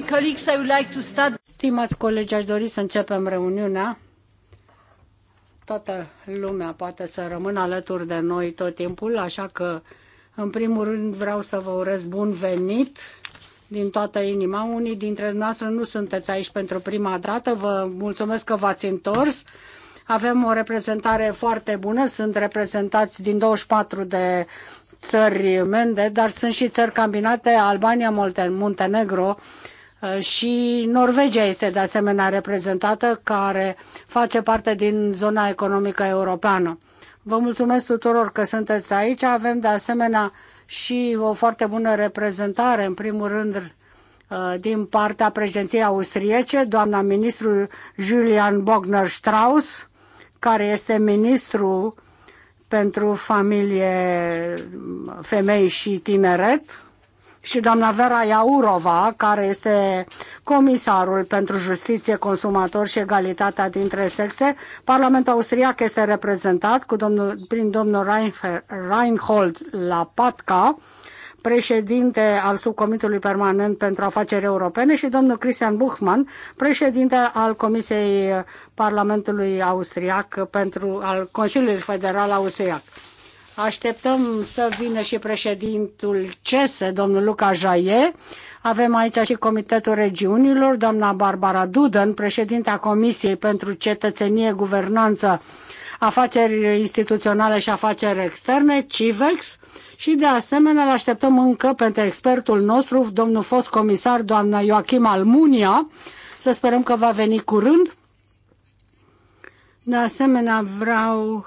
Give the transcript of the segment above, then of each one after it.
colleagues, I would like to start... Stimați colegi, aș dori să începem reuniunea. Toată lumea poate să rămână alături de noi tot timpul, așa că, în primul rând, vreau să vă urez bun venit din toată inima. Unii dintre noastre nu sunteți aici pentru prima dată. Vă mulțumesc că v-ați întors. Avem o reprezentare foarte bună. Sunt reprezentați din 24 de țări mende, dar sunt și țări combinate, Albania, Montenegro, Uh, și Norvegia este de asemenea reprezentată, care face parte din zona economică europeană. Vă mulțumesc tuturor că sunteți aici. Avem de asemenea și o foarte bună reprezentare, în primul rând, uh, din partea președinției austriece, doamna ministru Julian Bogner Strauss, care este ministru pentru familie, femei și tineret, și doamna Vera Iaurova, care este comisarul pentru justiție, consumator și egalitatea dintre sexe. Parlamentul austriac este reprezentat cu domnul, prin domnul Reinhold Lapatka, președinte al subcomitului permanent pentru afaceri europene și domnul Christian Buchmann, președinte al Comisiei Parlamentului Austriac pentru al Consiliului Federal Austriac. Așteptăm să vină și președintul CESE, domnul Luca Jaie. Avem aici și Comitetul Regiunilor, doamna Barbara Dudăn, președinta Comisiei pentru Cetățenie, Guvernanță, Afaceri Instituționale și Afaceri Externe, CIVEX. Și de asemenea îl așteptăm încă pentru expertul nostru, domnul fost comisar, doamna Joachim Almunia. Să sperăm că va veni curând. De asemenea, vreau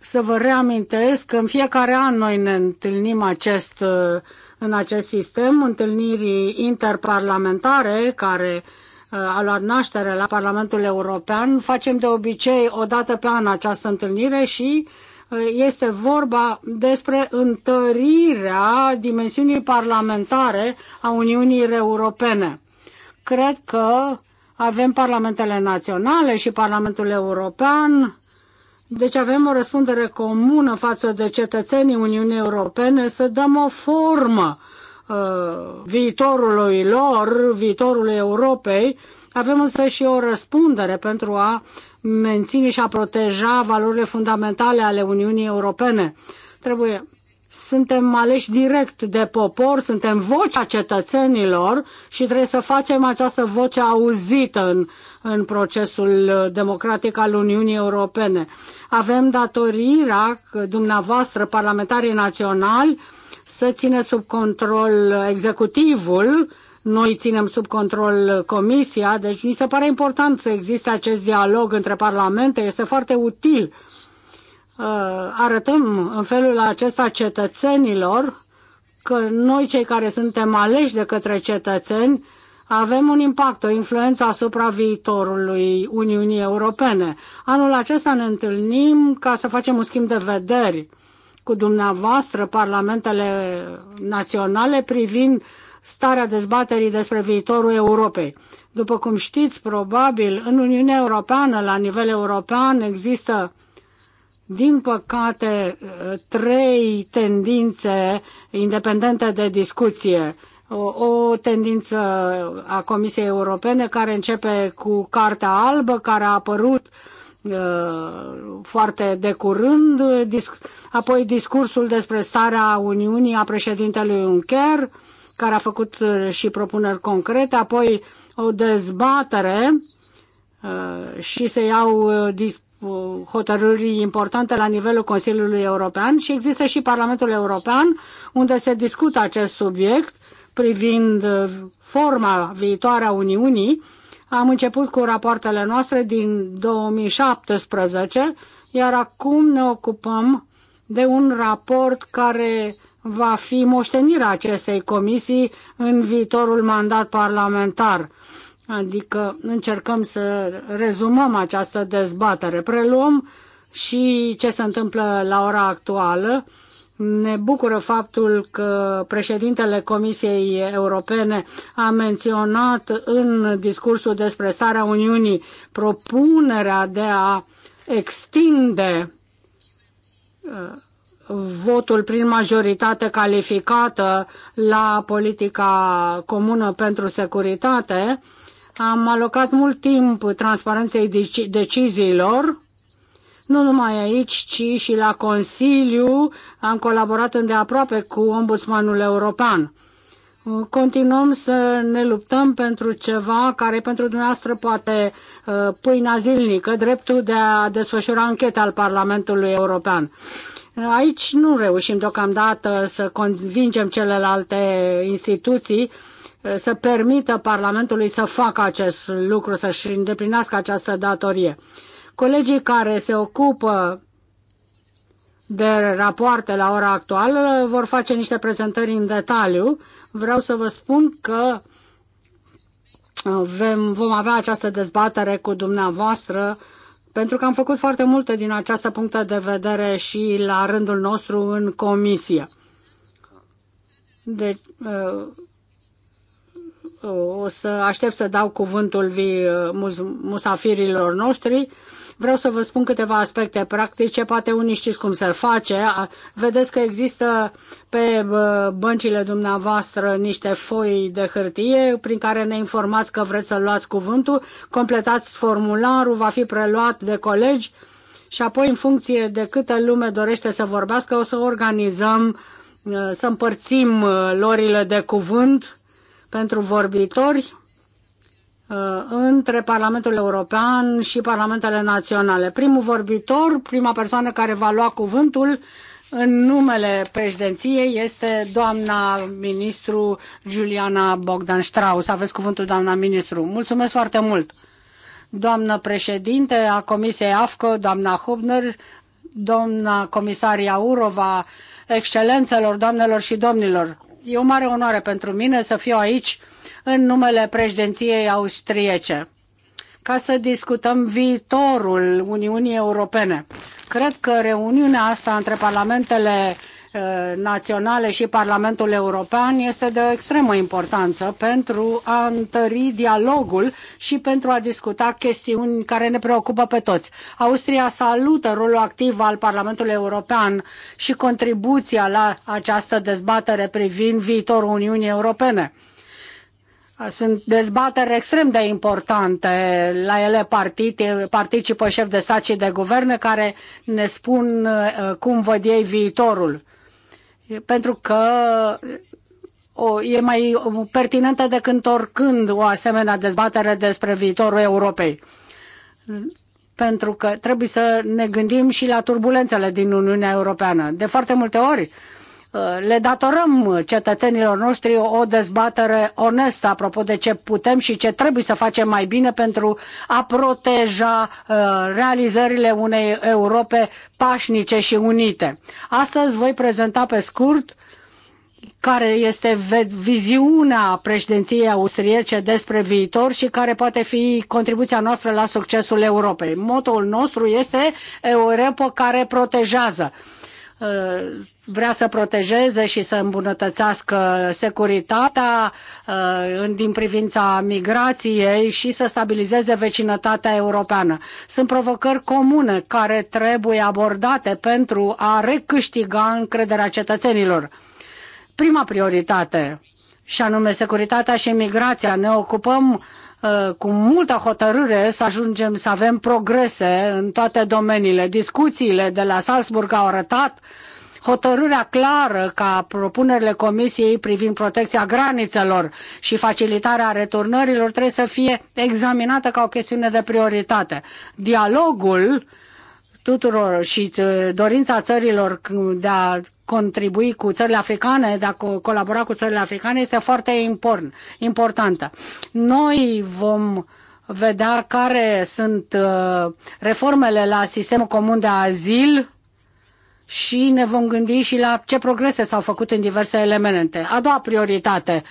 să vă reamintesc că în fiecare an noi ne întâlnim acest, uh, în acest sistem, întâlniri interparlamentare care uh, a luat naștere la Parlamentul European. Facem de obicei o dată pe an această întâlnire și uh, este vorba despre întărirea dimensiunii parlamentare a Uniunii Europene. Cred că avem parlamentele naționale și Parlamentul European deci avem o răspundere comună față de cetățenii Uniunii Europene să dăm o formă uh, viitorului lor, viitorului Europei. Avem însă și o răspundere pentru a menține și a proteja valorile fundamentale ale Uniunii Europene. Trebuie suntem aleși direct de popor, suntem vocea cetățenilor și trebuie să facem această voce auzită în, în procesul democratic al Uniunii Europene. Avem datorirea, dumneavoastră, parlamentarii naționali, să ține sub control executivul, noi ținem sub control comisia, deci mi se pare important să existe acest dialog între parlamente, este foarte util Uh, arătăm în felul acesta cetățenilor că noi cei care suntem aleși de către cetățeni avem un impact, o influență asupra viitorului Uniunii Europene. Anul acesta ne întâlnim ca să facem un schimb de vederi cu dumneavoastră, parlamentele naționale, privind starea dezbaterii despre viitorul Europei. După cum știți, probabil, în Uniunea Europeană, la nivel european, există din păcate, trei tendințe independente de discuție. O, o tendință a Comisiei Europene care începe cu Cartea Albă, care a apărut uh, foarte de curând, apoi discursul despre starea Uniunii a președintelui Juncker, care a făcut uh, și propuneri concrete, apoi o dezbatere uh, și se iau hotărâri importante la nivelul Consiliului European și există și Parlamentul European unde se discută acest subiect privind uh, forma viitoare a Uniunii. Am început cu rapoartele noastre din 2017, iar acum ne ocupăm de un raport care va fi moștenirea acestei comisii în viitorul mandat parlamentar Adică încercăm să rezumăm această dezbatere. Preluăm și ce se întâmplă la ora actuală. Ne bucură faptul că președintele Comisiei Europene a menționat în discursul despre starea Uniunii propunerea de a extinde uh, votul prin majoritate calificată la politica comună pentru securitate am alocat mult timp transparenței deci- deciziilor, nu numai aici, ci și la Consiliu. Am colaborat îndeaproape cu Ombudsmanul European. Continuăm să ne luptăm pentru ceva care pentru dumneavoastră poate uh, pâinea zilnică, dreptul de a desfășura ancheta al Parlamentului European. Aici nu reușim deocamdată să convingem celelalte instituții Eh, să permită Parlamentului să facă acest lucru, să-și îndeplinească această datorie. Colegii care se ocupă de rapoarte la ora actuală vor face niște prezentări în detaliu. Vreau să vă spun că eh, vom avea această dezbatere cu dumneavoastră pentru că am făcut foarte multe din această punctă de vedere și la rândul nostru în comisie. Deci, eh, o să aștept să dau cuvântul uh, musafirilor noștri. Vreau să vă spun câteva aspecte practice, poate unii știți cum se face. Vedeți că există pe uh, băncile dumneavoastră niște foi de hârtie prin care ne informați că vreți să luați cuvântul, completați formularul, va fi preluat de colegi și apoi în funcție de câtă lume dorește să vorbească o să organizăm, uh, să împărțim lorile de cuvânt pentru vorbitori uh, între Parlamentul European și Parlamentele Naționale. Primul vorbitor, prima persoană care va lua cuvântul în numele președinției este doamna ministru Juliana Bogdan Strauss. Aveți cuvântul, doamna ministru. Mulțumesc foarte mult! Doamnă președinte a Comisiei AFCO, doamna Hubner, doamna comisaria Urova, excelențelor, doamnelor și domnilor, E o mare onoare pentru mine să fiu aici în numele președinției austriece ca să discutăm viitorul Uniunii Europene. Cred că reuniunea asta între parlamentele Eh, naționale și Parlamentul European este de o extremă importanță pentru a întări dialogul și pentru a discuta chestiuni care ne preocupă pe toți. Austria salută rolul activ al Parlamentului European și contribuția la această dezbatere privind viitorul Uniunii Europene. Sunt dezbateri extrem de importante. La ele partite, participă șefi de stat și de guverne care ne spun eh, cum văd ei viitorul pentru că o, e mai pertinentă decât oricând o asemenea dezbatere despre viitorul Europei. Pentru că trebuie să ne gândim și la turbulențele din Uniunea Europeană. De foarte multe ori, Uh, le datorăm cetățenilor noștri o dezbatere onestă apropo de ce putem și ce trebuie să facem mai bine pentru a proteja uh, realizările unei Europe pașnice și unite. Astăzi voi prezenta pe scurt care este viziunea președinției austriece despre viitor și care poate fi contribuția noastră la succesul Europei. Motoul nostru este Europa care protejează vrea să protejeze și să îmbunătățească securitatea uh, din privința migrației și să stabilizeze vecinătatea europeană. Sunt provocări comune care trebuie abordate pentru a recâștiga încrederea cetățenilor. Prima prioritate, și anume securitatea și migrația, ne ocupăm Uh, cu multă hotărâre să ajungem să avem progrese în toate domeniile. Discuțiile de la Salzburg au arătat hotărârea clară ca propunerile Comisiei privind protecția granițelor și facilitarea returnărilor trebuie să fie examinată ca o chestiune de prioritate. Dialogul tuturor și uh, dorința țărilor de a contribui cu țările africane, dacă colabora cu țările africane, este foarte important, importantă. Noi vom vedea care sunt uh, reformele la sistemul comun de azil și ne vom gândi și la ce progrese s-au făcut în diverse elemente. A doua prioritate,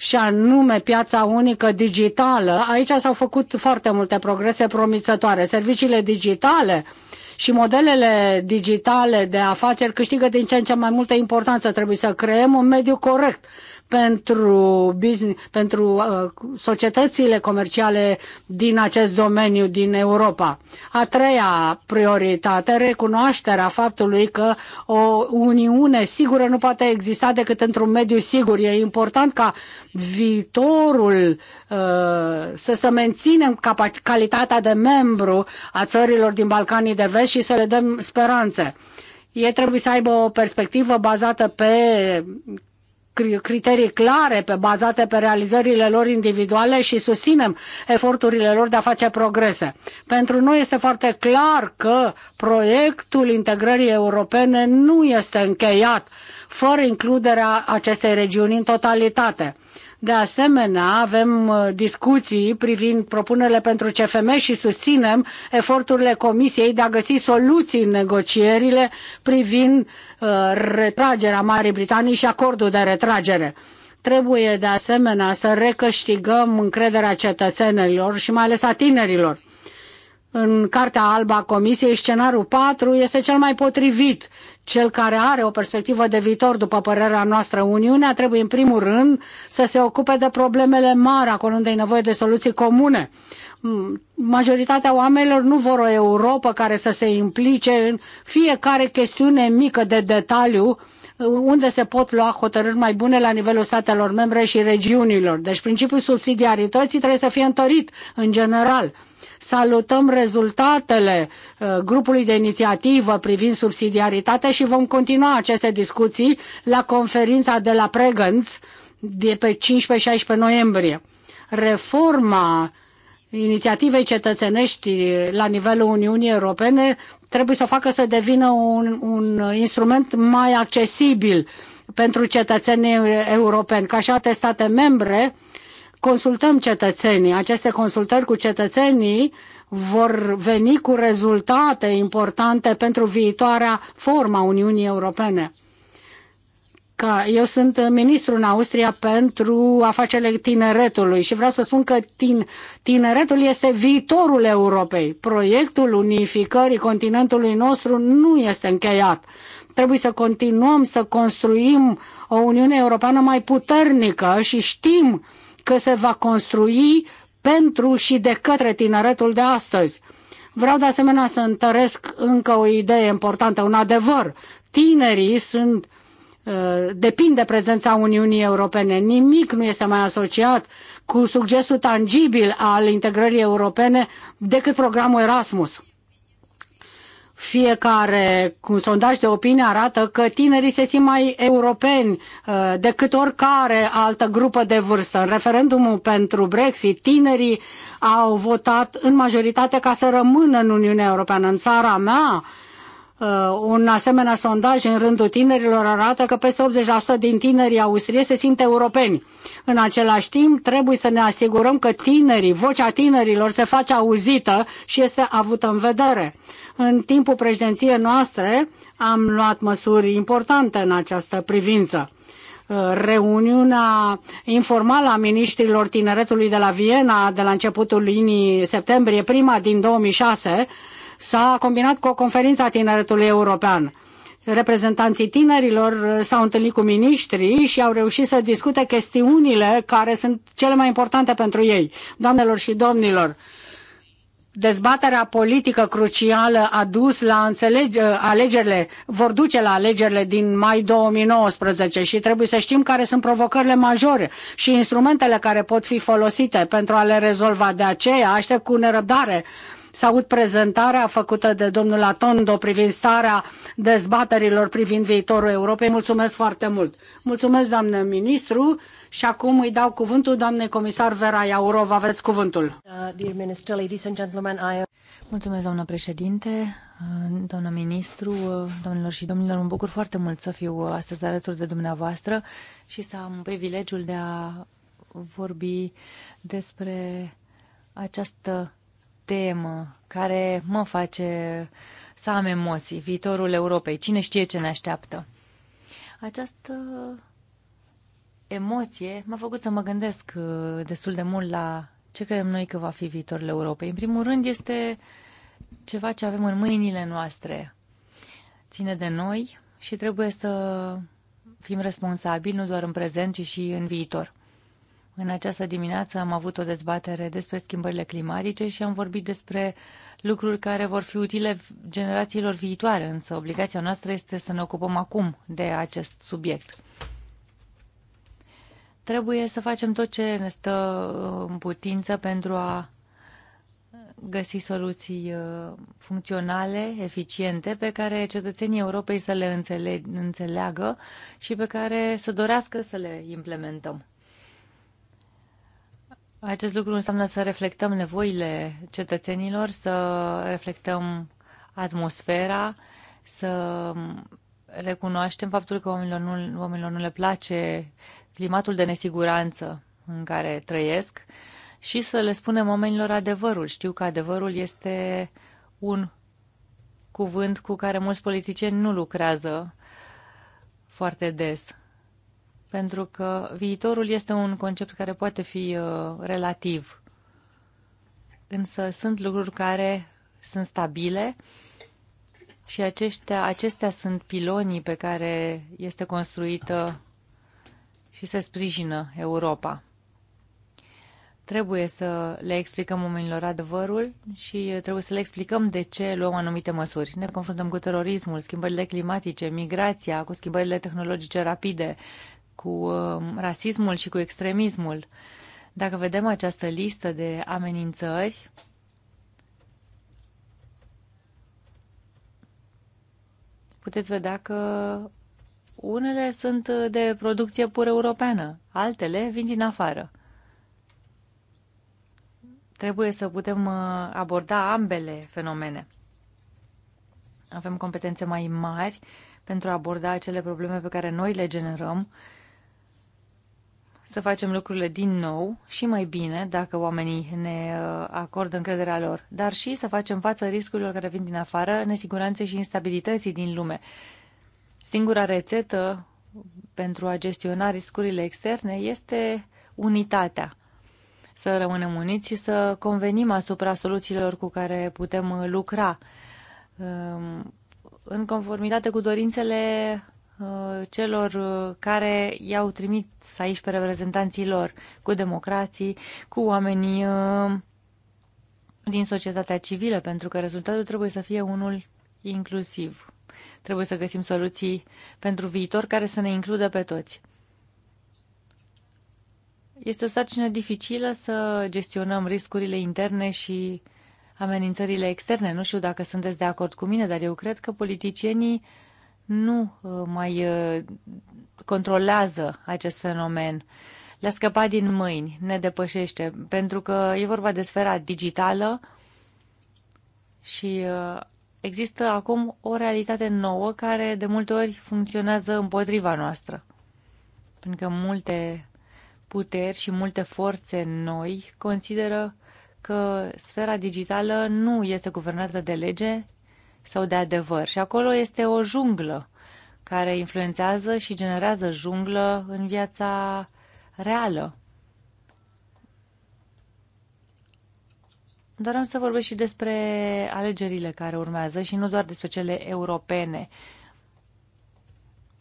și anume piața unică digitală, aici s-au făcut foarte multe progrese promițătoare. Serviciile digitale uh, și modelele digitale de afaceri câștigă din ce în ce mai multă importanță. Trebuie să creăm un mediu corect pentru, business, pentru uh, societățile comerciale din acest domeniu din Europa. A treia prioritate, recunoașterea faptului că o Uniune sigură nu poate exista decât într-un mediu sigur. E important ca viitorul uh, să, se menținem calitatea de membru a țărilor din Balcanii de Vest și să le dăm speranțe ei trebuie să aibă o perspectivă bazată pe criterii clare pe, bazate pe realizările lor individuale și susținem eforturile lor de a face progrese. Pentru noi este foarte clar că proiectul integrării europene nu este încheiat fără includerea acestei regiuni în totalitate. De asemenea, avem uh, discuții privind propunerile pentru CFM și susținem eforturile Comisiei de a găsi soluții în negocierile privind uh, retragerea Marii Britanii și acordul de retragere. Trebuie de asemenea să recâștigăm încrederea cetățenilor și mai ales a tinerilor. În Cartea Albă a Comisiei, scenariul patru este cel mai potrivit cel care are o perspectivă de viitor, după părerea noastră, Uniunea trebuie în primul rând să se ocupe de problemele mari, acolo unde e nevoie de soluții comune. Mm, majoritatea oamenilor nu vor o Europa care să se implice în fiecare chestiune mică de detaliu uh, unde se pot lua hotărâri mai bune la nivelul statelor membre și regiunilor. Deci principiul subsidiarității trebuie să fie întărit în general Salutăm rezultatele uh, grupului de inițiativă privind subsidiaritatea și vom continua aceste discuții la conferința de la Pregânț de pe 15-16 noiembrie. Reforma inițiativei cetățenești la nivelul Uniunii Europene trebuie să o facă să devină un, un instrument mai accesibil pentru cetățenii europeni. Ca și alte state membre, consultăm cetățenii. Aceste consultări cu cetățenii vor veni cu rezultate importante pentru viitoarea forma Uniunii Europene. Ca eu sunt ministru în Austria pentru afacerile tineretului și vreau să spun că tin, tineretul este viitorul Europei. Proiectul unificării continentului nostru nu este încheiat trebuie să continuăm să construim o Uniune Europeană mai puternică și știm că se va construi pentru și de către tineretul de astăzi. Vreau de asemenea să întăresc încă o idee importantă, un adevăr. Tinerii sunt uh, depind de prezența Uniunii Europene. Nimic nu este mai asociat cu succesul tangibil al integrării europene decât programul Erasmus. Fiecare un sondaj de opinie arată că tinerii se simt mai europeni uh, decât oricare altă grupă de vârstă. În referendumul pentru Brexit, tinerii au votat în majoritate ca să rămână în Uniunea Europeană. În țara mea, Uh, un asemenea sondaj în rândul tinerilor arată că peste 80% din tinerii austrieci se simt europeni. În același timp, trebuie să ne asigurăm că tinerii, vocea tinerilor se face auzită și este avută în vedere. În timpul președinției noastre am luat măsuri importante în această privință uh, reuniunea informală a ministrilor tineretului de la Viena de la începutul lunii septembrie, prima din 2006, s-a combinat cu o conferință a tineretului european. Reprezentanții tinerilor uh, s-au întâlnit cu miniștrii și au reușit să discute chestiunile care sunt cele mai importante pentru ei. Doamnelor și domnilor, dezbaterea politică crucială a dus la înțelege, uh, alegerile, vor duce la alegerile din mai 2019 și trebuie să știm care sunt provocările majore și instrumentele care pot fi folosite pentru a le rezolva. De aceea aștept cu nerăbdare uh, să aud prezentarea făcută de domnul Atondo privind starea dezbaterilor privind viitorul Europei. Mulțumesc foarte mult! Mulțumesc, doamnă ministru, și acum îi dau cuvântul doamnei comisar Vera Iaurov. Aveți cuvântul. Uh, Mulțumesc, doamnă președinte, uh, doamnă ministru, uh, domnilor și domnilor. Mă bucur foarte mult să fiu astăzi alături de dumneavoastră și să am privilegiul de a vorbi despre această temă care mă face să am emoții, viitorul Europei. Cine știe ce ne așteaptă? Această emoție m-a făcut să mă gândesc uh, destul de mult la ce credem noi că va fi viitorul Europei. În primul rând este ceva ce avem în mâinile noastre. Ține de noi și trebuie să fim responsabili nu doar în prezent, ci și în viitor. În această dimineață am avut o dezbatere despre schimbările climatice și am vorbit despre lucruri care vor fi utile generațiilor viitoare, însă obligația noastră este să ne ocupăm acum de acest subiect. Trebuie să facem tot ce ne stă uh, în putință pentru a găsi soluții uh, funcționale, eficiente, pe care cetățenii Europei să le înțeleagă și pe care să dorească să le implementăm. Acest lucru înseamnă să reflectăm nevoile cetățenilor, să reflectăm atmosfera, să recunoaștem faptul că oamenilor nu, oamenilor nu le place climatul de nesiguranță în care trăiesc și să le spunem oamenilor adevărul. Știu că adevărul este un cuvânt cu care mulți politicieni nu lucrează foarte des pentru că viitorul este un concept care poate fi uh, relativ. Însă sunt lucruri care sunt stabile și aceștia, acestea sunt pilonii pe care este construită și se sprijină Europa. Trebuie să le explicăm oamenilor adevărul și uh, trebuie să le explicăm de ce luăm anumite măsuri. Ne confruntăm cu terorismul, schimbările climatice, migrația, cu schimbările tehnologice rapide, cu um, rasismul și cu extremismul. Dacă vedem această listă de amenințări, puteți vedea că unele sunt de producție pur europeană, altele vin din afară. Trebuie să putem uh, aborda ambele fenomene. Avem competențe mai mari pentru a aborda acele probleme pe care noi le generăm să facem lucrurile din nou și mai bine dacă oamenii ne uh, acordă încrederea lor, dar și să facem față riscurilor care vin din afară, nesiguranței și instabilității din lume. Singura rețetă pentru a gestiona riscurile externe este unitatea. Să rămânem uniți și să convenim asupra soluțiilor cu care putem lucra um, în conformitate cu dorințele Uh, celor uh, care i-au trimis aici pe reprezentanții lor, cu democrații, cu oamenii uh, din societatea civilă, pentru că rezultatul trebuie să fie unul inclusiv. Trebuie să găsim soluții pentru viitor care să ne includă pe toți. Este o sarcină dificilă să gestionăm riscurile interne și amenințările externe. Nu știu dacă sunteți de acord cu mine, dar eu cred că politicienii uh, nu uh, mai uh, controlează acest fenomen. Le-a scăpat din mâini, ne depășește, pentru că e vorba de sfera digitală și uh, există acum o realitate nouă care de multe ori funcționează împotriva noastră. Pentru că multe puteri și multe forțe noi consideră că sfera digitală nu este guvernată de lege, sau de adevăr. Și acolo este o junglă care influențează și generează junglă în viața reală. Dar am să vorbesc și despre alegerile care urmează și nu doar despre cele europene.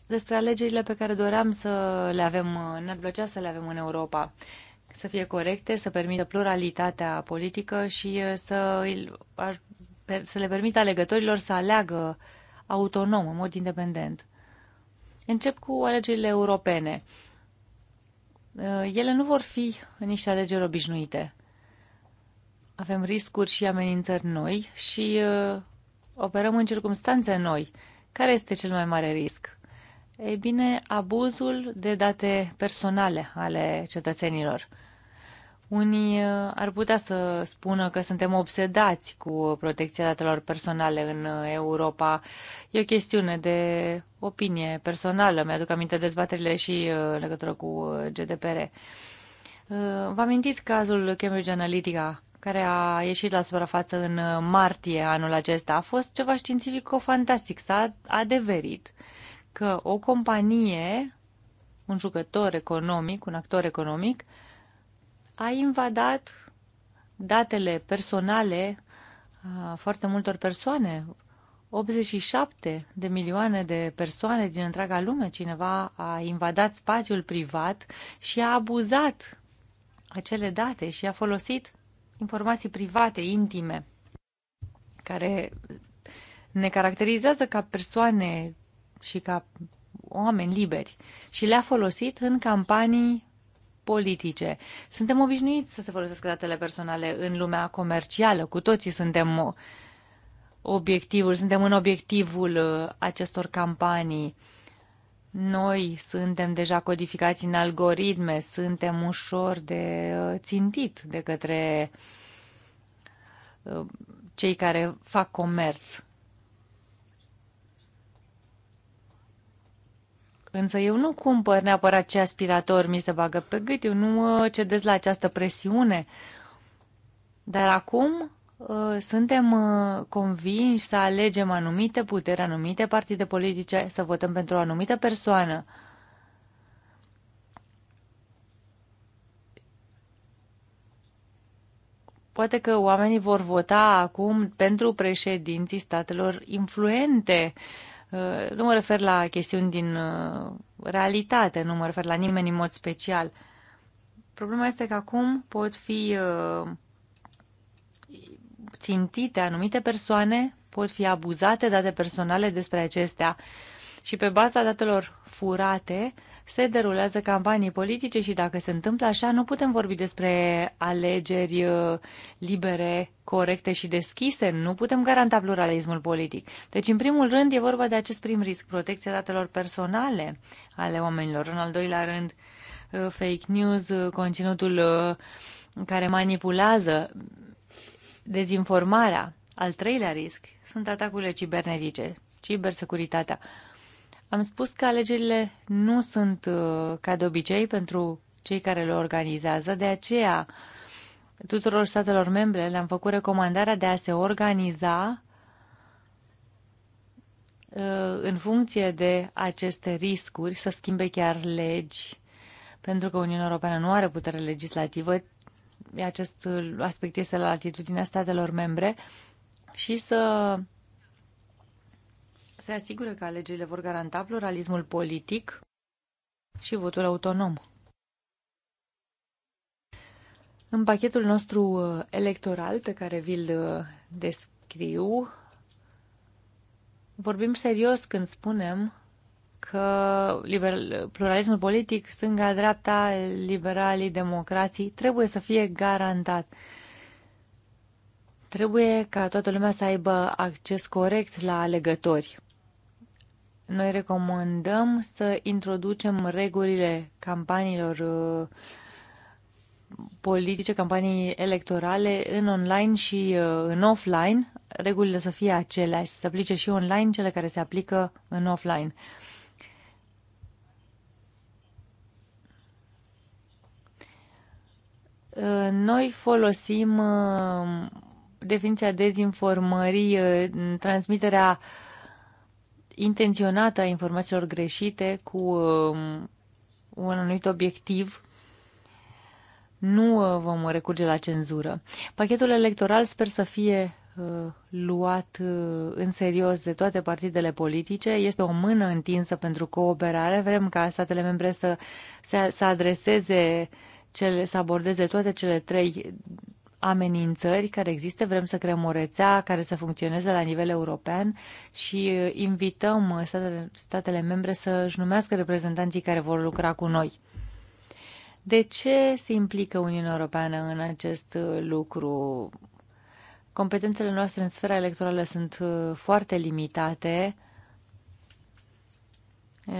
Despre alegerile pe care doream să le avem, ne plăcea să le avem în Europa. Să fie corecte, să permită pluralitatea politică și să îi să le permită alegătorilor să aleagă autonom, în mod independent. Încep cu alegerile europene. Uh, ele nu vor fi niște alegeri obișnuite. Avem riscuri și amenințări noi și uh, operăm în circunstanțe noi. Care este cel mai mare risc? Ei bine, abuzul de date personale ale cetățenilor. Unii uh, ar putea să spună că suntem obsedați cu protecția datelor personale în uh, Europa. E o chestiune de opinie personală. Mi-aduc aminte dezbaterile și uh, în legătură cu GDPR. Vă amintiți cazul Cambridge Analytica, care a ieșit la suprafață în martie anul acesta? A fost ceva științific-fantastic. S-a adeverit că o companie, un jucător economic, un actor economic, a invadat datele personale a foarte multor persoane. 87 de milioane de persoane din întreaga lume, cineva a invadat spațiul privat și a abuzat acele date și a folosit informații private, intime, care ne caracterizează ca persoane și ca oameni liberi și le-a folosit în campanii politice. Suntem obișnuiți să se folosească datele personale în lumea comercială. Cu toții suntem obiectivul, suntem în obiectivul uh, acestor campanii. Noi suntem deja codificați în algoritme, suntem ușor de uh, țintit de către uh, cei care fac comerț Însă eu nu cumpăr neapărat ce aspirator mi se bagă pe gât, eu nu uh, cedez la această presiune. Dar acum uh, suntem uh, convinși să alegem anumite puteri, anumite partide politice, să votăm pentru o anumită persoană. Poate că oamenii vor vota acum pentru președinții statelor influente. Uh, Uh, nu mă refer la chestiuni din uh, realitate, nu mă refer la nimeni în mod special. Problema este că acum pot fi uh, țintite anumite persoane, pot fi abuzate date personale despre acestea și pe baza datelor furate se derulează campanii politice și dacă se întâmplă așa, nu putem vorbi despre alegeri uh, libere, corecte și deschise, nu putem garanta pluralismul politic. Deci, în primul rând, e vorba de acest prim risc, protecția datelor personale ale oamenilor. În al doilea rând, uh, fake news, uh, conținutul care manipulează dezinformarea. Al treilea risc sunt atacurile cibernetice, cibersecuritatea. Am spus că alegerile nu sunt uh, ca de obicei pentru cei care le organizează, de aceea tuturor statelor membre le-am făcut recomandarea de a se organiza uh, în funcție de aceste riscuri, să schimbe chiar legi, pentru că Uniunea Europeană nu are putere legislativă, acest aspect este la latitudinea statelor membre, și să se asigură că alegerile vor garanta pluralismul politic și votul autonom. În pachetul nostru uh, electoral pe care vi-l uh, descriu, vorbim serios când spunem că pluralismul politic, stânga-dreapta, liberalii, democrații, trebuie să fie garantat. Trebuie ca toată lumea să aibă acces corect la alegători noi recomandăm să introducem regulile campaniilor uh, politice, campanii electorale în online și uh, în offline, regulile să fie aceleași, să se aplice și online cele care se aplică în offline. Uh, noi folosim definiția dezinformării, transmiterea uh, intenționată a informațiilor greșite cu um, un anumit obiectiv, nu uh, vom recurge la cenzură. Pachetul electoral sper să fie uh, luat uh, în serios de toate partidele politice. Este o mână întinsă pentru cooperare. Vrem ca statele membre să, să, să adreseze, cele, să abordeze toate cele trei amenințări care există, vrem să creăm o rețea care să funcționeze la nivel european și uh, invităm uh, statele, statele membre să își numească reprezentanții care vor lucra cu noi. De ce se implică Uniunea Europeană în acest uh, lucru? Competențele noastre în sfera electorală sunt foarte limitate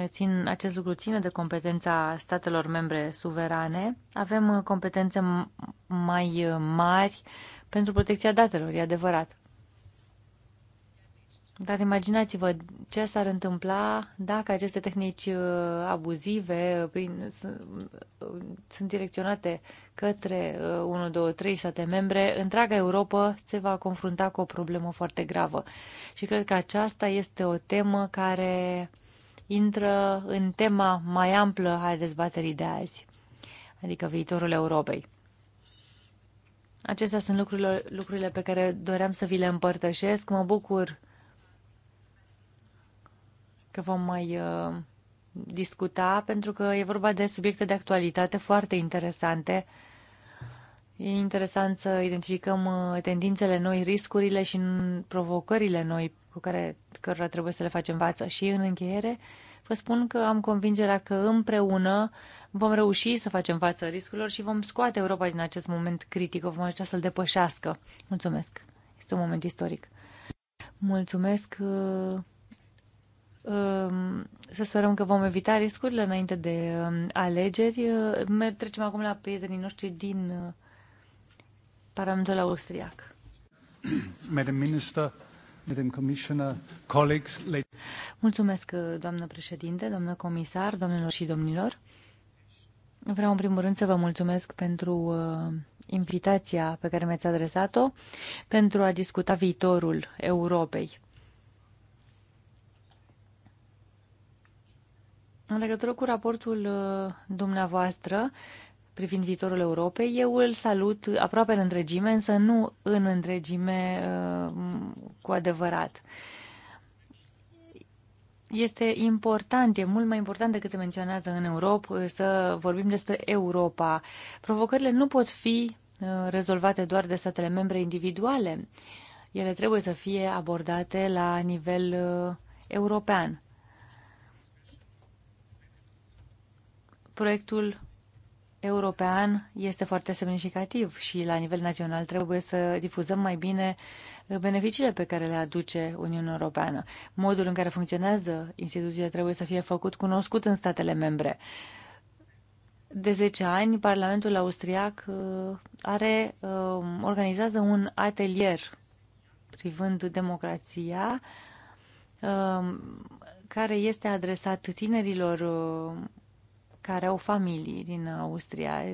țin, acest lucru ține de competența statelor membre suverane. Avem uh, competențe mai uh, mari pentru protecția datelor, e adevărat. Dar imaginați-vă ce s-ar întâmpla dacă aceste tehnici uh, abuzive prin, sunt direcționate către 1, 2, 3 state membre. Întreaga Europa se va confrunta cu o problemă foarte gravă. Și cred că aceasta este o temă care uh, intră în tema mai amplă a dezbaterii de azi, adică viitorul Europei. Acestea sunt lucrurile, lucrurile pe care doream să vi le împărtășesc. Mă bucur că vom mai uh, discuta, pentru că e vorba de subiecte de actualitate foarte interesante uh, E interesant să identificăm uh, tendințele noi, riscurile și mm, provocările noi cu care cărora trebuie să le facem față. Și în încheiere, vă spun că am convingerea că împreună vom reuși să facem față riscurilor și vom scoate Europa din acest moment critic, o vom ajuta să-l depășească. Mulțumesc! Este un moment istoric. Mulțumesc! Uh, um, să sperăm că vom evita riscurile înainte de um, alegeri. Uh, trecem acum la prietenii noștri din Parlamentul Austriac. Madam Minister, Madam Commissioner, colleagues, Mulțumesc, doamnă președinte, doamnă comisar, domnilor și domnilor. Vreau în primul rând să vă mulțumesc pentru uh, invitația pe care mi-ați adresat-o pentru a discuta viitorul Europei. În legătură cu raportul uh, dumneavoastră, uh, privind viitorul Europei. Eu îl salut aproape în întregime, însă nu în întregime uh, cu adevărat. Este important, e mult mai important decât se menționează în Europa, uh, să vorbim despre Europa. Provocările nu pot fi uh, rezolvate doar de statele membre individuale. Ele trebuie să fie abordate la nivel european. Proiectul european este foarte semnificativ și la nivel național trebuie să difuzăm mai bine beneficiile pe care le aduce Uniunea Europeană. Modul în care funcționează instituția trebuie să fie făcut cunoscut în statele membre. De 10 ani, Parlamentul Austriac uh, are, um, organizează un atelier privind democrația um, care este adresat tinerilor uh, care au familii din Austria,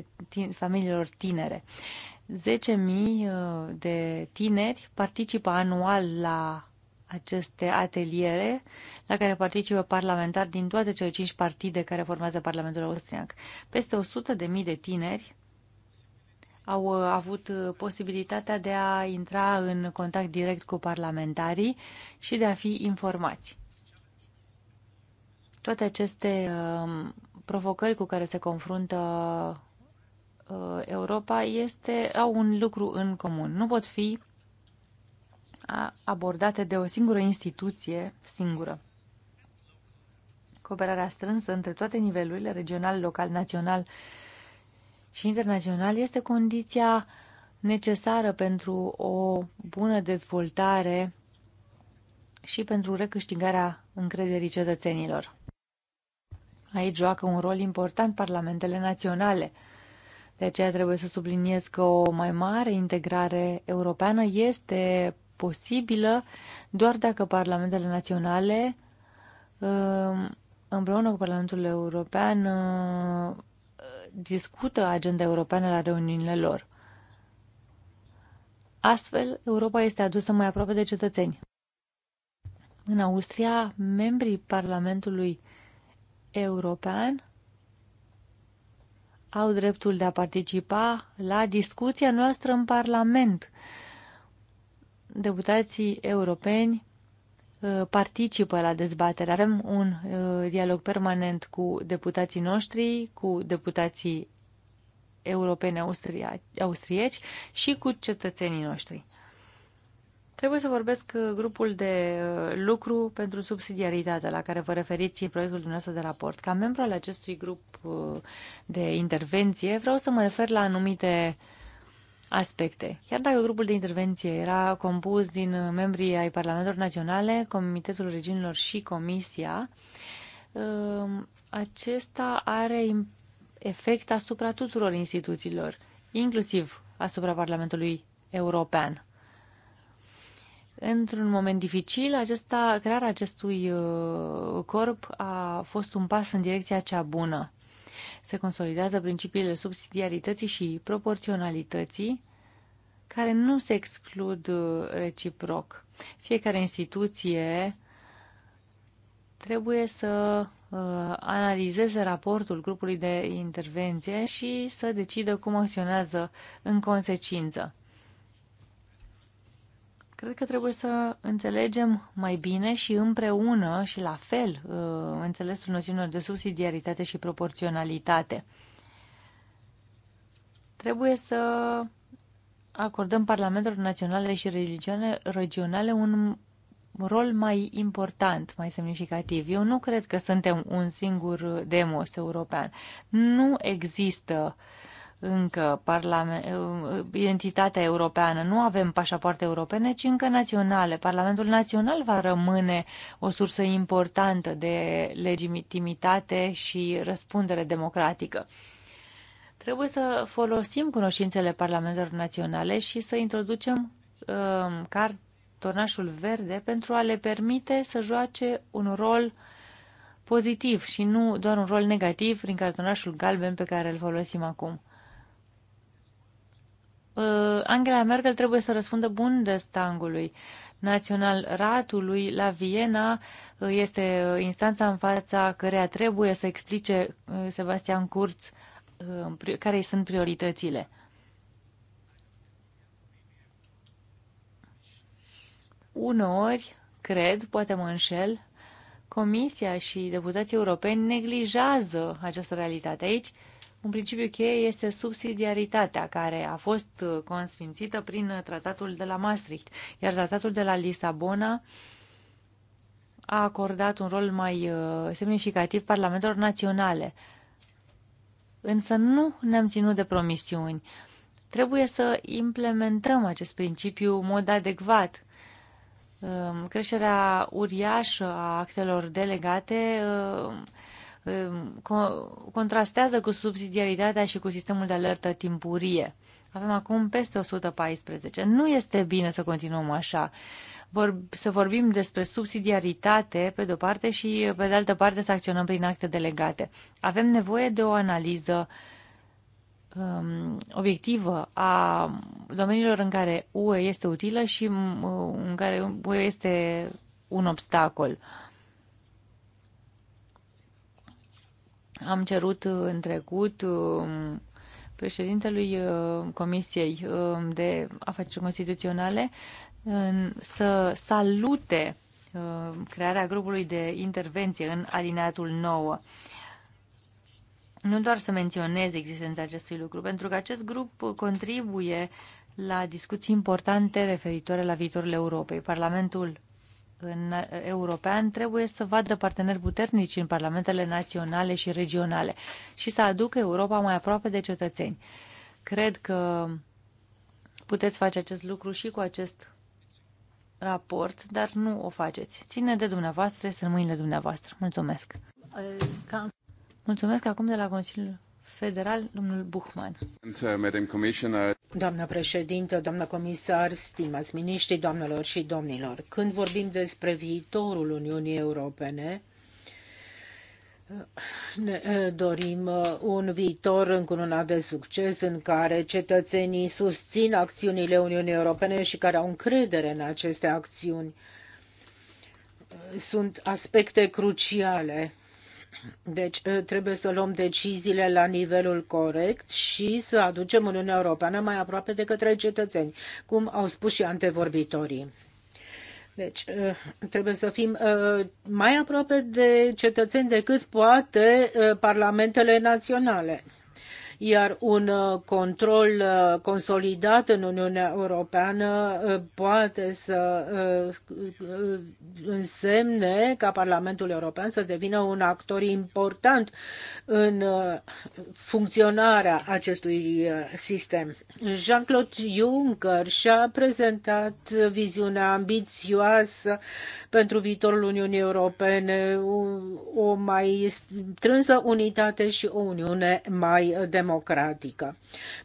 familiilor tinere. 10.000 uh, de tineri participă anual la aceste ateliere la care participă parlamentari din toate cele cinci partide care formează Parlamentul Austriac. Peste 100 de mii de tineri au uh, avut uh, posibilitatea de a intra în contact direct cu parlamentarii și de a fi informați. Toate aceste um, provocări cu care se confruntă uh, Europa este, au un lucru în comun. Nu pot fi abordate de o singură instituție singură. Cooperarea strânsă între toate nivelurile, regional, local, național și internațional, este condiția necesară pentru o bună dezvoltare și pentru recâștigarea încrederii cetățenilor. Aici joacă un rol important parlamentele naționale. De aceea trebuie să subliniez că o mai mare integrare europeană este posibilă doar dacă parlamentele naționale um, împreună cu Parlamentul European uh, discută agenda europeană la reuniunile lor. Astfel, Europa este adusă mai aproape de cetățeni. În Austria, membrii Parlamentului european au dreptul de a participa la discuția noastră în Parlament. Deputații europeni uh, participă la dezbatere. Avem un uh, dialog permanent cu deputații noștri, cu deputații europeni austrieci și cu cetățenii noștri. Trebuie să vorbesc uh, grupul de uh, lucru pentru subsidiaritate la care vă referiți în proiectul dumneavoastră de raport. Ca membru al acestui grup uh, de intervenție vreau să mă refer la anumite aspecte. Chiar dacă grupul de intervenție era compus din membrii ai Parlamentelor Naționale, Comitetul Regiunilor și Comisia, acesta are efect asupra tuturor instituțiilor, inclusiv asupra Parlamentului European. Într-un moment dificil, acesta, crearea acestui uh, corp a fost un pas în direcția cea bună. Se consolidează principiile subsidiarității și proporționalității, care nu se exclud uh, reciproc. Fiecare instituție trebuie să uh, analizeze raportul grupului de intervenție și să decidă cum acționează în consecință. Cred că trebuie să înțelegem mai bine și împreună și la fel uh, înțelesul noțiunilor de subsidiaritate și proporționalitate. Trebuie să acordăm parlamentelor naționale și religioane, regionale un rol mai important, mai semnificativ. Eu nu cred că suntem un singur demos european. Nu există uh, încă parlament, uh, identitatea europeană. Nu avem pașapoarte europene, ci încă naționale. Parlamentul național va rămâne o sursă importantă de legitimitate și răspundere democratică. Trebuie să folosim cunoștințele parlamentelor naționale și să introducem uh, cartonașul verde pentru a le permite să joace un rol pozitiv și nu doar un rol negativ prin cartonașul galben pe care îl folosim acum. Uh, Angela Merkel trebuie să răspundă Bundestagului național ratului la Viena uh, este uh, instanța în fața căreia trebuie să explice Sebastian Kurz care sunt prioritățile. Uneori, cred, poate mă înșel, Comisia și deputații europeni neglijează această realitate aici. Un principiu cheie este subsidiaritatea, care a fost uh, consfințită prin uh, tratatul de la Maastricht, iar tratatul de la Lisabona a acordat un rol mai uh, semnificativ parlamentelor naționale. Însă nu ne-am ținut de promisiuni. Trebuie să implementăm acest principiu în mod adecvat. Um, creșterea uriașă a actelor delegate um, contrastează cu subsidiaritatea și cu sistemul de alertă timpurie. Avem acum peste 114. Nu este bine să continuăm așa. Vor, să vorbim despre subsidiaritate pe de-o parte și pe de altă parte să acționăm prin acte delegate. Avem nevoie de o analiză um, obiectivă a domeniilor în care UE este utilă și um, în care UE este un obstacol. Uh, Am cerut uh, în trecut uh, președintelui uh, Comisiei de Afaceri Constituționale să salute crearea grupului de intervenție în alineatul 9. Nu doar să menționez existența acestui lucru, pentru că acest grup contribuie la discuții importante referitoare la viitorul Europei. Parlamentul în european trebuie să vadă parteneri puternici în parlamentele naționale și regionale și să aducă Europa mai aproape de cetățeni. Cred că puteți face acest lucru și cu acest raport, dar nu o faceți. Ține de dumneavoastră, este în mâinile dumneavoastră. Mulțumesc! Uh, Mulțumesc acum de la Consiliul Federal, domnul Buchmann. Doamnă președintă, doamnă comisar, stimați miniștri, doamnelor și domnilor, când vorbim despre viitorul Uniunii Europene, ne eh, dorim eh, un viitor încununat de succes în care cetățenii susțin acțiunile Uniunii Europene și care au încredere în aceste acțiuni. Sunt aspecte cruciale deci ă, trebuie să luăm deciziile la nivelul corect și să aducem Uniunea Europeană mai aproape de către cetățeni, cum au spus și antevorbitorii. Deci ă, trebuie să fim ă, mai aproape de cetățeni decât poate parlamentele naționale iar un uh, control uh, consolidat în Uniunea Europeană uh, poate să însemne ca Parlamentul European să devină un actor important în funcționarea acestui sistem. Jean-Claude Juncker și-a prezentat viziunea ambițioasă pentru viitorul Uniunii Europene, o mai strânsă unitate și o Uniune mai democratică democratică.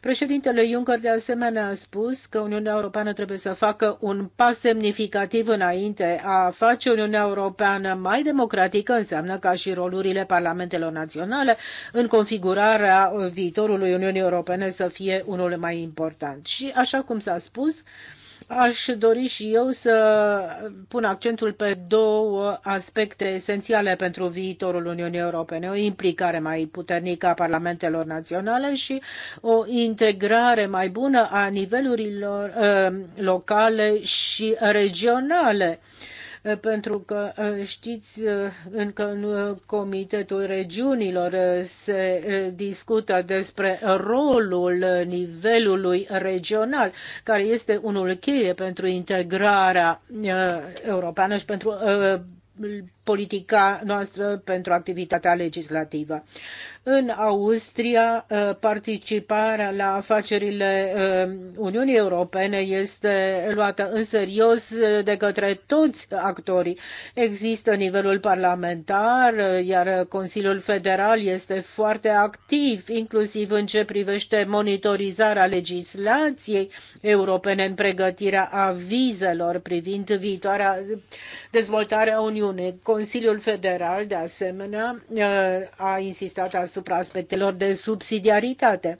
Președintele Juncker de asemenea a spus că Uniunea Europeană trebuie să facă un pas semnificativ înainte. A face Uniunea Europeană mai democratică înseamnă ca și rolurile parlamentelor naționale în configurarea viitorului Uniunii Europene să fie unul mai important. Și așa cum s-a spus, aș dori și eu să pun accentul pe două aspecte esențiale pentru viitorul Uniunii Europene. O implicare mai puternică a parlamentelor naționale și o integrare mai bună a nivelurilor uh, locale și regionale. Uh, Eh, pentru că eh, știți, încă eh, în Comitetul Regiunilor se discută despre rolul nivelului regional, care este unul cheie pentru integrarea europeană și pentru politica noastră pentru activitatea legislativă. În Austria, uh, participarea la afacerile uh, Uniunii Europene este luată în serios de către toți actorii. Există nivelul parlamentar, uh, iar Consiliul Federal este foarte activ, inclusiv în ce privește monitorizarea legislației europene în pregătirea avizelor privind viitoarea dezvoltare a Uniunii. Consiliul Federal, de asemenea, ă, a insistat asupra aspectelor de subsidiaritate.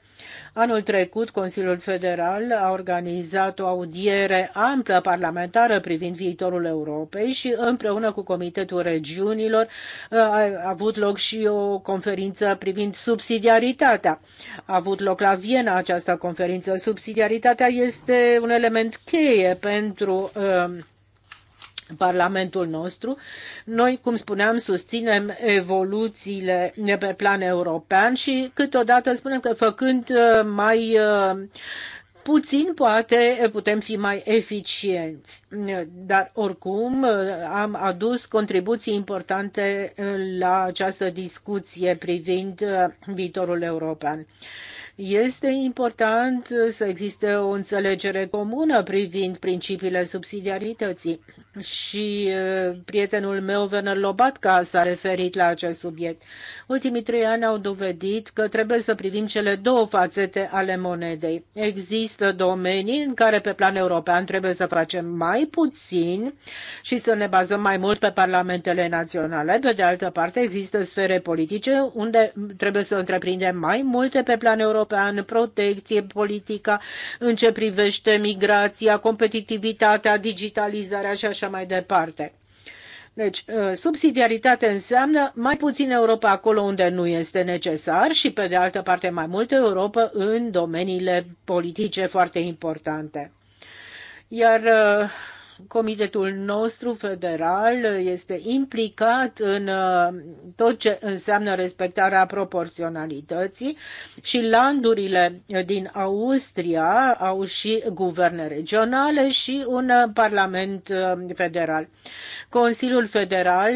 Anul trecut, Consiliul Federal a organizat o audiere amplă parlamentară privind viitorul Europei și împreună cu Comitetul Regiunilor ă, a avut loc și o conferință privind subsidiaritatea. A avut loc la Viena această conferință. Subsidiaritatea este un element cheie pentru uh, Parlamentul nostru. Noi, cum spuneam, susținem evoluțiile pe plan european și câteodată spunem că făcând uh, mai uh, puțin poate putem fi mai eficienți, dar oricum uh, am adus contribuții importante la această discuție privind viitorul european. Este important să existe o înțelegere comună privind principiile subsidiarității și prietenul meu, Werner Lobatka, s-a referit la acest subiect. Ultimii trei ani au dovedit că trebuie să privim cele două fațete ale monedei. Există domenii în care pe plan european trebuie să facem mai puțin și să ne bazăm mai mult pe parlamentele naționale. Pe de altă parte, există sfere politice unde trebuie să întreprindem mai multe pe plan european european, protecție, politică în ce privește migrația, competitivitatea, digitalizarea și așa mai departe. Deci, ă, subsidiaritate înseamnă mai puțin Europa acolo unde nu este necesar și, pe de altă parte, mai multă Europa în domeniile politice foarte importante. Iar uh, Comitetul nostru federal este implicat în uh, tot ce înseamnă respectarea proporționalității și landurile din Austria au și guverne regionale și un uh, parlament uh, federal. Consiliul federal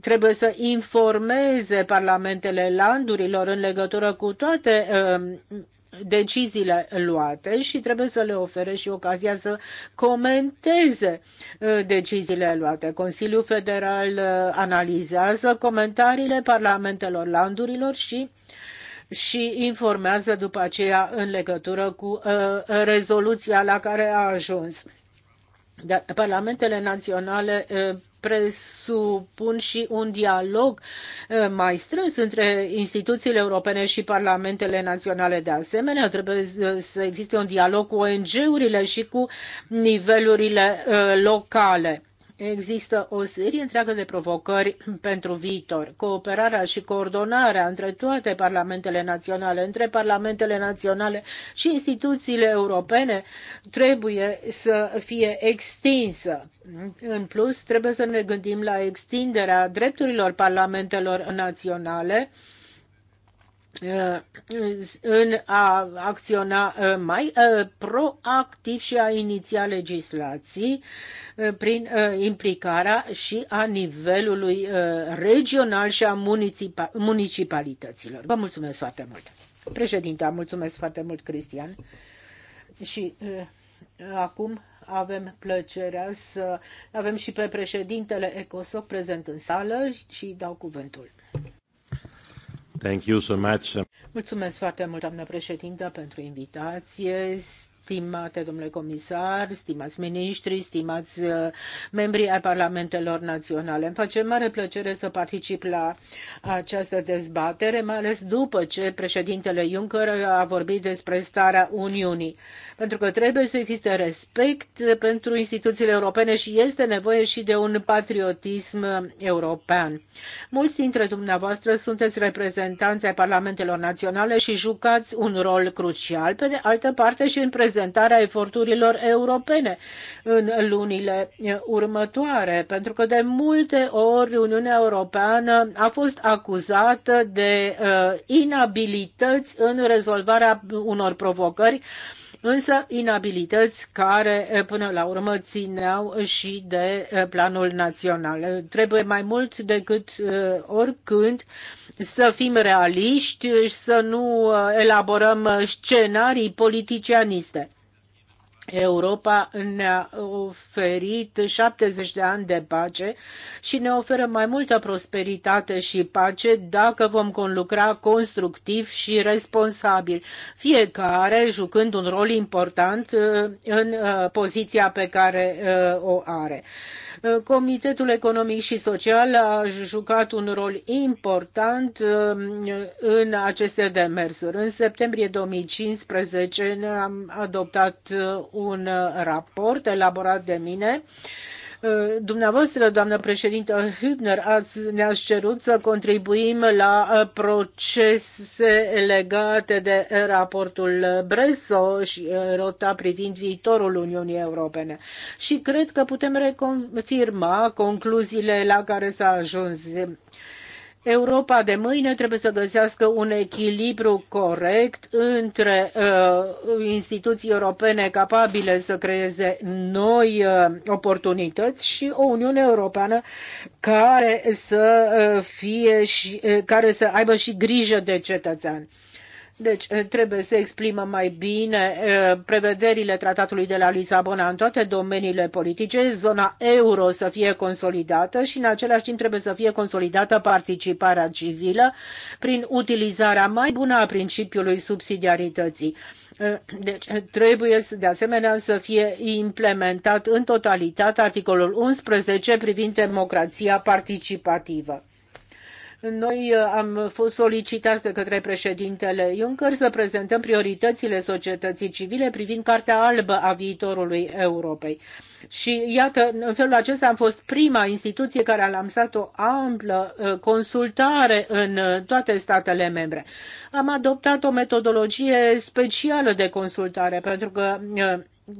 trebuie să informeze parlamentele landurilor în legătură cu toate deciziile luate și trebuie să le ofere și ocazia să comenteze uh, deciziile luate. Consiliul Federal uh, analizează comentariile parlamentelor landurilor și și informează după aceea în legătură cu uh, rezoluția la care a ajuns. Dar parlamentele naționale presupun și un dialog mai strâns între instituțiile europene și parlamentele naționale. De asemenea, trebuie să existe un dialog cu ONG-urile și cu nivelurile locale. Există o serie întreagă de provocări pentru viitor. Cooperarea și coordonarea între toate parlamentele naționale, între parlamentele naționale și instituțiile europene trebuie să fie extinsă. În plus, trebuie să ne gândim la extinderea drepturilor parlamentelor naționale Uh, în a acționa uh, mai uh, proactiv și a iniția legislații prin implicarea și a nivelului regional și a municipalităților. Vă mulțumesc foarte mult. Președinte, mulțumesc foarte mult, Cristian. Și acum avem plăcerea să avem și pe președintele ECOSOC prezent în sală și dau cuvântul. Thank you so much. Mulțumesc foarte mult, doamnă președintă, pentru invitație. Stimate domnule comisar, stimați miniștri, stimați uh, membri ai parlamentelor naționale, îmi face mare plăcere să particip la această dezbatere, mai ales după ce președintele Juncker a vorbit despre starea Uniunii. Pentru că trebuie să existe respect pentru instituțiile europene și este nevoie și de un patriotism european. Mulți dintre dumneavoastră sunteți reprezentanți ai parlamentelor naționale și jucați un rol crucial, pe de altă parte și în prezent prezentarea eforturilor europene în lunile următoare, pentru că de multe ori Uniunea Europeană a fost acuzată de uh, inabilități în rezolvarea unor provocări însă inabilități care uh, până la urmă țineau și de uh, planul național. Trebuie mai mult decât oricând uh, să fim realiști și să nu uh, elaborăm scenarii politicianiste. Europa ne-a oferit 70 de ani de pace și ne oferă mai multă prosperitate și pace dacă vom conlucra constructiv și responsabil, fiecare jucând un rol important uh, în uh, poziția pe care o are. Comitetul Economic și Social a jucat un rol important um, în aceste demersuri. În septembrie 2015 am adoptat uh, un uh, raport elaborat de mine Dumneavoastră, doamnă președintă Hübner, ați, ne-ați cerut să contribuim la uh, procese legate de raportul Bresso și uh, rota privind viitorul Uniunii Europene. Și cred că putem reconfirma concluziile la care s-a ajuns Europa de mâine trebuie să găsească un echilibru corect între uh, instituții europene capabile să creeze noi uh, oportunități și o Uniune Europeană care să uh, fie și, uh, care să aibă și grijă de cetățean. Deci eh, trebuie să exprimăm mai bine eh, prevederile tratatului de la Lisabona în toate domeniile politice, zona euro să fie consolidată și în același timp trebuie să fie consolidată participarea civilă prin utilizarea mai bună a principiului subsidiarității. Eh, deci trebuie de asemenea să fie implementat în totalitate articolul 11 privind democrația participativă. Noi uh, am fost solicitați de către președintele Juncker să prezentăm prioritățile societății civile privind Cartea Albă a viitorului Europei. Și iată, în felul acesta am fost prima instituție care a lansat o amplă uh, consultare în uh, toate statele membre. Am adoptat o metodologie specială de consultare pentru că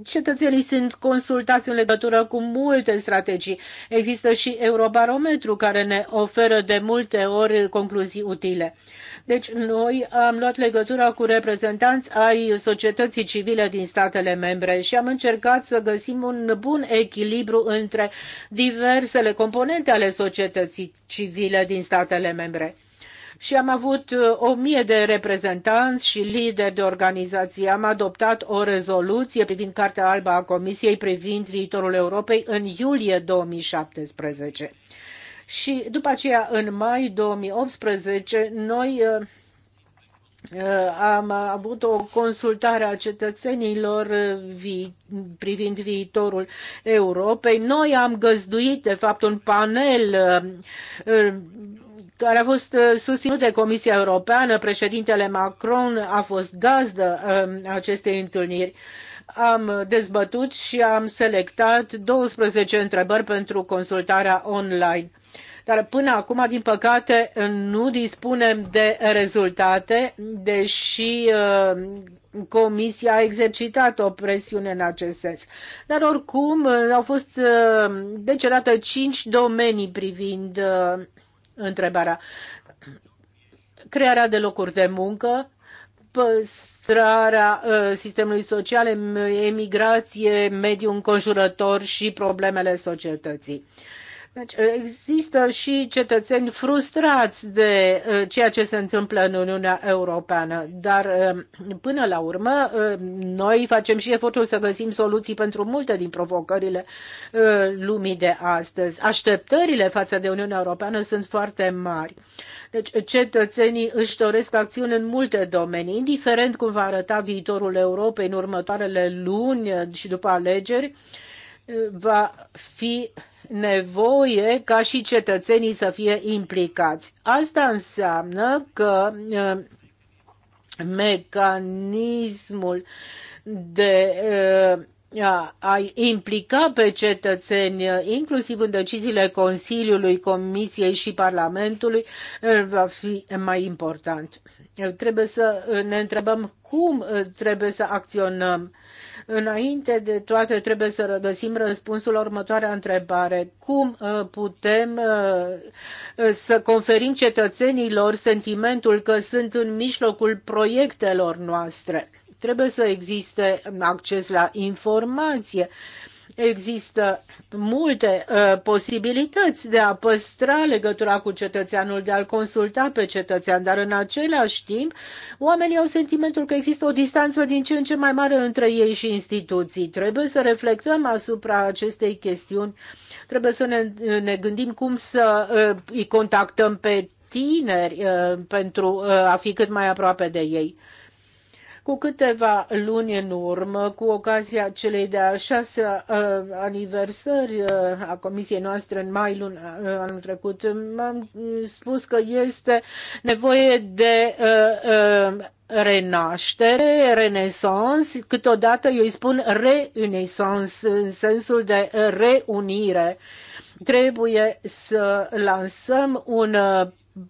Cetățenii sunt consultați în legătură cu multe strategii. Există și Eurobarometru care ne oferă de multe ori concluzii utile. Deci noi am luat legătura cu reprezentanți ai societății civile din statele membre și am încercat să găsim un bun echilibru între diversele componente ale societății civile din statele membre și am avut uh, o mie de reprezentanți și lideri de organizații. Am adoptat o rezoluție privind Cartea Albă a Comisiei privind viitorul Europei în iulie 2017. Și după aceea, în mai 2018, noi uh, uh, am avut o consultare a cetățenilor vi privind viitorul Europei. Noi am găzduit, de fapt, un panel care a fost uh, susținut de Comisia Europeană, președintele Macron a fost gazdă um, acestei întâlniri. Am dezbătut și am selectat 12 întrebări pentru consultarea online dar până acum, din păcate, nu dispunem de rezultate, deși uh, Comisia a exercitat o presiune în acest sens. Dar oricum uh, au fost decerate cinci domenii privind întrebarea. Crearea de locuri de muncă, păstrarea uh, sistemului social, emigrație, mediul înconjurător și problemele societății. Deci, eh, există și cetățeni frustrați de eh, ceea ce se întâmplă în Uniunea Europeană, dar eh, până la urmă noi facem și efortul să găsim soluții pentru multe din provocările lumii de astăzi. Așteptările față de Uniunea Europeană sunt foarte mari. Deci cetățenii își doresc acțiuni în multe domenii, indiferent cum va arăta viitorul Europei în următoarele luni și după alegeri, va fi nevoie ca și cetățenii să fie implicați. Asta înseamnă că mecanismul de a implica pe cetățeni, inclusiv în deciziile Consiliului, Comisiei și Parlamentului, va fi mai important. Trebuie să ne întrebăm cum trebuie să acționăm Înainte de toate, trebuie să regăsim răspunsul la următoarea întrebare. Cum uh, putem uh, uh, să conferim cetățenilor sentimentul că sunt în mijlocul proiectelor noastre? Trebuie să existe acces la informație. Există multe uh, posibilități de a păstra legătura cu cetățeanul, de a-l consulta pe cetățean, dar în același timp oamenii au sentimentul că există o distanță din ce în ce mai mare între ei și instituții. Trebuie să reflectăm asupra acestei chestiuni, trebuie să ne, ne gândim cum să uh, îi contactăm pe tineri uh, pentru uh, a fi cât mai aproape de ei. Cu câteva luni în urmă, cu ocazia celei de-a șasea uh, aniversări uh, a comisiei noastre în mai luni uh, anul trecut, am spus că este nevoie de renaștere, renesans, câteodată eu îi spun reunesans în sensul de reunire. Trebuie să lansăm un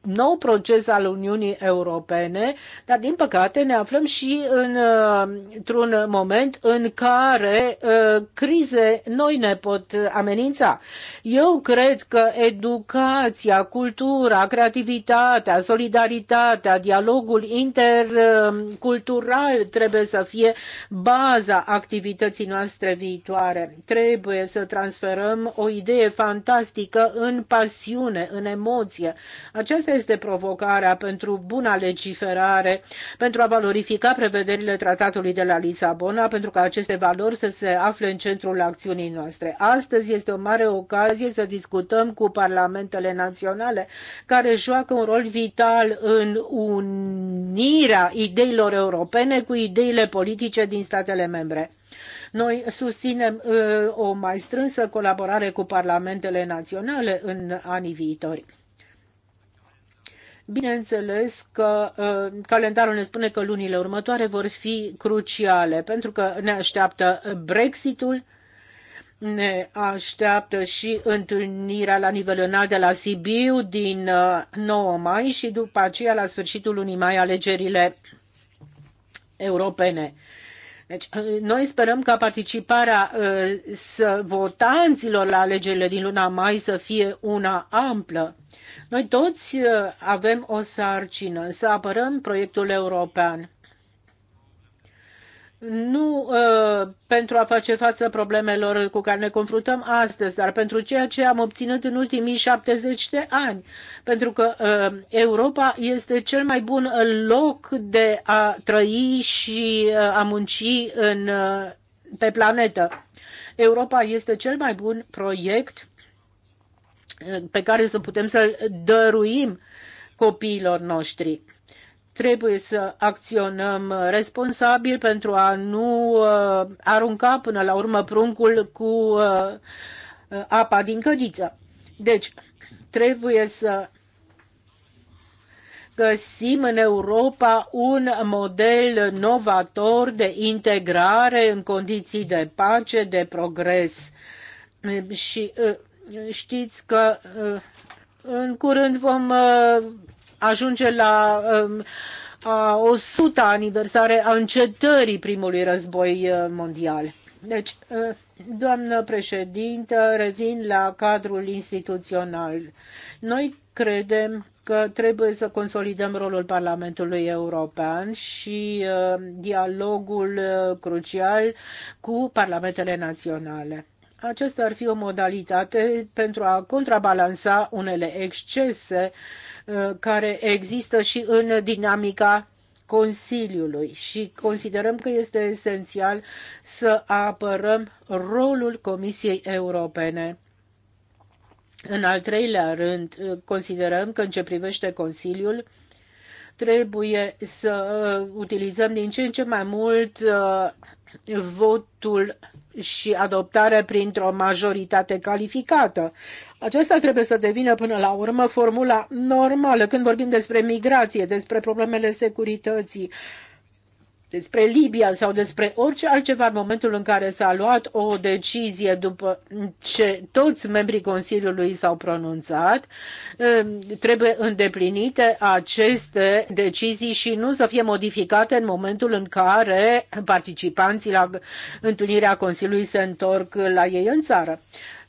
nou proces al Uniunii Europene, dar din păcate ne aflăm și în, uh, într-un moment în care uh, crize noi ne pot amenința. Eu cred că educația, cultura, creativitatea, solidaritatea, dialogul intercultural trebuie să fie baza activității noastre viitoare. Trebuie să transferăm o idee fantastică în pasiune, în emoție. Acest aceasta este provocarea pentru buna legiferare, pentru a valorifica prevederile tratatului de la Lisabona, pentru ca aceste valori să se afle în centrul acțiunii noastre. Astăzi este o mare ocazie să discutăm cu parlamentele naționale, care joacă un rol vital în unirea ideilor europene cu ideile politice din statele membre. Noi susținem uh, o mai strânsă colaborare cu parlamentele naționale în anii viitori. Bineînțeles că uh, calendarul ne spune că lunile următoare vor fi cruciale, pentru că ne așteaptă Brexitul, ne așteaptă și întâlnirea la nivel înalt de la Sibiu din 9 ă, mai și după aceea la sfârșitul lunii mai alegerile europene. Deci, ă, noi sperăm ca participarea să, votanților la alegerile din luna mai să fie una amplă. Noi toți uh, avem o sarcină să apărăm proiectul european nu uh, pentru a face față problemelor cu care ne confruntăm astăzi, dar pentru ceea ce am obținut în ultimii 70 de ani. Pentru că uh, Europa este cel mai bun loc de a trăi și uh, a munci în, uh, pe planetă. Europa este cel mai bun proiect pe care să putem să-l dăruim copiilor noștri. Trebuie să acționăm responsabil pentru a nu uh, arunca până la urmă pruncul cu uh, apa din cădiță. Deci, trebuie să găsim în Europa un model novator de integrare în condiții de pace, de progres. Și uh, știți că uh, în curând vom uh, ajunge la um, a 100 aniversare a încetării primului război uh, mondial. Deci, doamnă președintă, revin la cadrul instituțional. Noi credem că trebuie să consolidăm rolul Parlamentului European și dialogul crucial cu parlamentele naționale. Aceasta ar fi o modalitate pentru a contrabalansa unele excese uh, care există și în dinamica Consiliului și considerăm că este esențial să apărăm rolul Comisiei Europene. În al treilea rând, uh, considerăm că în ce privește Consiliul, trebuie să uh, utilizăm din ce în ce mai mult votul și adoptare printr-o majoritate calificată. Aceasta trebuie să devină până la urmă formula normală când vorbim despre migrație, despre problemele securității, despre Libia sau despre orice altceva în momentul în care s-a luat o decizie după ce toți membrii Consiliului s-au pronunțat, trebuie îndeplinite aceste decizii și nu să fie modificate în momentul în care participanții la întâlnirea Consiliului se întorc la ei în țară.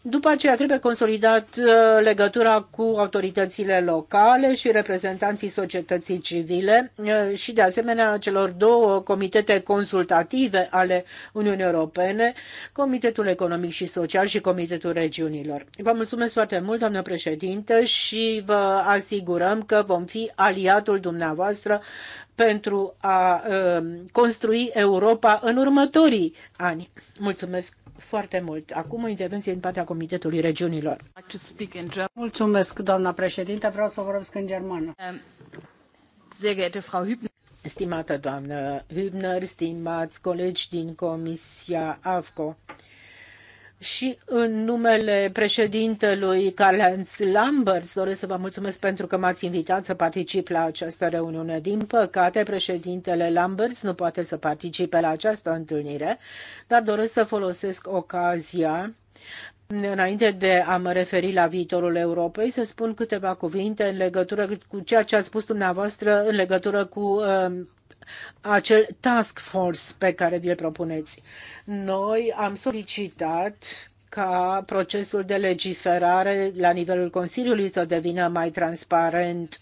După aceea trebuie consolidat uh, legătura cu autoritățile locale și reprezentanții societății civile uh, și de asemenea celor două comitete consultative ale Uniunii Europene, Comitetul Economic și Social și Comitetul Regiunilor. Vă mulțumesc foarte mult, doamnă președinte, și vă asigurăm că vom fi aliatul dumneavoastră pentru a uh, construi Europa în următorii ani. Mulțumesc! foarte mult. Acum o intervenție din partea Comitetului Regiunilor. Mulțumesc, doamna președinte. Vreau să vorbesc în germană. Um, Stimată doamnă Hübner, stimați colegi din Comisia AFCO, și în numele președintelui Karl-Heinz Lambers doresc să vă mulțumesc pentru că m-ați invitat să particip la această reuniune. Din păcate, președintele Lambers nu poate să participe la această întâlnire, dar doresc să folosesc ocazia Înainte de a mă referi la viitorul Europei, să spun câteva cuvinte în legătură cu ceea ce a spus dumneavoastră în legătură cu uh, acel task force pe care vi-l propuneți. Noi am solicitat ca procesul de legiferare la nivelul Consiliului să devină mai transparent,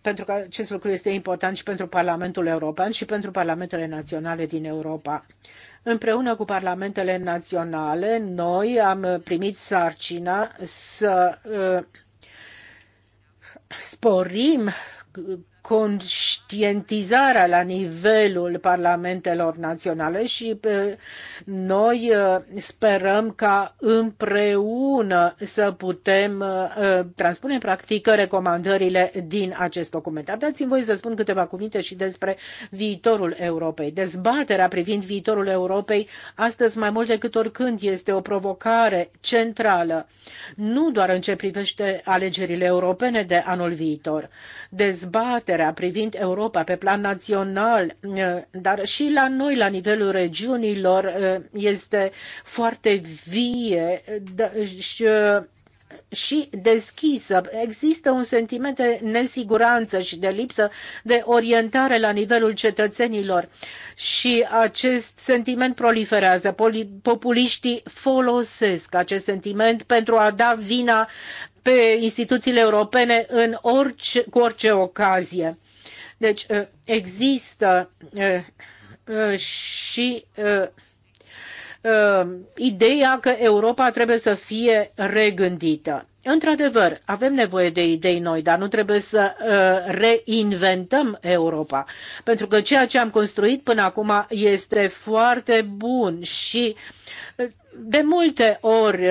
pentru că acest lucru este important și pentru Parlamentul European și pentru Parlamentele Naționale din Europa. Împreună cu parlamentele naționale, noi am primit sarcina să uh, sporim conștientizarea la nivelul parlamentelor naționale și noi uh, sperăm ca împreună să putem uh, transpune în practică recomandările din acest document. Dar dați-mi voi să spun câteva cuvinte și despre viitorul Europei. Dezbaterea privind viitorul Europei astăzi mai mult decât oricând este o provocare centrală, nu doar în ce privește alegerile europene de anul viitor. Dezbaterea dezbaterea privind Europa pe plan național, eh, dar și la noi, la nivelul regiunilor, eh, este foarte vie da, eh, și deschisă. Există un sentiment de nesiguranță și de lipsă de orientare la nivelul cetățenilor și acest sentiment proliferează. Populiștii folosesc acest sentiment pentru a da vina pe instituțiile europene în orice, cu orice ocazie. Deci uh, există uh, uh, și ideea că Europa trebuie să fie regândită. Într-adevăr, avem nevoie de idei noi, dar nu trebuie să reinventăm Europa, pentru că ceea ce am construit până acum este foarte bun și de multe ori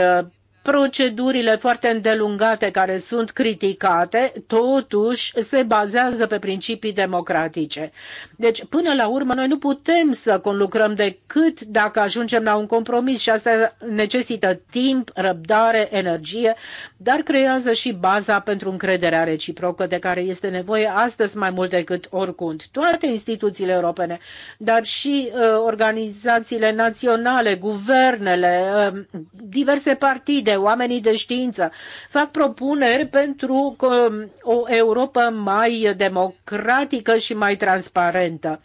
procedurile foarte îndelungate care sunt criticate, totuși se bazează pe principii democratice. Deci, până la urmă, noi nu putem să conlucrăm decât dacă ajungem la un compromis și asta necesită timp, răbdare, energie, dar creează și baza pentru încrederea reciprocă de care este nevoie astăzi mai mult decât oricând. Toate instituțiile europene, dar și uh, organizațiile naționale, guvernele, uh, diverse partide, oamenii de știință. Fac propuneri pentru um, o Europa mai democratică și mai transparentă.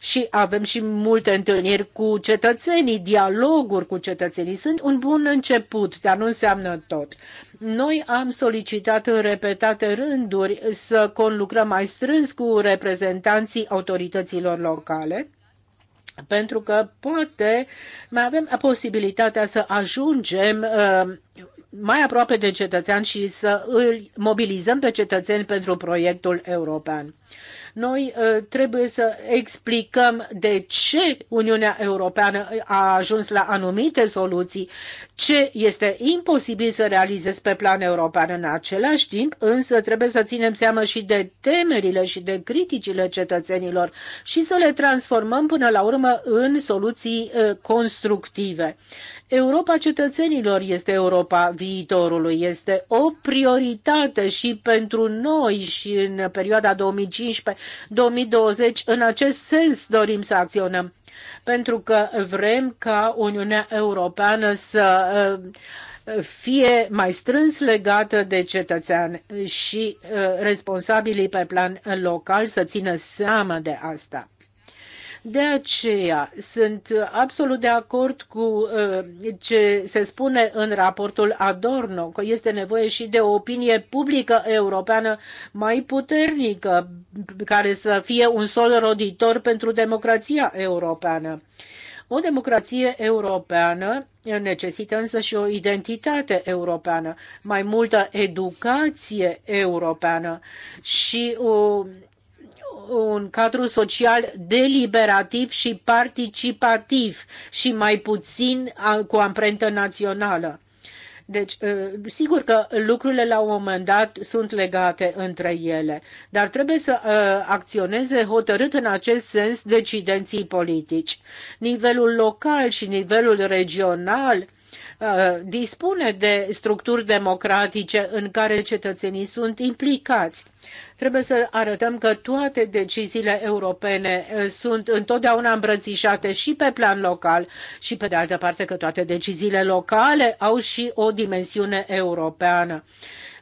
Și avem și multe întâlniri cu cetățenii, dialoguri cu cetățenii. Sunt un bun început, dar nu înseamnă tot. Noi am solicitat în repetate rânduri să conlucrăm mai strâns cu reprezentanții autorităților locale pentru că poate mai avem posibilitatea să ajungem uh, mai aproape de cetățean și să îl mobilizăm pe cetățeni pentru proiectul european. Noi ă, trebuie să explicăm de ce Uniunea Europeană a ajuns la anumite soluții, ce este imposibil să realizezi pe plan european în același timp, însă trebuie să ținem seama și de temerile și de criticile cetățenilor și să le transformăm până la urmă în soluții ă, constructive. Europa cetățenilor este Europa viitorului, este o prioritate și pentru noi și în perioada 2015-2020 în acest sens dorim să acționăm. Pentru că vrem ca Uniunea Europeană să uh, fie mai strâns legată de cetățean și uh, responsabilii pe plan local să țină seama de asta. De aceea sunt absolut de acord cu uh, ce se spune în raportul Adorno, că este nevoie și de o opinie publică europeană mai puternică, care să fie un sol roditor pentru democrația europeană. O democrație europeană necesită însă și o identitate europeană, mai multă educație europeană și o un cadru social deliberativ și participativ și mai puțin cu amprentă națională. Deci, ă, sigur că lucrurile la un moment dat sunt legate între ele, dar trebuie să ă, acționeze hotărât în acest sens decidenții politici. Nivelul local și nivelul regional Uh, dispune de structuri democratice în care cetățenii sunt implicați. Trebuie să arătăm că toate deciziile europene uh, sunt întotdeauna îmbrățișate și pe plan local și pe de altă parte că toate deciziile locale au și o dimensiune europeană.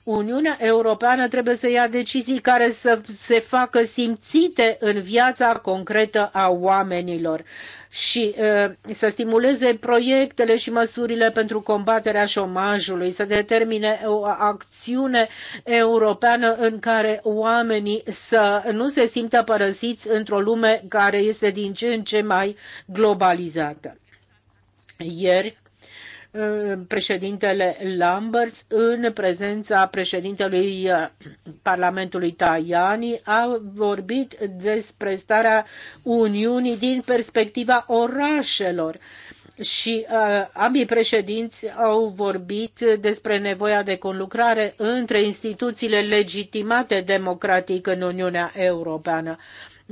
Uniunea Europeană trebuie să ia decizii care să se facă simțite în viața concretă a oamenilor și să stimuleze proiectele și măsurile pentru combaterea șomajului, să determine o acțiune europeană în care oamenii să nu se simtă părăsiți într-o lume care este din ce în ce mai globalizată. Ieri Uh, președintele Lamberts în prezența președintelui uh, Parlamentului Tajani a vorbit despre starea Uniunii din perspectiva orașelor și uh, ambii președinți au vorbit despre nevoia de conlucrare între instituțiile legitimate democratic în Uniunea Europeană.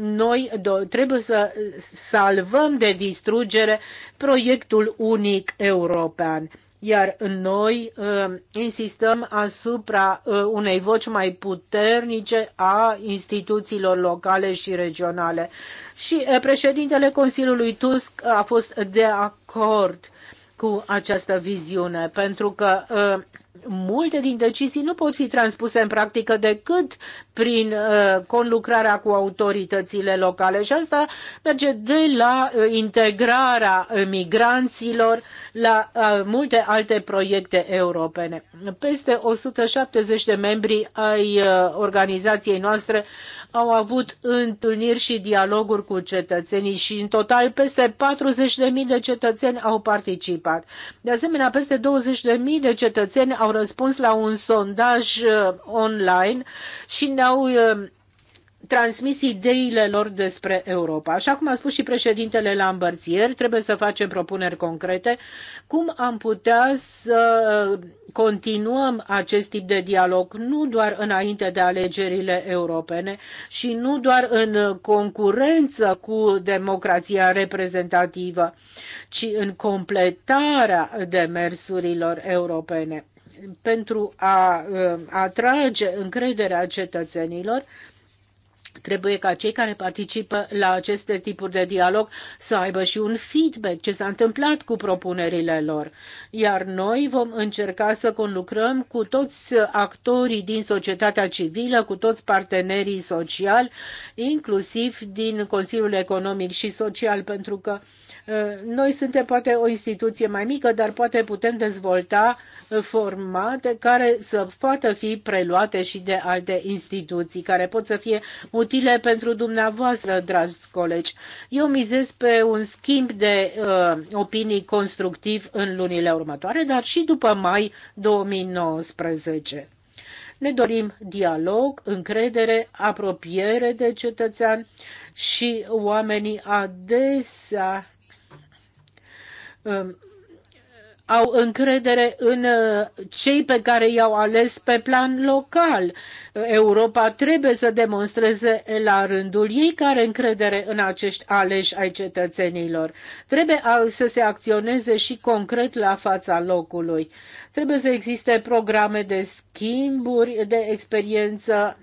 Noi trebuie să salvăm de distrugere proiectul unic european iar noi uh, insistăm asupra uh, unei voci mai puternice a instituțiilor locale și regionale. Și uh, președintele Consiliului Tusk a fost de acord cu această viziune, pentru că uh, multe din decizii nu pot fi transpuse în practică decât prin uh, conlucrarea cu autoritățile locale și asta merge de la uh, integrarea uh, migranților la multe alte proiecte europene. Peste 170 de membri ai organizației noastre au avut întâlniri și dialoguri cu cetățenii și în total peste 40.000 de cetățeni au participat. De asemenea, peste 20.000 de cetățeni au răspuns la un sondaj online și ne au uh, transmis ideile lor despre Europa. Așa cum a spus și președintele Lambărțier, trebuie să facem propuneri concrete cum am putea să continuăm acest tip de dialog, nu doar înainte de alegerile europene și nu doar în concurență cu democrația reprezentativă, ci în completarea demersurilor europene pentru a uh, atrage încrederea cetățenilor, Trebuie ca cei care participă la aceste tipuri de dialog să aibă și un feedback ce s-a întâmplat cu propunerile lor. Iar noi vom încerca să conlucrăm cu toți actorii din societatea civilă, cu toți partenerii sociali, inclusiv din Consiliul Economic și Social, pentru că uh, noi suntem poate o instituție mai mică, dar poate putem dezvolta uh, formate care să poată fi preluate și de alte instituții, care pot să fie utile pentru dumneavoastră, dragi colegi. Eu mizez pe un schimb de uh, opinii constructiv în lunile următoare, dar și după mai 2019. Ne dorim dialog, încredere, apropiere de cetățean și oamenii adesea um, au încredere în uh, cei pe care i-au ales pe plan local. Europa trebuie să demonstreze la rândul ei care încredere în acești aleși ai cetățenilor. Trebuie să se acționeze și concret la fața locului. Trebuie să existe programe de schimburi, de experiență.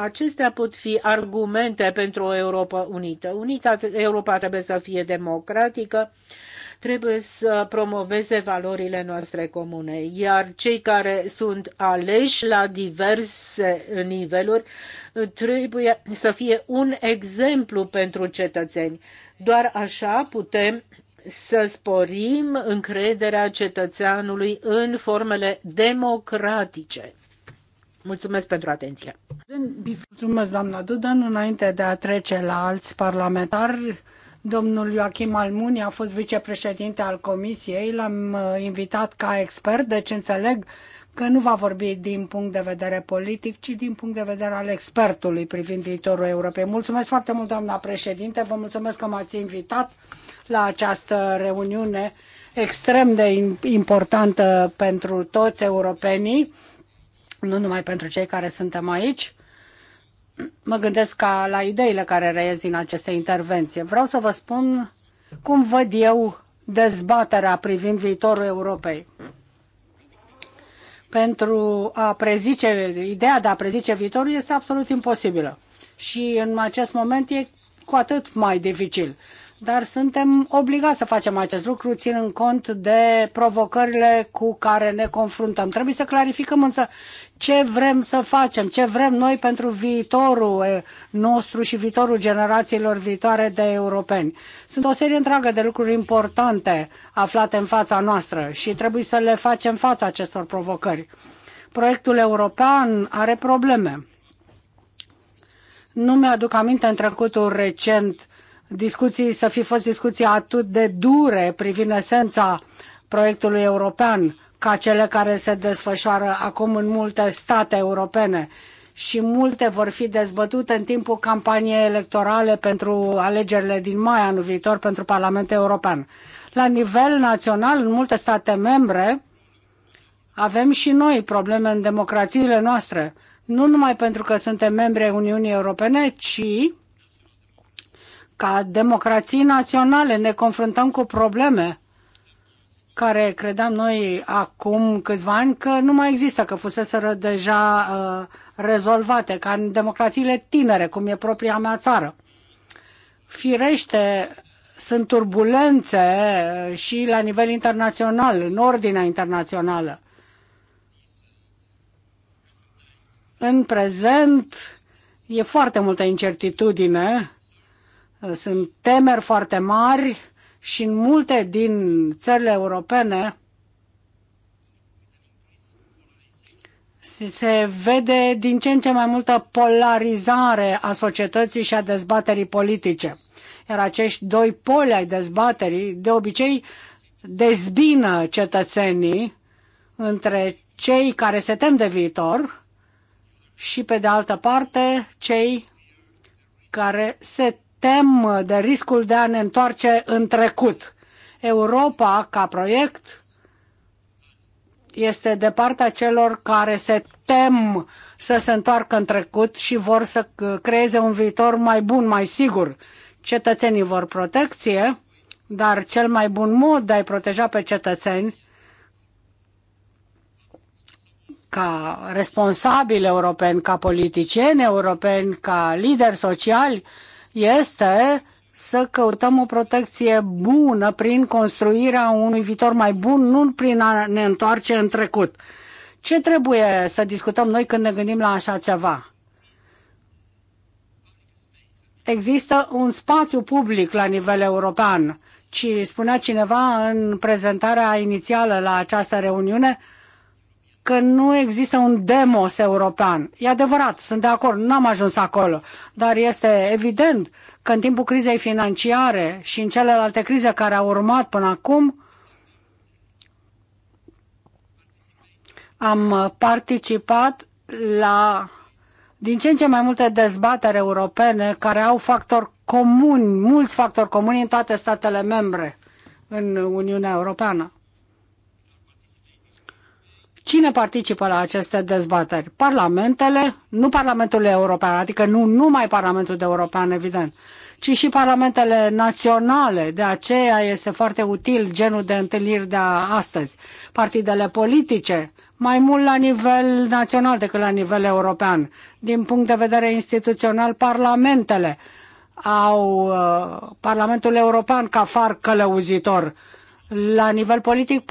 Acestea pot fi argumente pentru o Europa unită. Unita, Europa trebuie să fie democratică trebuie să promoveze valorile noastre comune, iar cei care sunt aleși la diverse niveluri trebuie să fie un exemplu pentru cetățeni. Doar așa putem să sporim încrederea cetățeanului în formele democratice. Mulțumesc pentru atenție. Mulțumesc, doamna Dudan. Înainte de a trece la alți parlamentari, Domnul Joachim Almuni a fost vicepreședinte al comisiei, l-am uh, invitat ca expert, deci înțeleg că nu va vorbi din punct de vedere politic, ci din punct de vedere al expertului privind viitorul Europei. Mulțumesc foarte mult, doamna președinte, vă mulțumesc că m-ați invitat la această reuniune extrem de importantă pentru toți europenii, nu numai pentru cei care suntem aici mă gândesc ca la ideile care reiez din aceste intervenții. Vreau să vă spun cum văd eu dezbaterea privind viitorul Europei. Pentru a prezice, ideea de a prezice viitorul este absolut imposibilă. Și în acest moment e cu atât mai dificil dar suntem obligați să facem acest lucru, ținând cont de provocările cu care ne confruntăm. Trebuie să clarificăm însă ce vrem să facem, ce vrem noi pentru viitorul eh, nostru și viitorul generațiilor viitoare de europeni. Sunt o serie întreagă de lucruri importante aflate în fața noastră și trebuie să le facem față acestor provocări. Proiectul european are probleme. Nu mi-aduc aminte în trecutul recent discuții, să fi fost discuții atât de dure privind esența proiectului european ca cele care se desfășoară acum în multe state europene și multe vor fi dezbătute în timpul campaniei electorale pentru alegerile din mai anul viitor pentru Parlamentul European. La nivel național, în multe state membre, avem și noi probleme în democrațiile noastre, nu numai pentru că suntem membri ai Uniunii Europene, ci ca democrații naționale ne confruntăm cu probleme care credeam noi acum câțiva ani că nu mai există, că fuseseră deja uh, rezolvate, ca în democrațiile tinere, cum e propria mea țară. Firește, sunt turbulențe uh, și la nivel internațional, în ordinea internațională. În prezent e foarte multă incertitudine Uh, sunt temeri foarte mari și în multe din țările europene se vede din ce în ce mai multă polarizare a societății și a dezbaterii politice. Iar acești doi poli ai dezbaterii de obicei dezbină cetățenii între cei care se tem de viitor și, pe de altă parte, cei care se tem de riscul de a ne întoarce în trecut. Europa, ca proiect, este de partea celor care se tem să se întoarcă în trecut și vor să creeze un viitor mai bun, mai sigur. Cetățenii vor protecție, dar cel mai bun mod de a-i proteja pe cetățeni ca responsabili europeni, ca politicieni europeni, ca lideri sociali, este să căutăm o protecție bună prin construirea unui viitor mai bun, nu prin a ne întoarce în trecut. Ce trebuie să discutăm noi când ne gândim la așa ceva? Există un spațiu public la nivel european, ci spunea cineva în prezentarea inițială la această reuniune, că nu există un demos european. E adevărat, sunt de acord, nu am ajuns acolo, dar este evident că în timpul crizei financiare și în celelalte crize care au urmat până acum, am participat la din ce în ce mai multe dezbateri europene care au factori comuni, mulți factori comuni în toate statele membre în Uniunea Europeană. Cine participă la aceste dezbateri? Parlamentele, nu Parlamentul European, adică nu numai Parlamentul European, evident, ci și parlamentele naționale. De aceea este foarte util genul de întâlniri de astăzi. Partidele politice, mai mult la nivel național decât la nivel european. Din punct de vedere instituțional, parlamentele au uh, Parlamentul European ca far călăuzitor la nivel politic,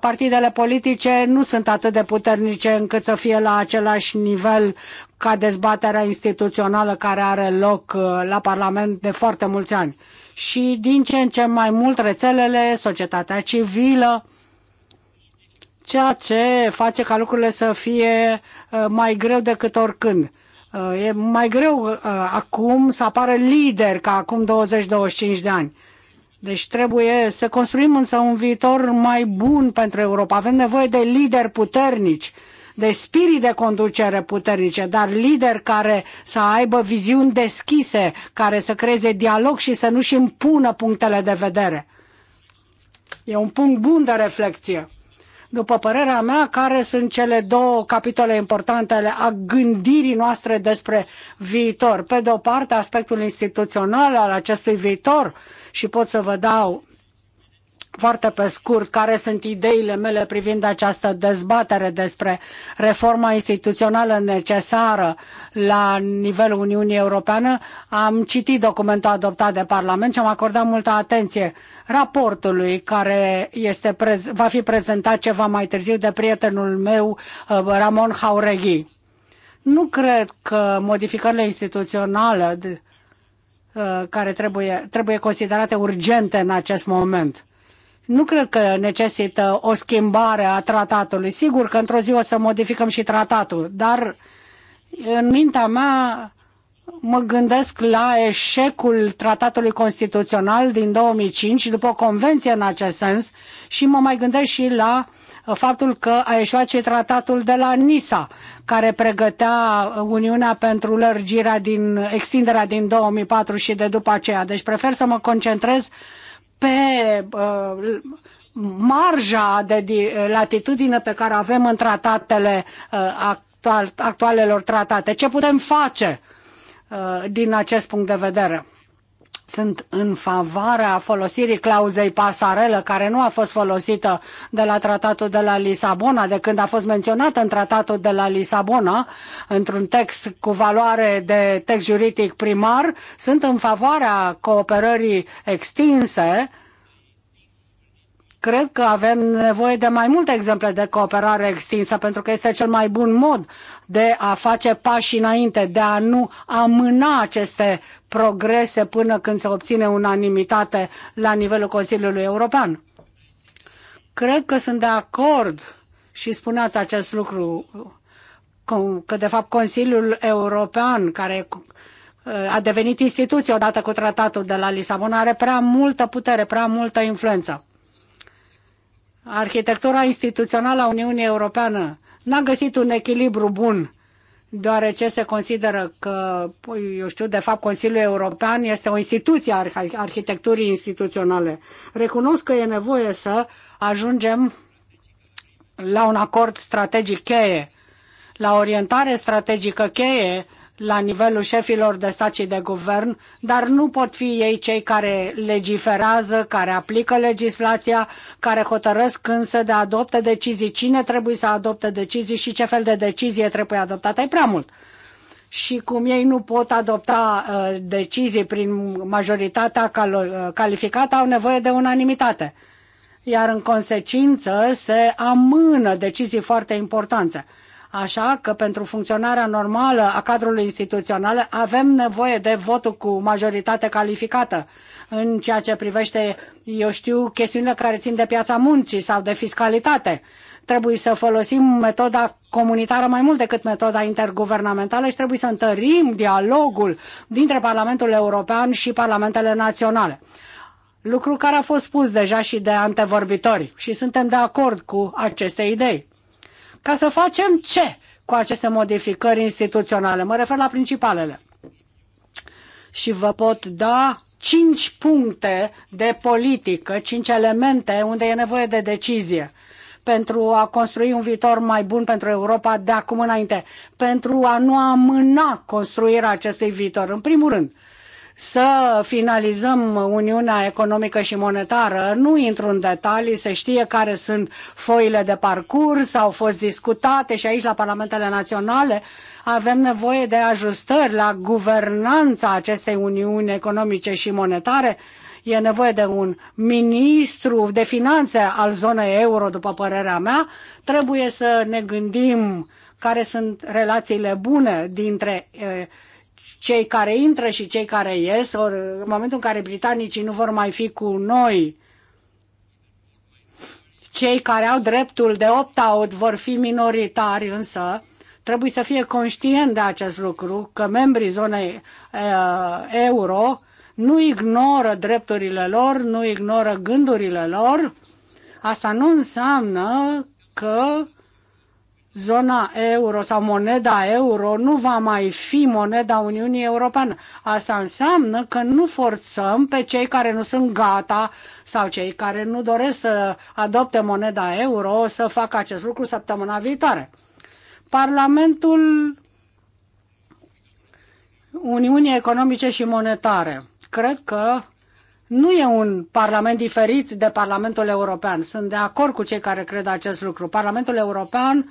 partidele politice nu sunt atât de puternice încât să fie la același nivel ca dezbaterea instituțională care are loc uh, la Parlament de foarte mulți ani. Și din ce în ce mai mult rețelele, societatea civilă, ceea ce face ca lucrurile să fie uh, mai greu decât oricând. Uh, e mai greu acum să apară lideri ca acum 20-25 de ani. Deci trebuie să construim însă un viitor mai bun pentru Europa. Avem nevoie de lideri puternici, de spirit de conducere puternice, dar lideri care să aibă viziuni deschise, care să creeze dialog și să nu-și impună punctele de vedere. E un punct bun de reflexie după părerea mea, care sunt cele două capitole importante ale a gândirii noastre despre viitor. Pe de o parte, aspectul instituțional al acestui viitor și pot să vă dau foarte pe scurt care sunt ideile mele privind această dezbatere despre reforma instituțională necesară la nivelul Uniunii Europeană. Am citit documentul adoptat de Parlament și am acordat multă atenție raportului care este va fi prezentat ceva mai târziu de prietenul meu, uh, Ramon Jauregui. Nu cred că modificările instituționale uh, care trebuie, trebuie considerate urgente în acest moment nu cred că necesită o schimbare a tratatului. Sigur că într-o zi o să modificăm și tratatul, dar în mintea mea mă gândesc la eșecul tratatului constituțional din 2005 după o convenție în acest sens și mă mai gândesc și la faptul că a ieșuat și tratatul de la Nisa, care pregătea Uniunea pentru lărgirea din, extinderea din 2004 și de după aceea. Deci prefer să mă concentrez pe uh, marja de latitudine pe care avem în tratatele uh, actual, actualelor tratate. Ce putem face uh, din acest punct de vedere? sunt în favoarea folosirii clauzei pasarelă, care nu a fost folosită de la tratatul de la Lisabona, de când a fost menționată în tratatul de la Lisabona, într-un text cu valoare de text juridic primar, sunt în favoarea cooperării extinse Cred că avem nevoie de mai multe exemple de cooperare extinsă, pentru că este cel mai bun mod de a face pași înainte, de a nu amâna aceste progrese până când se obține unanimitate la nivelul Consiliului European. Cred că sunt de acord și spuneați acest lucru, că de fapt Consiliul European, care uh, a devenit instituție odată cu tratatul de la Lisabona, are prea multă putere, prea multă influență arhitectura instituțională a Uniunii Europeană n-a găsit un echilibru bun, deoarece se consideră că, păi, eu știu, de fapt Consiliul European este o instituție a arhitecturii instituționale. Recunosc că e nevoie să ajungem la un acord strategic cheie, la orientare strategică cheie la nivelul șefilor de stat și de guvern, dar nu pot fi ei cei care legiferează, care aplică legislația, care hotărăsc când să de adopte decizii, cine trebuie să adopte decizii și ce fel de decizie trebuie adoptată. E prea mult. Și cum ei nu pot adopta uh, decizii prin majoritatea cal- uh, calificată, au nevoie de unanimitate. Iar în consecință se amână decizii foarte importante Așa că pentru funcționarea normală a cadrului instituțional avem nevoie de votul cu majoritate calificată în ceea ce privește, eu știu, chestiunile care țin de piața muncii sau de fiscalitate. Trebuie să folosim metoda comunitară mai mult decât metoda interguvernamentală și trebuie să întărim dialogul dintre Parlamentul European și Parlamentele Naționale lucru care a fost spus deja și de antevorbitori și suntem de acord cu aceste idei. Ca să facem ce cu aceste modificări instituționale? Mă refer la principalele. Și vă pot da cinci puncte de politică, cinci elemente unde e nevoie de decizie pentru a construi un viitor mai bun pentru Europa de acum înainte, pentru a nu amâna construirea acestui viitor. În primul rând, să finalizăm Uniunea Economică și Monetară. Nu intru în detalii, se știe care sunt foile de parcurs, au fost discutate și aici la Parlamentele Naționale. Avem nevoie de ajustări la guvernanța acestei Uniuni Economice și Monetare. E nevoie de un ministru de finanțe al zonei euro, după părerea mea. Trebuie să ne gândim care sunt relațiile bune dintre uh, cei care intră și cei care ies, ori în momentul în care britanicii nu vor mai fi cu noi, cei care au dreptul de opt-out vor fi minoritari, însă trebuie să fie conștient de acest lucru, că membrii zonei uh, euro nu ignoră drepturile lor, nu ignoră gândurile lor. Asta nu înseamnă că zona euro sau moneda euro nu va mai fi moneda Uniunii Europene. Asta înseamnă că nu forțăm pe cei care nu sunt gata sau cei care nu doresc să adopte moneda euro să facă acest lucru săptămâna viitoare. Parlamentul Uniunii Economice și Monetare. Cred că nu e un parlament diferit de Parlamentul European. Sunt de acord cu cei care cred acest lucru. Parlamentul European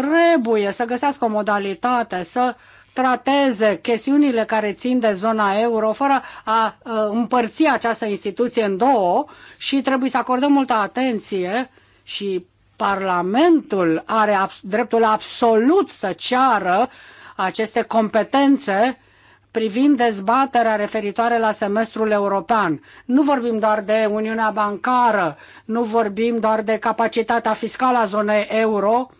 trebuie să găsească o modalitate să trateze chestiunile care țin de zona euro fără a uh, împărți această instituție în două și trebuie să acordăm multă atenție și Parlamentul are dreptul absolut să ceară aceste competențe privind dezbaterea referitoare la semestrul european. Nu vorbim doar de Uniunea Bancară, nu vorbim doar de capacitatea fiscală a zonei euro,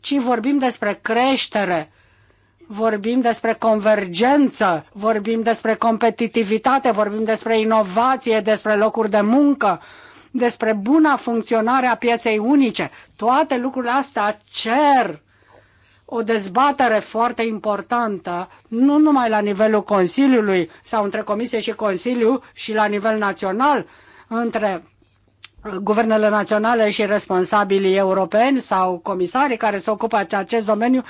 ci vorbim despre creștere, vorbim despre convergență, vorbim despre competitivitate, vorbim despre inovație, despre locuri de muncă, despre buna funcționare a pieței unice. Toate lucrurile astea cer o dezbatere foarte importantă, nu numai la nivelul Consiliului sau între Comisie și Consiliu și la nivel național, între guvernele naționale și responsabilii europeni sau comisarii care se ocupă de acest domeniu,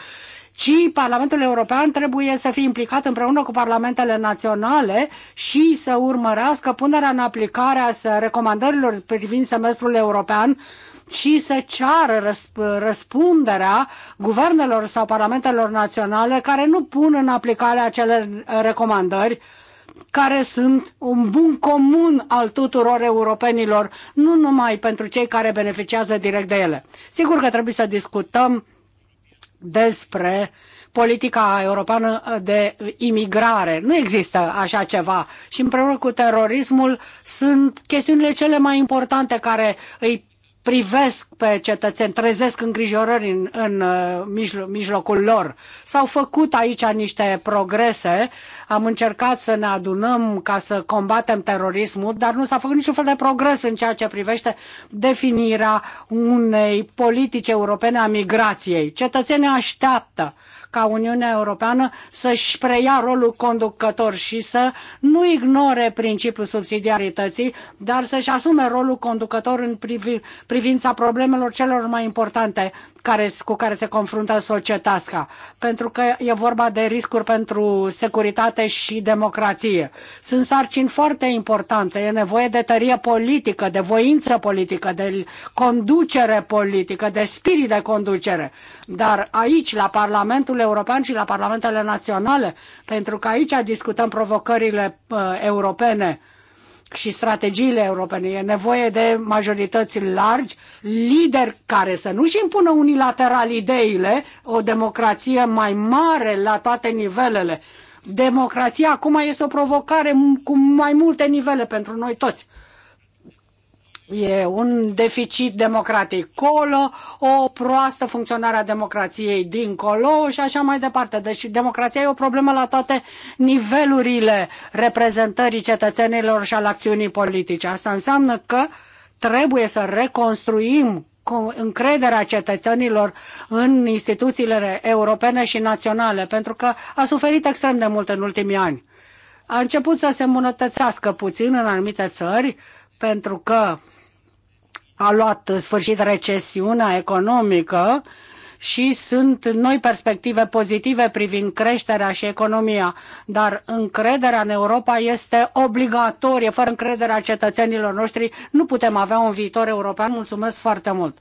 ci Parlamentul European trebuie să fie implicat împreună cu parlamentele naționale și să urmărească punerea în aplicare a recomandărilor privind semestrul european și să ceară răsp- răspunderea guvernelor sau parlamentelor naționale care nu pun în aplicare acele recomandări care sunt un bun comun al tuturor europenilor, nu numai pentru cei care beneficiază direct de ele. Sigur că trebuie să discutăm despre politica europeană de imigrare. Nu există așa ceva. Și împreună cu terorismul sunt chestiunile cele mai importante care îi privesc pe cetățeni, trezesc îngrijorări în, în uh, mijlo, mijlocul lor. S-au făcut aici niște progrese, am încercat să ne adunăm ca să combatem terorismul, dar nu s-a făcut niciun fel de progres în ceea ce privește definirea unei politici europene a migrației. Cetățenii așteaptă ca Uniunea Europeană să-și preia rolul conducător și să nu ignore principiul subsidiarității, dar să-și asume rolul conducător în privința problemelor celor mai importante care, cu care se confruntă societatea, pentru că e vorba de riscuri pentru securitate și democrație. Sunt sarcini foarte importante, e nevoie de tărie politică, de voință politică, de conducere politică, de spirit de conducere. Dar aici, la Parlamentul European și la Parlamentele Naționale, pentru că aici discutăm provocările uh, europene, și strategiile europene. E nevoie de majorități largi, lideri care să nu-și impună unilateral ideile, o democrație mai mare la toate nivelele. Democrația acum este o provocare cu mai multe nivele pentru noi toți. E un deficit democratic colo, o proastă funcționare a democrației dincolo și așa mai departe. Deci democrația e o problemă la toate nivelurile reprezentării cetățenilor și al acțiunii politice. Asta înseamnă că trebuie să reconstruim încrederea cetățenilor în instituțiile europene și naționale, pentru că a suferit extrem de mult în ultimii ani. A început să se îmbunătățească puțin în anumite țări, pentru că a luat sfârșit recesiunea economică și sunt noi perspective pozitive privind creșterea și economia, dar încrederea în Europa este obligatorie. Fără încrederea cetățenilor noștri nu putem avea un viitor european. Mulțumesc foarte mult!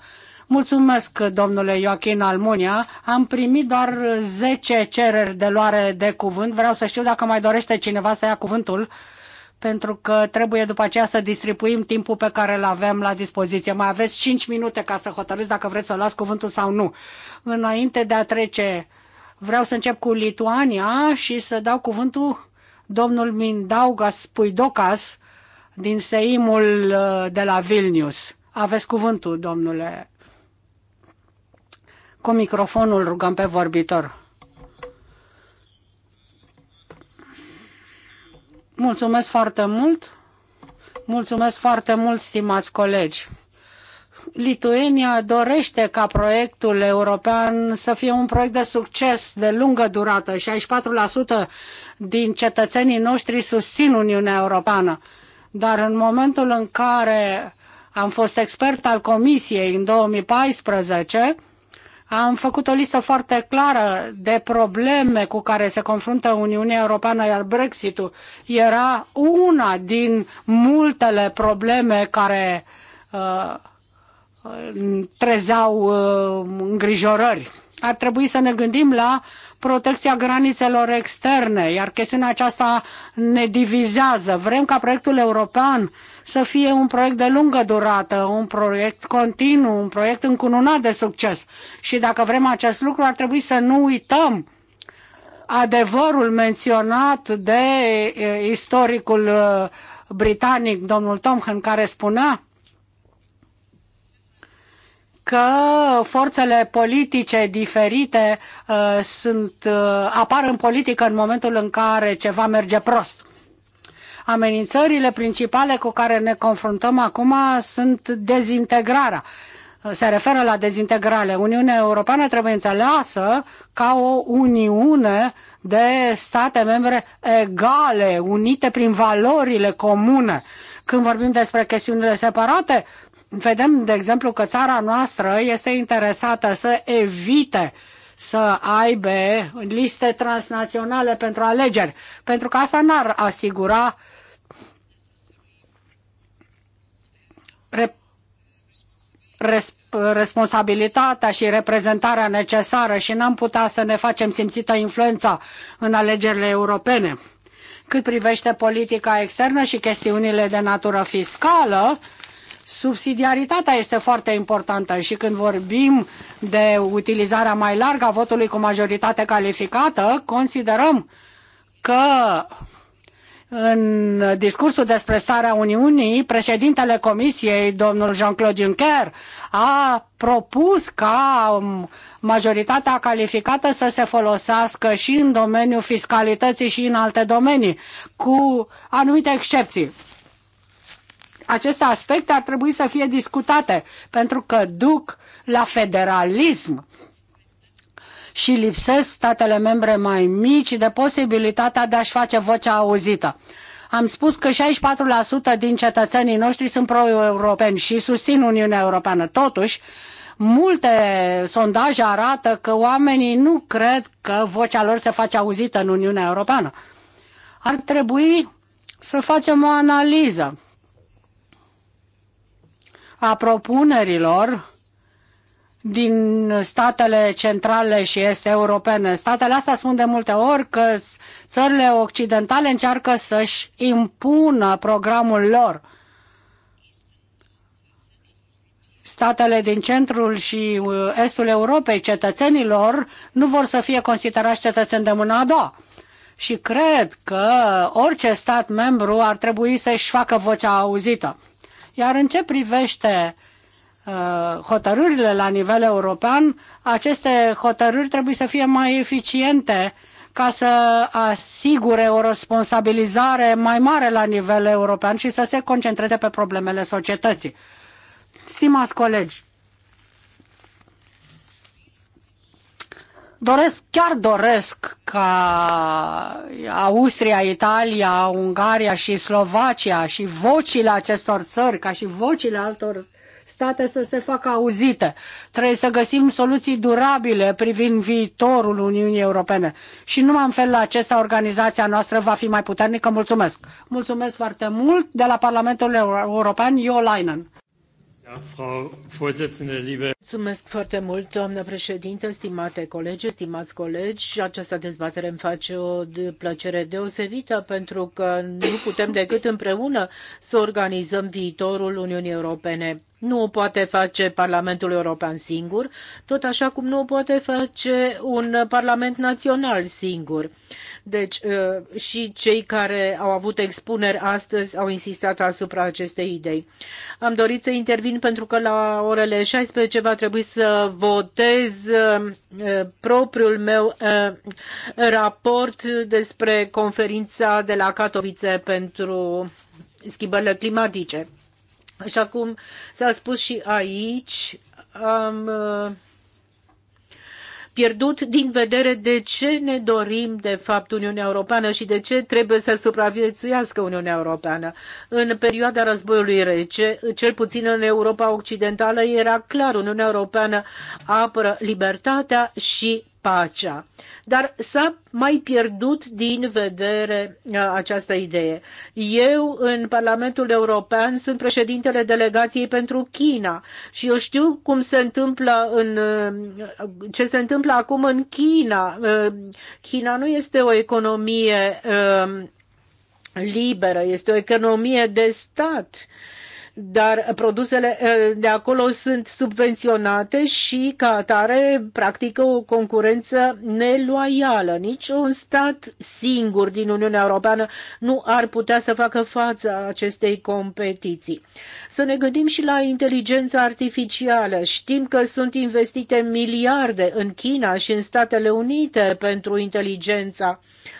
Mulțumesc, domnule Joachim Almunia. Am primit doar 10 cereri de luare de cuvânt. Vreau să știu dacă mai dorește cineva să ia cuvântul pentru că trebuie după aceea să distribuim timpul pe care îl avem la dispoziție. Mai aveți 5 minute ca să hotărâți dacă vreți să luați cuvântul sau nu. Înainte de a trece, vreau să încep cu Lituania și să dau cuvântul domnul Mindaugas Puidocas din Seimul uh, de la Vilnius. Aveți cuvântul, domnule. Cu microfonul rugăm pe vorbitor. Mulțumesc foarte mult! Mulțumesc foarte mult, stimați colegi! Lituania dorește ca proiectul european să fie un proiect de succes de lungă durată. 64% din cetățenii noștri susțin Uniunea Europeană. Dar în momentul în care am fost expert al Comisiei în 2014, am făcut o listă foarte clară de probleme cu care se confruntă Uniunea Europeană, iar Brexitul era una din multele probleme care uh, trezeau uh, îngrijorări. Ar trebui să ne gândim la protecția granițelor externe, iar chestiunea aceasta ne divizează. Vrem ca proiectul european uh, să fie un proiect de lungă durată, un proiect continuu, un proiect încununat de succes. Și dacă vrem acest lucru, ar trebui să nu uităm adevărul menționat de istoricul britanic, domnul Tomhan, care spunea că forțele politice diferite uh, sunt, uh, apar în politică în momentul în care ceva merge prost. Amenințările principale cu care ne confruntăm acum sunt dezintegrarea. Se referă la dezintegrare. Uniunea Europeană trebuie înțeleasă ca o uniune de state membre egale, unite prin valorile comune. Când vorbim despre chestiunile separate, vedem, de exemplu, că țara noastră este interesată să evite să aibă liste transnaționale pentru alegeri, pentru că asta n-ar asigura uh, responsabilitatea și reprezentarea necesară și n-am putea să ne facem simțită influența în alegerile europene. Cât privește politica externă și chestiunile de natură fiscală, subsidiaritatea este foarte importantă și când vorbim de utilizarea mai largă a votului cu majoritate calificată, considerăm că în discursul despre starea Uniunii, președintele Comisiei, domnul Jean-Claude Juncker, a propus ca um, majoritatea calificată să se folosească și în domeniul fiscalității și în alte domenii, cu anumite excepții aceste aspecte ar trebui să fie discutate, pentru că duc la federalism și lipsesc statele membre mai mici de posibilitatea de a-și face vocea auzită. Am spus că 64% din cetățenii noștri sunt pro-europeni și susțin Uniunea Europeană. Totuși, multe sondaje arată că oamenii nu cred că vocea lor se face auzită în Uniunea Europeană. Ar trebui să facem o analiză a propunerilor din statele centrale și este europene. Statele astea spun de multe ori că țările occidentale încearcă să-și impună programul lor. Statele din centrul și uh, estul Europei, cetățenilor, nu vor să fie considerați cetățeni de mâna a doua. Și cred că orice stat membru ar trebui să-și facă vocea auzită. Iar în ce privește uh, Uh, hotărârile la nivel european, aceste hotărâri trebuie să fie mai eficiente ca să asigure o responsabilizare mai mare la nivel european și să se concentreze pe problemele societății. Stimați colegi, doresc, chiar doresc ca Austria, Italia, Ungaria și Slovacia și vocile acestor țări, ca și vocile altor state să se facă auzite. Trebuie să găsim soluții durabile privind viitorul Uniunii Europene. Și numai în felul acesta organizația noastră va fi mai puternică. Mulțumesc! Mulțumesc foarte mult de la Parlamentul European, Jo Leinen. Mulțumesc foarte mult, doamnă președintă, stimate colegi, stimați colegi. Această dezbatere îmi face o plăcere deosebită pentru că nu putem decât împreună să organizăm viitorul Uniunii Europene. Nu o poate face Parlamentul European singur, tot așa cum nu o poate face un Parlament Național singur. Deci uh, și cei care au avut expuneri astăzi au insistat asupra acestei idei. Am dorit să intervin pentru că la orele 16 va trebui să votez uh, uh, propriul meu raport despre conferința de la Katowice pentru schimbările climatice. Așa cum s-a spus și aici, am uh, pierdut din vedere de ce ne dorim de fapt Uniunea Europeană și de ce trebuie să supraviețuiască Uniunea Europeană. În perioada războiului rece, cel puțin în Europa Occidentală, era clar Uniunea Europeană apără libertatea și pacea. Dar s-a mai pierdut din vedere această idee. Eu în Parlamentul European sunt președintele delegației pentru China și eu știu cum se întâmplă în, ce se întâmplă acum în China. China nu este o economie liberă, este o economie de stat dar produsele eh, de acolo sunt subvenționate și ca atare practică o concurență neloială. Nici un stat singur din Uniunea Europeană nu ar putea să facă față acestei competiții. Să ne gândim și la inteligența artificială. Știm că sunt investite miliarde în China și în Statele Unite pentru inteligența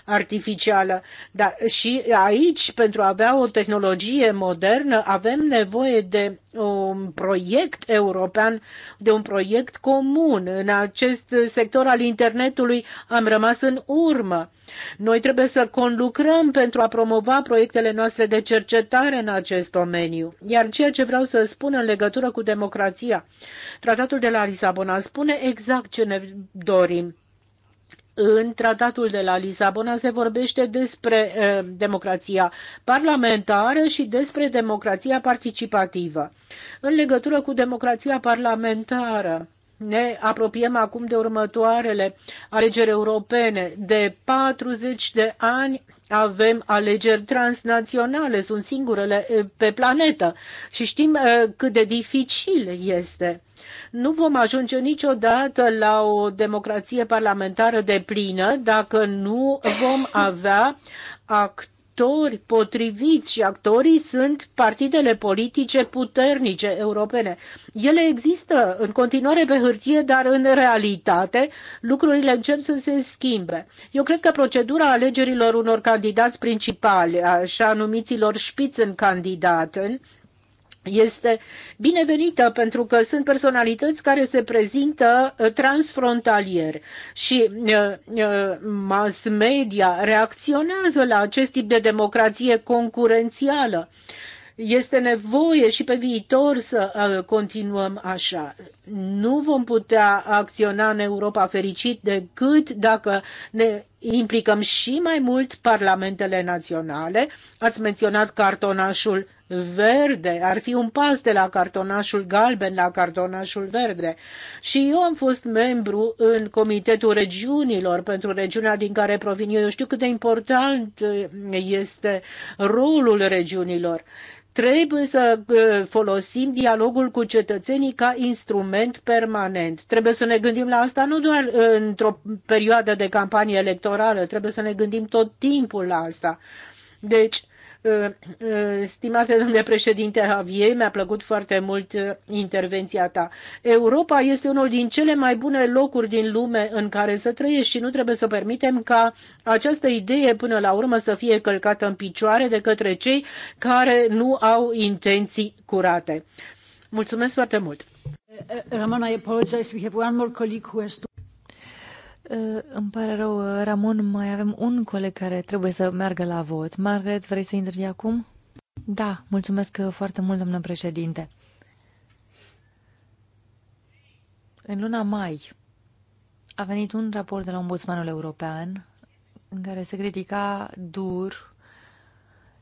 artificială. Dar și aici, pentru a avea o tehnologie modernă, avem nevoie de un proiect european, de un proiect comun. În acest sector al internetului am rămas în urmă. Noi trebuie să conlucrăm pentru a promova proiectele noastre de cercetare în acest domeniu. Iar ceea ce vreau să spun în legătură cu democrația, tratatul de la Lisabona spune exact ce ne dorim în tratatul de la Lisabona se vorbește despre uh, democrația parlamentară și despre democrația participativă. În legătură cu democrația parlamentară, ne apropiem acum de următoarele alegeri europene. De 40 de ani avem alegeri transnaționale, sunt singurele eh, pe planetă și știm eh, cât de dificil este. Nu vom ajunge niciodată la o democrație parlamentară de plină dacă nu vom avea act actori potriviți și actorii sunt partidele politice puternice europene. Ele există în continuare pe hârtie, dar în realitate lucrurile încep să se schimbe. Eu cred că procedura alegerilor unor candidați principali, așa numiților Spitzenkandidaten, este binevenită pentru că sunt personalități care se prezintă uh, transfrontalier și uh, uh, mass media reacționează la acest tip de democrație concurențială. Este nevoie și pe viitor să continuăm așa. Nu vom putea acționa în Europa fericit decât dacă ne implicăm și mai mult parlamentele naționale. Ați menționat cartonașul verde, ar fi un pas de la cartonașul galben la cartonașul verde. Și eu am fost membru în Comitetul Regiunilor pentru regiunea din care provin eu. Eu știu cât de important este rolul regiunilor trebuie să folosim dialogul cu cetățenii ca instrument permanent. Trebuie să ne gândim la asta nu doar într-o perioadă de campanie electorală, trebuie să ne gândim tot timpul la asta. Deci, Eh, eh, stimate domnule președinte Javier, mi-a plăcut foarte mult eh, intervenția ta. Europa este unul din cele mai bune locuri din lume în care să trăiești și nu trebuie să permitem ca această idee până la urmă să fie călcată în picioare de către cei care nu au intenții curate. Mulțumesc foarte mult! Ramona, I apologize. We have one more colleague who has to... Eh, îmi pare rău, eh, Ramon, mai avem un coleg care trebuie să meargă la vot. Margaret, vrei să intri acum? Da, mulțumesc eh, foarte mult, domnule președinte. În luna mai a venit un raport de la Ombudsmanul European în care se critica dur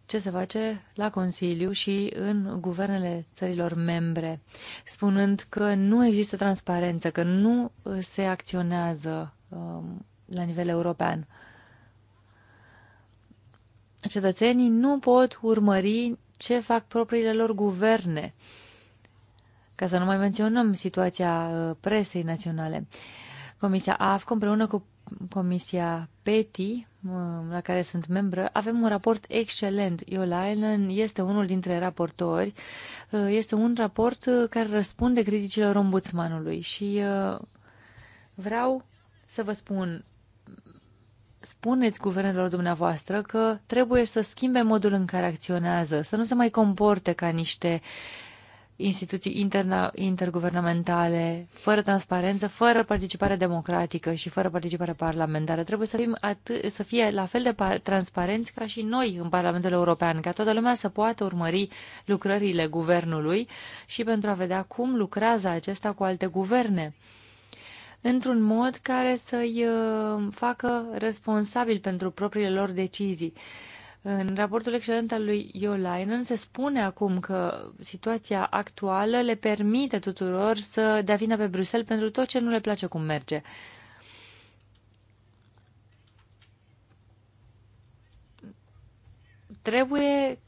ce se face la Consiliu și în guvernele țărilor membre, spunând că nu există transparență, că nu se acționează Um, la nivel european. Cetățenii nu pot urmări ce fac propriile lor guverne, ca să nu mai menționăm situația uh, presei naționale. Comisia AFCO împreună cu Comisia PETI, uh, la care sunt membră, avem un raport excelent. Iolainen este unul dintre raportori. Uh, este un raport care răspunde criticilor ombudsmanului și vreau să vă spun, spuneți guvernelor dumneavoastră că trebuie să schimbe modul în care acționează, să nu se mai comporte ca niște instituții interna, interguvernamentale, fără transparență, fără participare democratică și fără participare parlamentară. Trebuie să, fim at- să fie la fel de transparenți ca și noi în Parlamentul European, ca toată lumea să poată urmări lucrările guvernului și pentru a vedea cum lucrează acesta cu alte guverne într-un mod care să-i uh, facă responsabil pentru propriile lor decizii. În raportul excelent al lui Iolainen se spune acum că situația actuală le permite tuturor să dea vina pe Bruxelles pentru tot ce nu le place cum merge. Trebuie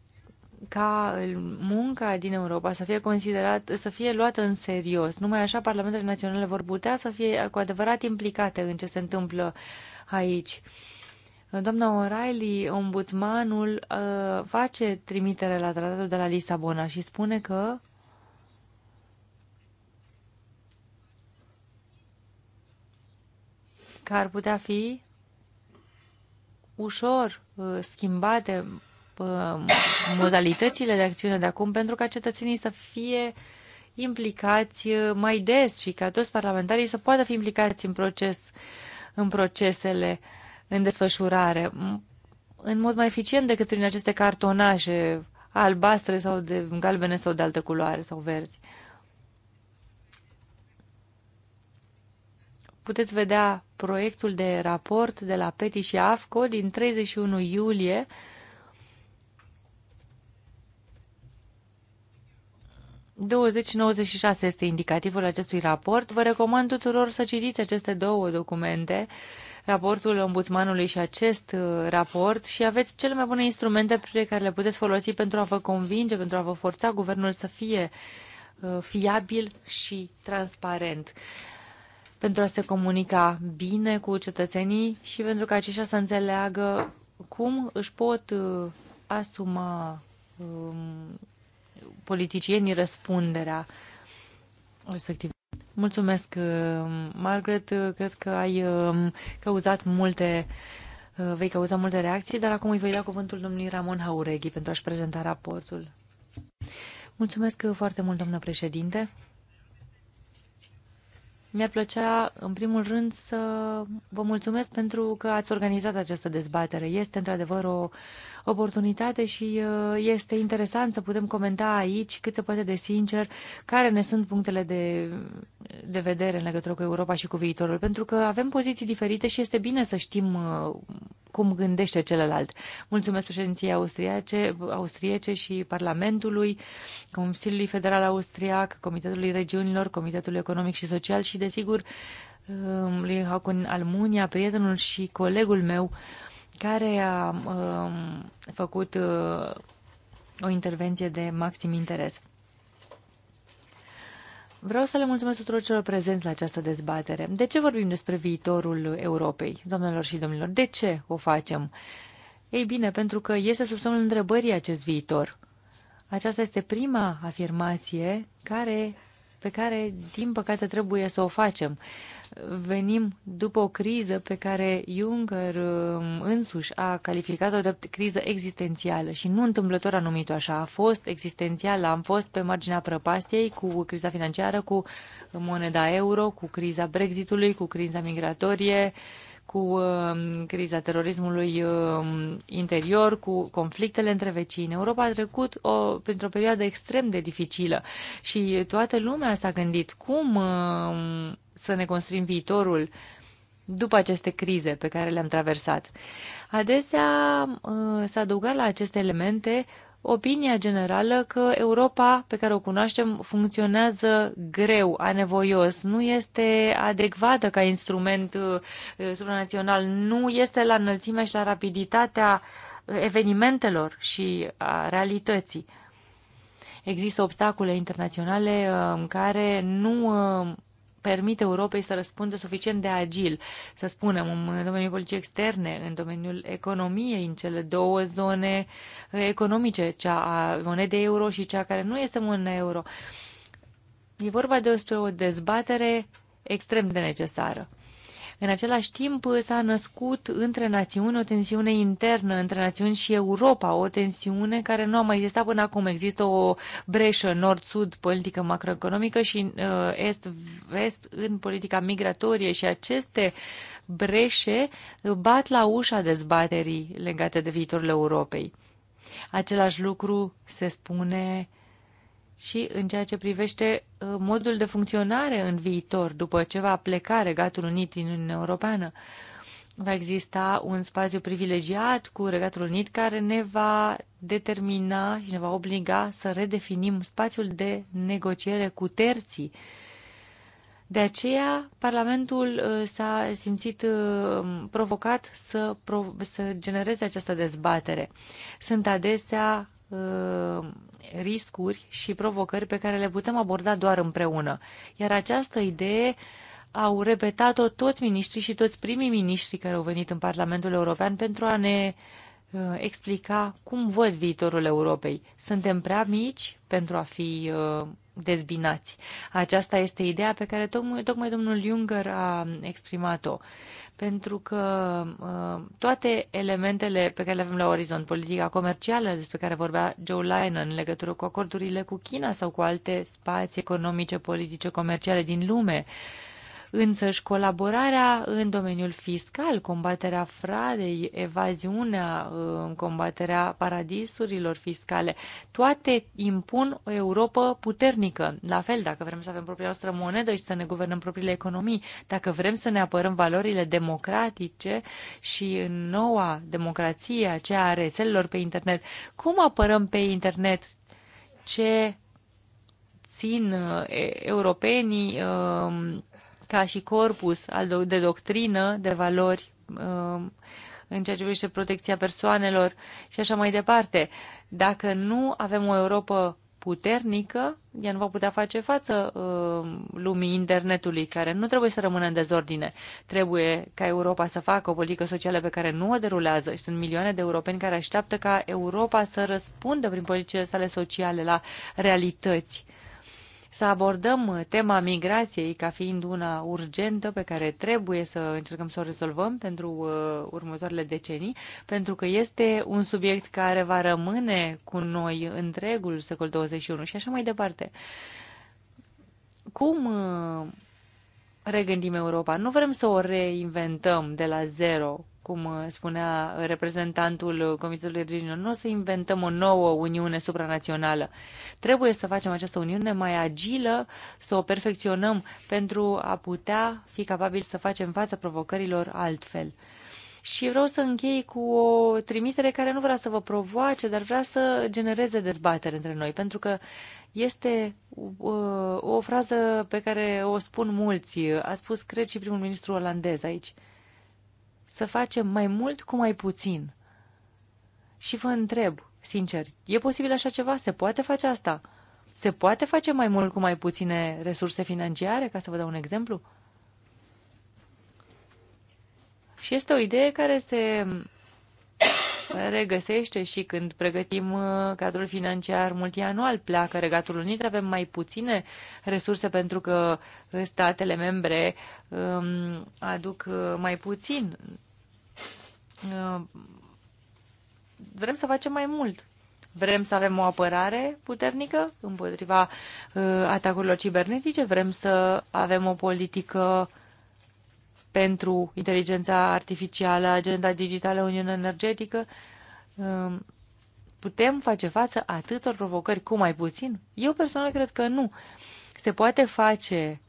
ca munca din Europa să fie considerată, să fie luată în serios. Numai așa parlamentele naționale vor putea să fie cu adevărat implicate în ce se întâmplă aici. Doamna O'Reilly, ombudsmanul, uh, face trimitere la tratatul de la Lisabona și spune că că ar putea fi ușor uh, schimbate modalitățile de acțiune de acum pentru ca cetățenii să fie implicați mai des și ca toți parlamentarii să poată fi implicați în proces, în procesele în desfășurare, în mod mai eficient decât prin aceste cartonașe albastre sau de galbene sau de altă culoare sau verzi. Puteți vedea proiectul de raport de la PETI și AFCO din 31 iulie 2096 este indicativul acestui raport. Vă recomand tuturor să citiți aceste două documente, raportul ombudsmanului și acest uh, raport, și aveți cele mai bune instrumente pe care le puteți folosi pentru a vă convinge, pentru a vă forța guvernul să fie uh, fiabil și transparent pentru a se comunica bine cu cetățenii și pentru ca aceștia să înțeleagă cum își pot uh, asuma um, politicienii răspunderea respectiv. Mulțumesc, uh, Margaret. Uh, cred că ai uh, cauzat multe vei cauza multe reacții, dar acum îi voi da cuvântul domnului Ramon Haureghi pentru a-și prezenta raportul. Mulțumesc foarte mult, domnule președinte. Mi-ar plăcea, în primul rând, să vă mulțumesc pentru că ați organizat această dezbatere. Este, într-adevăr, o oportunitate și uh, este interesant să putem comenta aici cât se poate de sincer care ne sunt punctele de, de vedere în legătură cu Europa și cu viitorul, pentru că avem poziții diferite și este bine să știm uh, cum gândește celălalt. Mulțumesc președinției austriace, austriece și Parlamentului, Consiliului Federal Austriac, Comitetului Regiunilor, Comitetului Economic și Social și, desigur, uh, lui Hakun Almunia, prietenul și colegul meu, care a um, făcut uh, o intervenție de maxim interes. Vreau să le mulțumesc tuturor celor prezenți la această dezbatere. De ce vorbim despre viitorul Europei, doamnelor și domnilor? De ce o facem? Ei bine, pentru că este sub semnul întrebării acest viitor. Aceasta este prima afirmație care pe care, din păcate, trebuie să o facem. Venim după o criză pe care Juncker um, însuși a calificat-o de criză existențială și nu întâmplător a numit-o așa. A fost existențială, am fost pe marginea prăpastiei cu criza financiară, cu moneda euro, cu criza Brexitului, cu criza migratorie, uh, cu uh, criza terorismului uh, interior, cu conflictele între vecini. Europa a trecut o, printr-o perioadă extrem de dificilă și toată lumea s-a gândit cum uh, să ne construim viitorul după aceste crize pe care le-am traversat. Adesea uh, s-a adăugat la aceste elemente opinia generală că Europa pe care o cunoaștem funcționează greu, anevoios, nu este adecvată ca instrument uh, uh, supranațional, nu este la înălțimea și la rapiditatea uh, evenimentelor și a realității. Există obstacole internaționale care nu permite Europei să răspundă suficient de agil, să spunem, în domeniul politicii externe, în domeniul economiei, în cele două zone economice, cea a monedei euro și cea care nu este moneda euro. E vorba despre o dezbatere extrem de necesară. În același timp s-a născut între națiuni o tensiune internă, între națiuni și Europa, o tensiune care nu a mai existat până acum. Există o breșă nord-sud politică macroeconomică și uh, est-vest în politica migratorie și aceste breșe bat la ușa dezbaterii legate de viitorul Europei. Același lucru se spune și în ceea ce privește uh, modul de funcționare în viitor, după ce va pleca Regatul Unit din Uniunea Europeană. Va exista un spațiu privilegiat cu Regatul Unit care ne va determina și ne va obliga să redefinim spațiul de negociere cu terții. De aceea, Parlamentul uh, s-a simțit uh, provocat să, să genereze această dezbatere. Sunt adesea Uh, riscuri și provocări pe care le putem aborda doar împreună. Iar această idee au repetat-o toți miniștrii și toți primii miniștri care au venit în Parlamentul European pentru a ne uh, explica cum văd viitorul Europei. Suntem prea mici pentru a fi uh, dezbinați. Aceasta este ideea pe care tocmai, tocmai domnul Juncker a exprimat-o pentru că uh, toate elementele pe care le avem la orizont, politica comercială despre care vorbea Joe Lyon în legătură cu acordurile cu China sau cu alte spații economice, politice, comerciale din lume, însăși colaborarea în domeniul fiscal, combaterea fradei, evaziunea, uh, combaterea paradisurilor fiscale, toate impun o Europa puternică. La fel, dacă vrem să avem propria noastră monedă și să ne guvernăm propriile economii, dacă vrem să ne apărăm valorile democratice și în noua democrație, aceea a rețelelor pe internet, cum apărăm pe internet ce țin uh, europenii um, ca și corpus al de doctrină, de valori um, în ceea ce privește protecția persoanelor și așa mai departe. Dacă nu avem o Europa puternică, ea nu va putea face față uh, lumii internetului, care nu trebuie să rămână în dezordine. Trebuie ca Europa să facă o politică socială pe care nu o derulează și sunt milioane de europeni care așteaptă ca Europa să răspundă prin politicile sale sociale la realități să abordăm tema migrației ca fiind una urgentă pe care trebuie să încercăm să o rezolvăm pentru uh, următoarele decenii, pentru că este un subiect care va rămâne cu noi întregul secol 21 și așa mai departe. Cum uh, regândim Europa? Nu vrem să o reinventăm de la zero cum uh, spunea reprezentantul Comitetului Regiunilor, nu o să inventăm o nouă uniune supranațională. Trebuie să facem această uniune mai agilă, să o perfecționăm pentru a putea fi capabili să facem față provocărilor altfel. Și vreau să închei cu o trimitere care nu vrea să vă provoace, dar vrea să genereze dezbatere între noi, pentru că este uh, o frază pe care o spun mulți. A spus, cred, și primul ministru olandez aici să facem mai mult cu mai puțin. Și vă întreb, sincer, e posibil așa ceva? Se poate face asta? Se poate face mai mult cu mai puține resurse financiare, ca să vă dau un exemplu? Și este o idee care se regăsește și când pregătim uh, cadrul financiar multianual. Pleacă Regatul Unit, avem mai puține resurse pentru că statele membre um, aduc uh, mai puțin. Uh, vrem să facem mai mult. Vrem să avem o apărare puternică împotriva uh, atacurilor cibernetice, vrem să avem o politică pentru inteligența artificială, agenda digitală, Uniunea Energetică, uh, putem face față atâtor provocări cu mai puțin? Eu personal cred că nu. Se poate face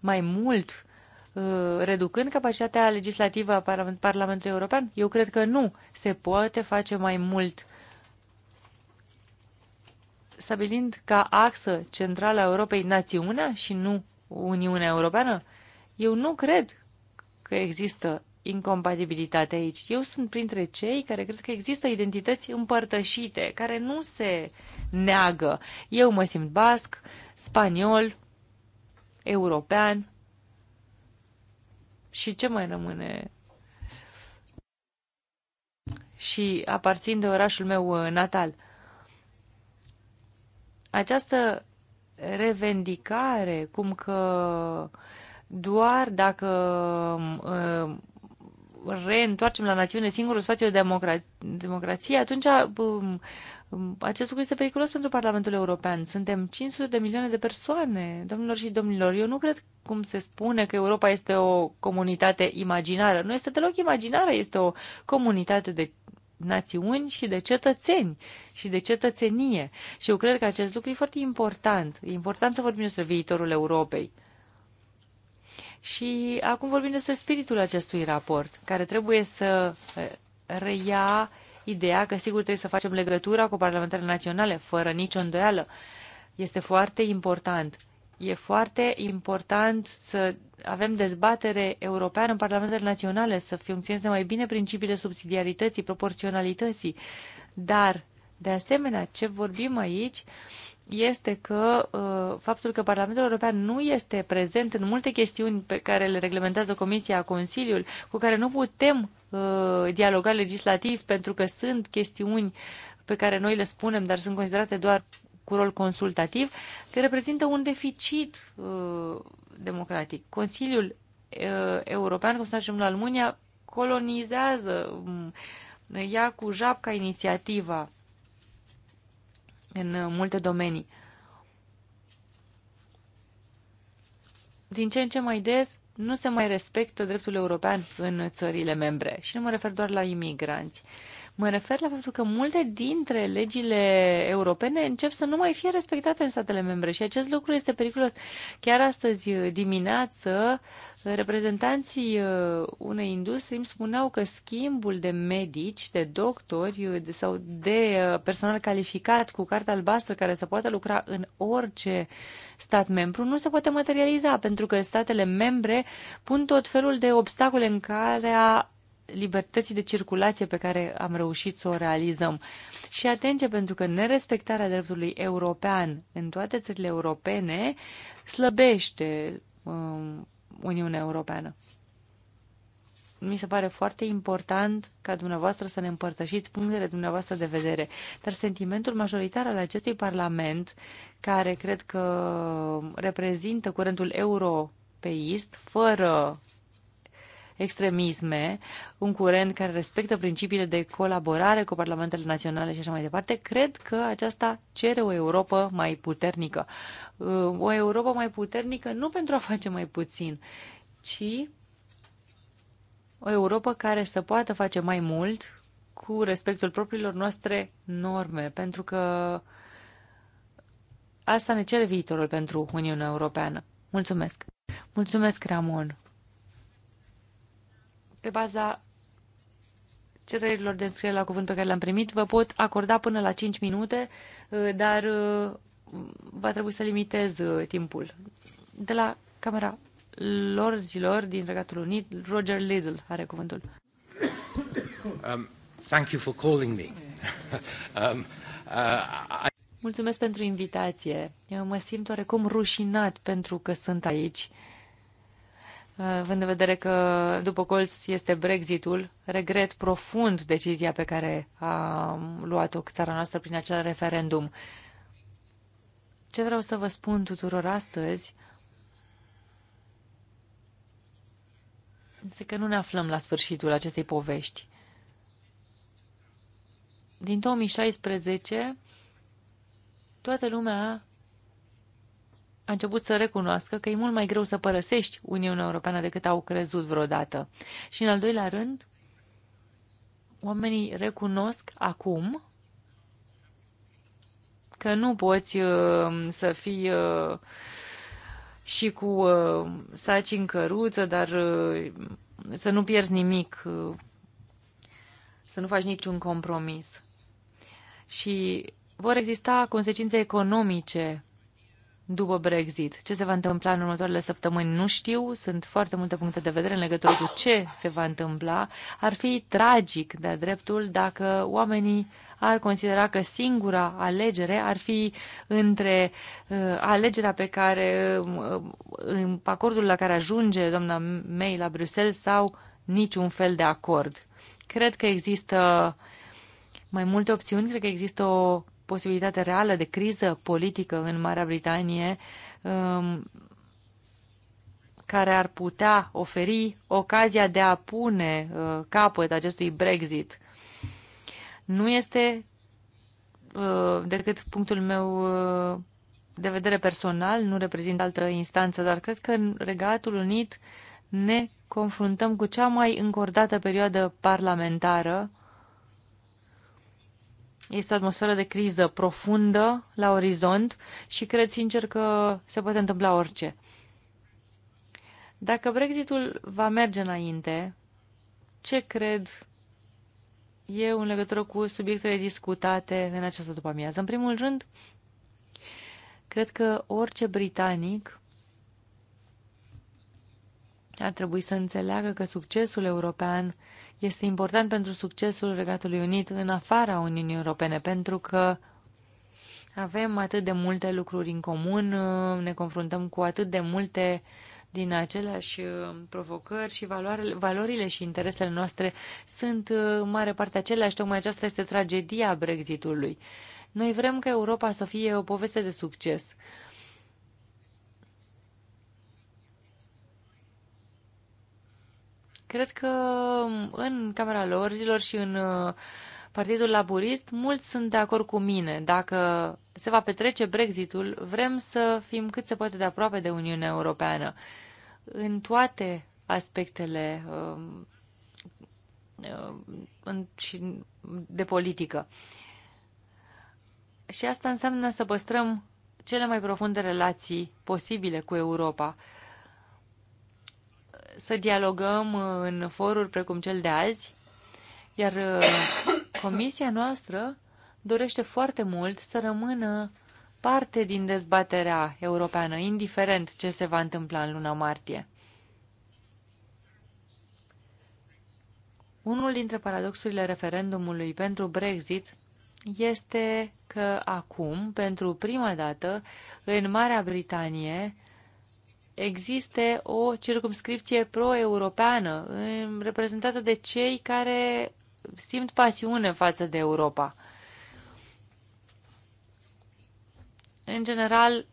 mai mult Uh, reducând capacitatea legislativă a Parlamentului European? Eu cred că nu. Se poate face mai mult stabilind ca axă centrală a Europei națiunea și nu Uniunea Europeană? Eu nu cred că există incompatibilitate aici. Eu sunt printre cei care cred că există identități împărtășite, care nu se neagă. Eu mă simt basc, spaniol, european, și ce mai rămâne? Și aparțin de orașul meu uh, natal. Această revendicare, cum că doar dacă uh, reîntoarcem la națiune singurul spațiu de democra- democrație, atunci uh, acest lucru este periculos pentru Parlamentul European. Suntem 500 de milioane de persoane, domnilor și domnilor. Eu nu cred cum se spune că Europa este o comunitate imaginară. Nu este deloc imaginară, este o comunitate de națiuni și de cetățeni și de cetățenie. Și eu cred că acest lucru e foarte important. E important să vorbim despre viitorul Europei. Și acum vorbim despre spiritul acestui raport, care trebuie să eh, reia uh, ideea că sigur trebuie să facem legătura cu parlamentele naționale, fără nicio îndoială. Este foarte important. E foarte important să avem dezbatere europeană în parlamentele naționale, să funcționeze mai bine principiile subsidiarității, proporționalității. Dar, de asemenea, ce vorbim aici este că uh, faptul că Parlamentul European nu este prezent în multe chestiuni pe care le reglementează Comisia, Consiliul, cu care nu putem Uh, dialogat legislativ, pentru că sunt chestiuni pe care noi le spunem, dar sunt considerate doar cu rol consultativ, că reprezintă un deficit uh, democratic. Consiliul uh, European, cum să zicem, la Almunia, colonizează, um, ia cu japca inițiativa în uh, multe domenii. Din ce în ce mai des nu se mai respectă dreptul european în țările membre. Și nu mă refer doar la imigranți. Mă refer la faptul că multe dintre legile europene încep să nu mai fie respectate în statele membre și acest lucru este periculos. Chiar astăzi dimineață, reprezentanții uh, unei industrii îmi spuneau că schimbul de medici, de doctori uh, sau de uh, personal calificat cu carte albastră care să poată lucra în orice stat membru nu se poate materializa pentru că statele membre pun tot felul de obstacole în care libertății de circulație pe care am reușit să o realizăm. Și atenție, pentru că nerespectarea dreptului european în toate țările europene slăbește um, Uniunea Europeană. Mi se pare foarte important ca dumneavoastră să ne împărtășiți punctele dumneavoastră de vedere, dar sentimentul majoritar al acestui Parlament, care cred că reprezintă curentul europeist, fără extremisme, un curent care respectă principiile de colaborare cu parlamentele naționale și așa mai departe, cred că aceasta cere o Europa mai puternică. Uh, o Europa mai puternică nu pentru a face mai puțin, ci o Europa care să poată face mai mult cu respectul propriilor noastre norme, pentru că asta ne cere viitorul pentru Uniunea Europeană. Mulțumesc! Mulțumesc, Ramon! Pe baza cererilor de înscriere la cuvânt pe care le-am primit, vă pot acorda până la 5 minute, uh, dar uh, va trebui să limitez uh, timpul. De la Camera Lorzilor din Regatul Unit, Roger Liddle are cuvântul. Um, thank you for calling me. um, uh, I... Mulțumesc pentru invitație. Eu mă simt oarecum rușinat pentru că sunt aici. Uh, Uh, având în vedere că după colț este Brexitul, regret profund decizia pe care a luat-o țara noastră prin acel referendum. Ce vreau să vă spun tuturor astăzi este că nu ne aflăm la sfârșitul acestei povești. Din 2016, toată lumea a început să recunoască că e mult mai greu să părăsești Uniunea Europeană decât au crezut vreodată. Și în al doilea rând, oamenii recunosc acum că nu poți uh, să fii uh, și cu uh, saci în căruță, dar uh, să nu pierzi nimic, uh, să nu faci niciun compromis. Și vor exista consecințe economice după Brexit. Ce se va întâmpla în următoarele săptămâni nu știu, sunt foarte multe puncte de vedere în legătură cu ce se va întâmpla. Ar fi tragic de dreptul dacă oamenii ar considera că singura alegere ar fi între uh, alegerea pe care, uh, um, uh, acordul la care ajunge doamna May la Bruxelles sau niciun fel de acord. Cred că există mai multe opțiuni, cred că există o posibilitate reală de criză politică în Marea Britanie um, care ar putea oferi ocazia de a pune uh, capăt acestui Brexit. Nu este uh, decât punctul meu uh, de vedere personal, nu reprezint altă instanță, dar cred că în Regatul Unit ne confruntăm cu cea mai încordată perioadă parlamentară este o atmosferă de criză profundă la orizont și cred sincer că se poate întâmpla orice. Dacă Brexitul va merge înainte, ce cred eu în legătură cu subiectele discutate în această după-amiază? În primul rând, cred că orice britanic ar trebui să înțeleagă că succesul european este important pentru succesul Regatului Unit în afara Uniunii Europene, pentru că avem atât de multe lucruri în comun, ne confruntăm cu atât de multe din aceleași uh, provocări și valoarele, valorile și interesele noastre sunt uh, în mare parte aceleași. Tocmai aceasta este tragedia Brexitului. Noi vrem ca Europa să fie o poveste de succes. Cred că mm, în Camera Lorzilor și în uh, Partidul Laburist, mulți sunt de acord cu mine. Dacă se va petrece Brexitul, vrem să fim cât se poate de aproape de Uniunea Europeană. În toate aspectele um, um, și de politică. Și asta înseamnă să păstrăm cele mai profunde relații posibile cu Europa să dialogăm în foruri precum cel de azi, iar uh, comisia noastră dorește foarte mult să rămână parte din dezbaterea europeană, indiferent ce se va întâmpla în luna martie. Unul dintre paradoxurile referendumului pentru Brexit este că acum, pentru prima dată, în Marea Britanie, existe o circumscripție pro-europeană, reprezentată de cei care simt pasiune față de Europa. În general,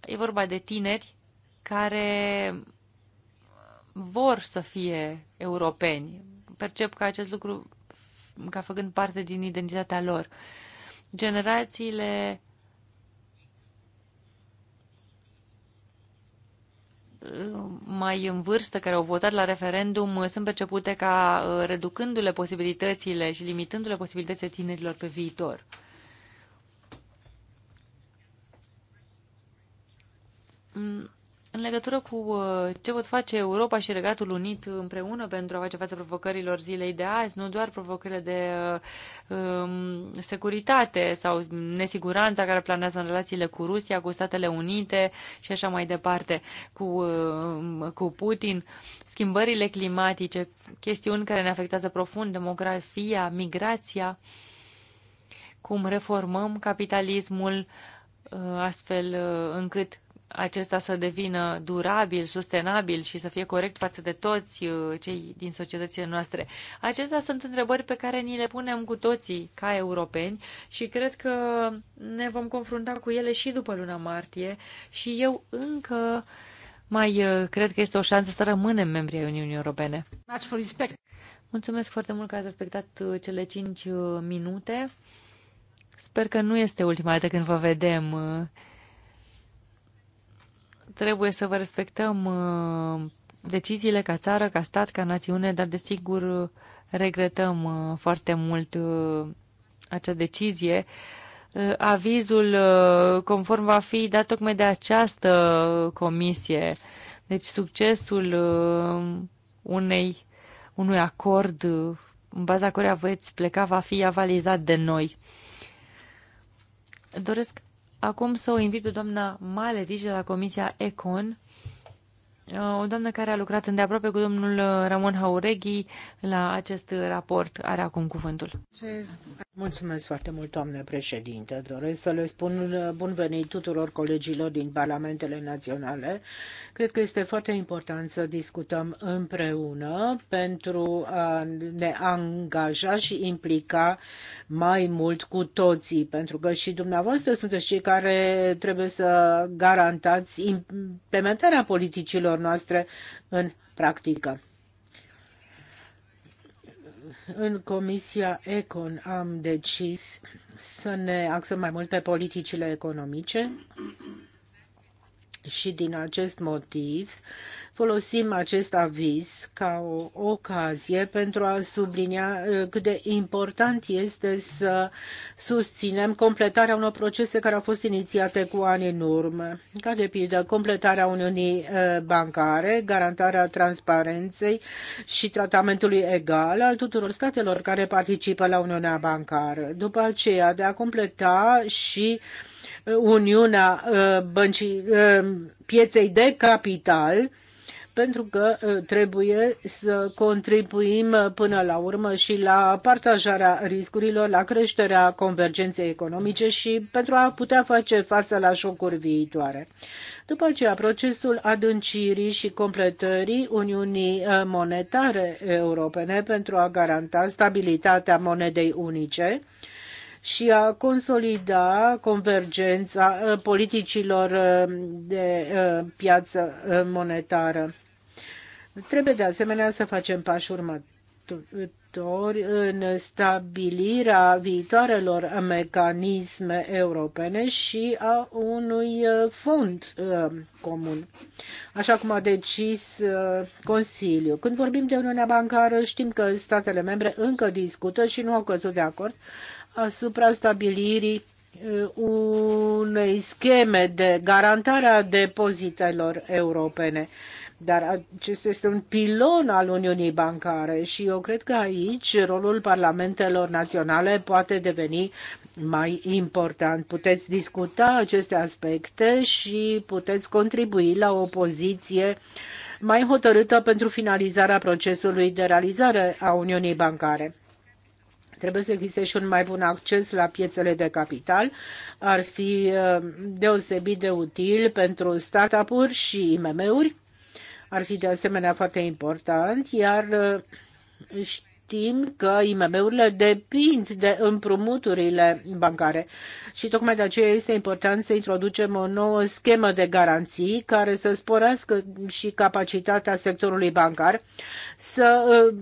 e vorba de tineri care vor să fie europeni. Percep că acest lucru ca făcând parte din identitatea lor. Generațiile mai în vârstă care au votat la referendum sunt percepute ca uh, reducându-le posibilitățile și limitându-le posibilitățile tinerilor pe viitor. Mm, în legătură cu uh, ce pot face Europa și Regatul Unit împreună pentru a face față provocărilor zilei de azi, nu doar provocările de uh, um, securitate sau nesiguranța care planează în relațiile cu Rusia, cu Statele Unite și așa mai departe, cu, um, cu Putin, schimbările climatice, chestiuni care ne afectează profund, demografia, migrația, cum reformăm capitalismul astfel încât acesta să devină durabil, sustenabil și să fie corect față de toți uh, cei din societățile noastre? Acestea sunt întrebări pe care ni le punem cu toții ca europeni și cred că ne vom confrunta cu ele și după luna martie și eu încă mai uh, cred că este o șansă să rămânem membri ai Uniunii Europene. Mulțumesc foarte mult că ați respectat uh, cele 5 minute. Sper că nu este ultima dată când vă vedem Trebuie să vă respectăm uh, deciziile ca țară, ca stat, ca națiune, dar desigur regretăm uh, foarte mult uh, acea decizie. Avizul conform va fi dat tocmai de această comisie. Deci succesul unei, unui acord în baza căruia veți pleca va fi avalizat de noi. Doresc acum să o invit pe doamna Male, de la Comisia ECON Uh, o doamnă care a lucrat îndeaproape cu domnul uh, Ramon Haureghi la acest uh, raport are acum cuvântul. Mulțumesc foarte mult, doamnă președinte. Doresc să le spun bun venit tuturor colegilor din parlamentele naționale. Cred că este foarte important să discutăm împreună pentru a ne angaja și implica mai mult cu toții, pentru că și dumneavoastră sunteți cei care trebuie să garantați implementarea politicilor noastre în practică. În Comisia Econ am decis să ne axăm mai mult pe politicile economice și din acest motiv folosim acest aviz ca o ocazie pentru a sublinia uh, cât de important este să susținem completarea unor procese care au fost inițiate cu ani în urmă, ca de pildă completarea Uniunii uh, Bancare, garantarea transparenței și tratamentului egal al tuturor statelor care participă la Uniunea Bancară. După aceea, de a completa și Uniunea uh, Băncii uh, Pieței de Capital, pentru că uh, trebuie să contribuim până la urmă și la partajarea riscurilor, la creșterea convergenței economice și pentru a putea face față la șocuri viitoare. După aceea, procesul adâncirii și completării Uniunii Monetare Europene pentru a garanta stabilitatea monedei unice, și a consolida convergența uh, politicilor uh, de uh, piață monetară. Trebuie de asemenea să facem pași următori în stabilirea viitoarelor mecanisme europene și a unui fond comun, așa cum a decis Consiliul. Când vorbim de Uniunea Bancară, știm că statele membre încă discută și nu au căzut de acord asupra stabilirii uh, unei scheme de garantare a depozitelor europene. Dar acesta este un pilon al Uniunii Bancare și eu cred că aici rolul parlamentelor naționale poate deveni mai important. Puteți discuta aceste aspecte și puteți contribui la o poziție mai hotărâtă pentru finalizarea procesului de realizare a Uniunii Bancare. Trebuie să existe și un mai bun acces la piețele de capital. Ar fi uh, deosebit de util pentru startup-uri și IMM-uri. Ar fi de asemenea foarte important, iar uh, știm că IMM-urile depind de împrumuturile bancare și tocmai de aceea este important să introducem o nouă schemă de garanții care să sporească și capacitatea sectorului bancar să uh,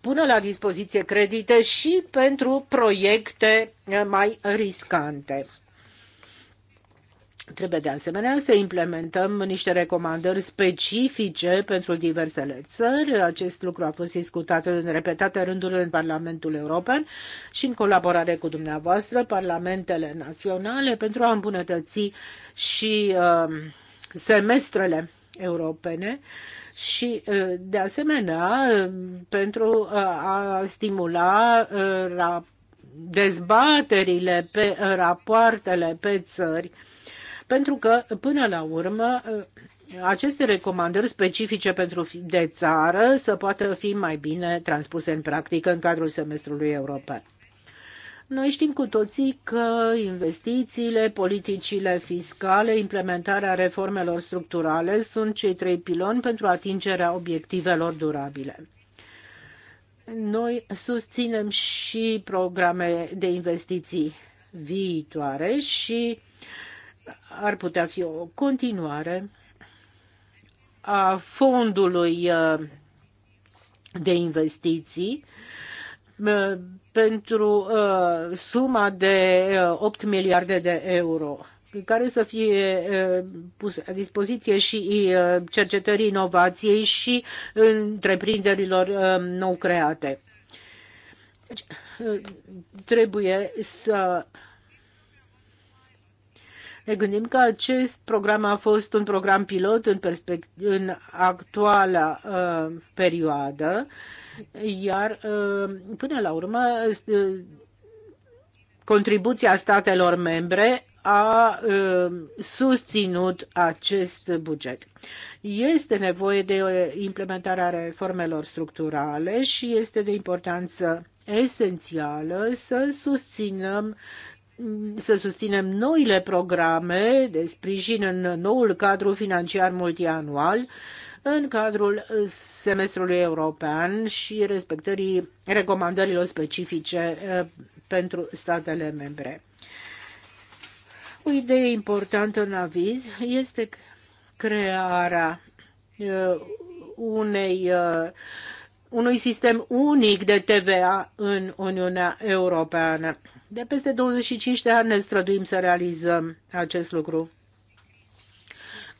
pună la dispoziție credite și pentru proiecte eh, mai riscante. Trebuie de asemenea să implementăm niște recomandări specifice pentru diversele țări. Acest lucru a fost discutat în repetate rânduri în Parlamentul European și în colaborare cu dumneavoastră, parlamentele naționale, pentru a îmbunătăți și uh, semestrele europene și, de asemenea, pentru a stimula dezbaterile pe rapoartele pe țări, pentru că, până la urmă, aceste recomandări specifice pentru de țară să poată fi mai bine transpuse în practică în cadrul semestrului european. Noi știm cu toții că investițiile, politicile fiscale, implementarea reformelor structurale sunt cei trei piloni pentru atingerea obiectivelor durabile. Noi susținem și programe de investiții viitoare și ar putea fi o continuare a fondului uh, de investiții uh, pentru uh, suma de uh, 8 miliarde de euro care să fie uh, pus la dispoziție și uh, cercetării inovației și întreprinderilor uh, nou create. Deci, trebuie să ne gândim că acest program a fost un program pilot în, în actuala uh, perioadă. Uh, iar uh, până la urmă uh, contribuția statelor membre a uh, susținut acest buget. Este nevoie de implementarea reformelor structurale și este de importanță esențială să susținem să susținem noile programe de sprijin în noul cadru financiar multianual în cadrul semestrului european și respectării recomandărilor specifice eh, pentru statele membre. O idee importantă în aviz este crearea eh, unei eh, unui sistem unic de TVA în Uniunea Europeană. De peste 25 de ani ne străduim să realizăm acest lucru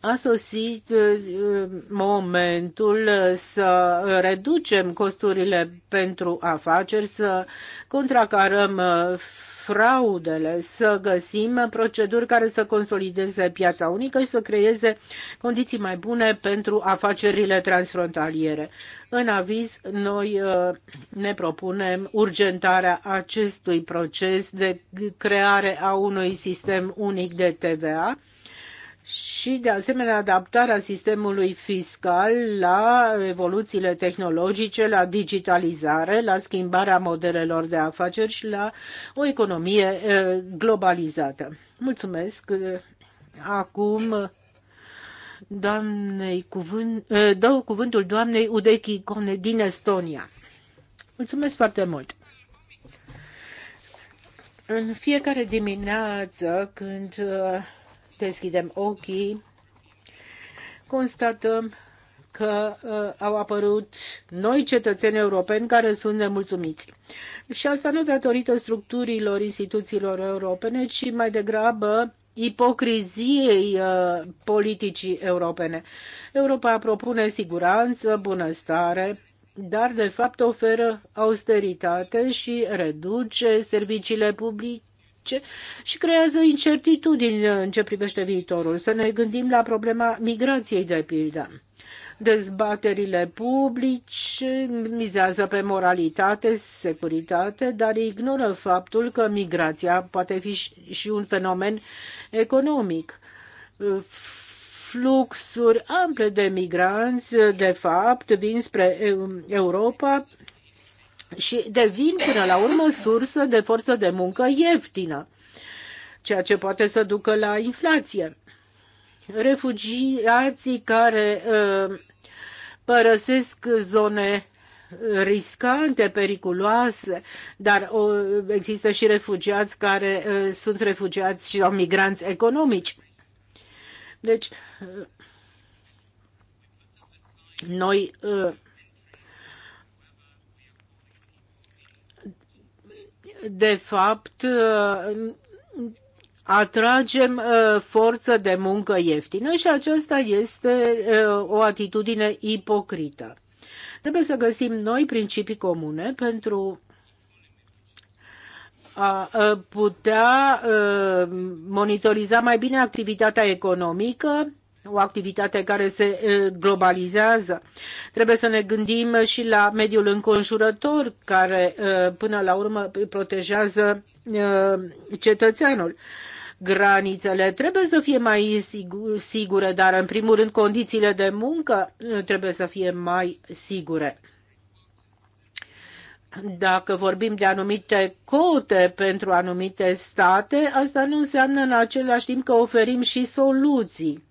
a sosit uh, momentul să reducem costurile pentru afaceri, să contracarăm uh, fraudele, să găsim proceduri care să consolideze piața unică și să creeze condiții mai bune pentru afacerile transfrontaliere. În aviz, noi uh, ne propunem urgentarea acestui proces de creare a unui sistem unic de TVA, și, de asemenea, adaptarea sistemului fiscal la evoluțiile tehnologice, la digitalizare, la schimbarea modelelor de afaceri și la o economie globalizată. Mulțumesc! Acum doamnei cuvânt, dau cuvântul doamnei Udechi Kone din Estonia. Mulțumesc foarte mult! În fiecare dimineață, când deschidem ochii, constatăm că uh, au apărut noi cetățeni europeni care sunt nemulțumiți. Și asta nu datorită structurilor instituțiilor europene, ci mai degrabă ipocriziei uh, politicii europene. Europa propune siguranță, bunăstare, dar de fapt oferă austeritate și reduce serviciile publice politice și creează incertitudini în ce privește viitorul. Să ne gândim la problema migrației, de pildă. Dezbaterile publici mizează pe moralitate, securitate, dar ignoră faptul că migrația poate fi și un fenomen economic fluxuri ample de migranți, de fapt, vin spre Europa și devin până la urmă sursă de forță de muncă ieftină, ceea ce poate să ducă la inflație. Refugiații care uh, părăsesc zone riscante, periculoase, dar o, uh, există și refugiați care uh, sunt refugiați și au migranți economici. Deci, uh, noi uh, de fapt, uh, atragem uh, forță de muncă ieftină și aceasta este uh, o atitudine ipocrită. Trebuie să găsim noi principii comune pentru a putea monitoriza mai bine activitatea economică o activitate care se globalizează. Trebuie să ne gândim și la mediul înconjurător, care până la urmă protejează cetățeanul. Granițele trebuie să fie mai sigure, dar în primul rând condițiile de muncă trebuie să fie mai sigure dacă vorbim de anumite cote pentru anumite state, asta nu înseamnă în același timp că oferim și soluții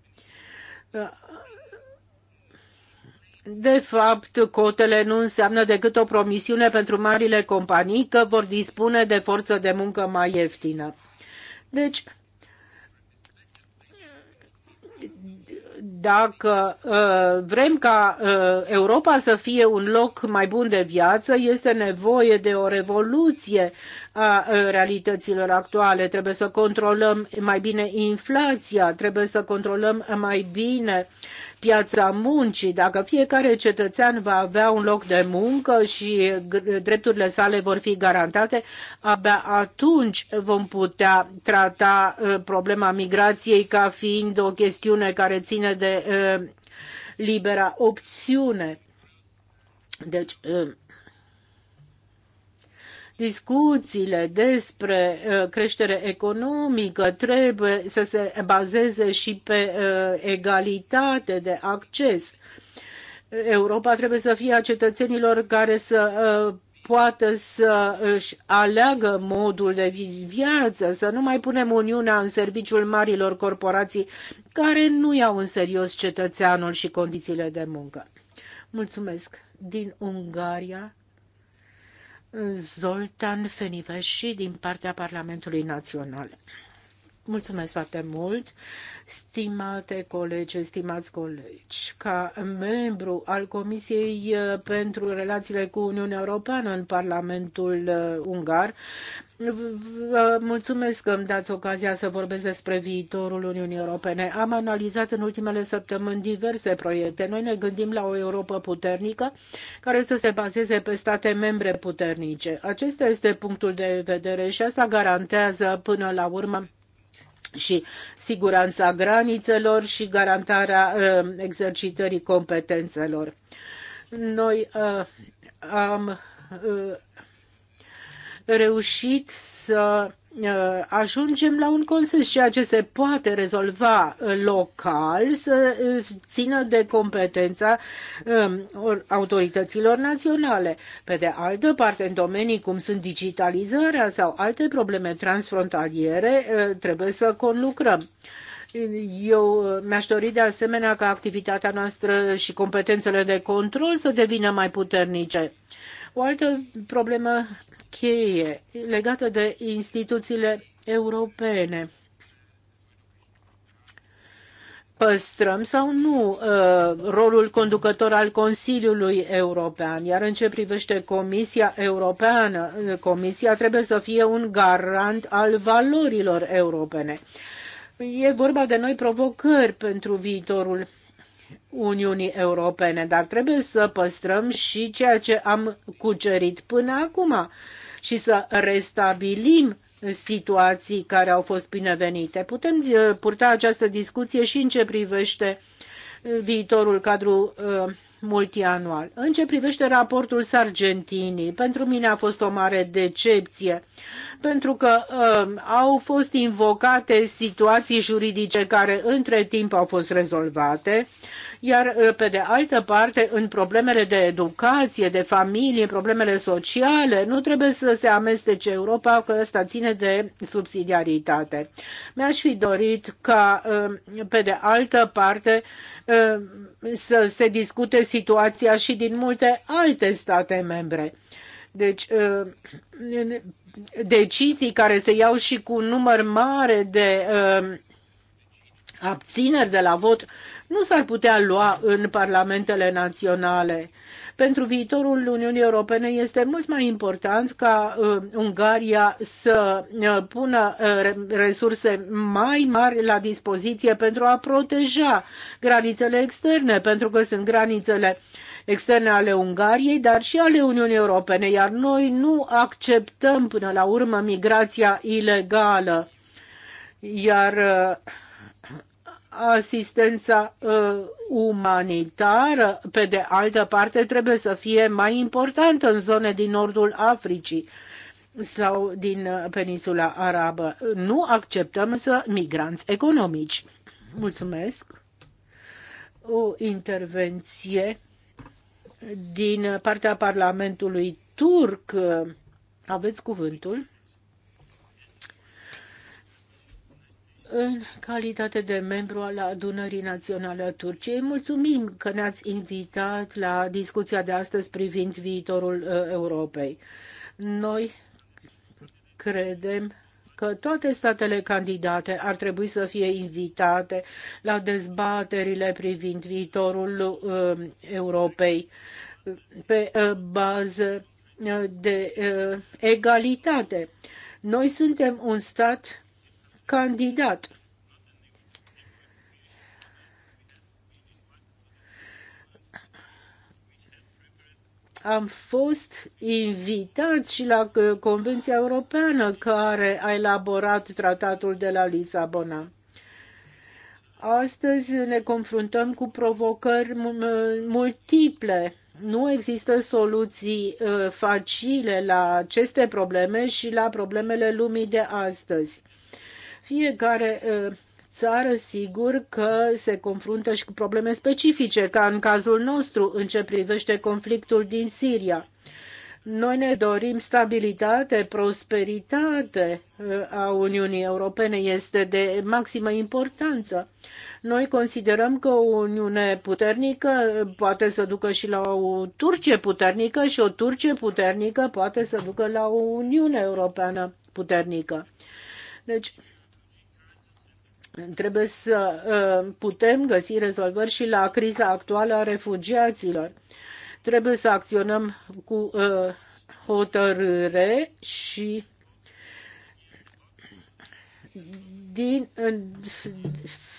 de fapt, cotele nu înseamnă decât o promisiune pentru marile companii că vor dispune de forță de muncă mai ieftină. Deci, dacă uh, vrem ca uh, Europa să fie un loc mai bun de viață, este nevoie de o revoluție a realităților actuale. Trebuie să controlăm mai bine inflația, trebuie să controlăm mai bine piața muncii. Dacă fiecare cetățean va avea un loc de muncă și drepturile sale vor fi garantate, abia atunci vom putea trata problema migrației ca fiind o chestiune care ține de libera opțiune. Deci, discuțiile despre uh, creștere economică trebuie să se bazeze și pe uh, egalitate de acces. Europa trebuie să fie a cetățenilor care să uh, poată să își aleagă modul de viață, să nu mai punem Uniunea în serviciul marilor corporații care nu iau în serios cetățeanul și condițiile de muncă. Mulțumesc. Din Ungaria, Zoltan Feniveși din partea Parlamentului Național. Mulțumesc foarte mult, stimate colegi, stimați colegi. Ca membru al Comisiei uh, pentru Relațiile cu Uniunea Europeană în Parlamentul uh, Ungar, vă mulțumesc că îmi dați ocazia să vorbesc despre viitorul Uniunii Europene. Am analizat în ultimele săptămâni diverse proiecte. Noi ne gândim la o Europa puternică care să se bazeze pe state membre puternice. Acesta este punctul de vedere și asta garantează până la urmă și siguranța granițelor și garantarea uh, exercitării competențelor. Noi uh, am uh, reușit să Uh, ajungem la un consens, ceea ce se poate rezolva uh, local să uh, țină de competența um, autorităților naționale. Pe de altă parte, în domenii cum sunt digitalizarea sau alte probleme transfrontaliere, trebuie să conlucrăm. Eu mi-aș dori de asemenea ca activitatea noastră și competențele de control să devină mai puternice o altă problemă cheie legată de instituțiile europene. Păstrăm sau nu uh, rolul conducător al Consiliului European, iar în ce privește Comisia Europeană, uh, Comisia trebuie să fie un garant al valorilor europene. E vorba de noi provocări pentru viitorul Uniunii Europene, dar trebuie să păstrăm și ceea ce am cucerit până acum și să restabilim situații care au fost binevenite. Putem eh, purta această discuție și în ce privește eh, viitorul cadru eh, multianual. În ce privește raportul Sargentinii, pentru mine a fost o mare decepție, pentru că uh, au fost invocate situații juridice care între timp au fost rezolvate iar uh, pe de altă parte în problemele de educație, de familie, în problemele sociale, nu trebuie să se amestece Europa că asta ține de subsidiaritate. Mi-aș fi dorit ca uh, pe de altă parte uh, să se discute situația și din multe alte state membre. Deci, decizii care se iau și cu un număr mare de abțineri de la vot nu s-ar putea lua în parlamentele naționale. Pentru viitorul Uniunii Europene este mult mai important ca uh, Ungaria să uh, pună uh, resurse mai mari la dispoziție pentru a proteja granițele externe, pentru că sunt granițele externe ale Ungariei, dar și ale Uniunii Europene, iar noi nu acceptăm până la urmă migrația ilegală. Iar uh, asistența uh, umanitară, pe de altă parte, trebuie să fie mai importantă în zone din nordul Africii sau din uh, peninsula arabă. Nu acceptăm să migranți economici. Mulțumesc. O intervenție din partea Parlamentului turc. Aveți cuvântul. în calitate de membru al adunării naționale a Turciei. Mulțumim că ne-ați invitat la discuția de astăzi privind viitorul uh, Europei. Noi credem că toate statele candidate ar trebui să fie invitate la dezbaterile privind viitorul uh, Europei pe uh, bază de egalitate. Noi suntem un stat candidat. am fost invitați și la uh, Convenția Europeană care a elaborat tratatul de la Lisabona. Astăzi ne confruntăm cu provocări uh, multiple. Nu există soluții uh, facile la aceste probleme și la problemele lumii de astăzi. Fiecare țară, sigur că se confruntă și cu probleme specifice, ca în cazul nostru în ce privește conflictul din Siria. Noi ne dorim stabilitate, prosperitate a Uniunii Europene este de maximă importanță. Noi considerăm că o Uniune puternică poate să ducă și la o Turcie puternică și o Turcie puternică poate să ducă la o Uniune Europeană puternică. Deci, Trebuie să uh, putem găsi rezolvări și la criza actuală a refugiaților. Trebuie să acționăm cu uh, hotărâre și din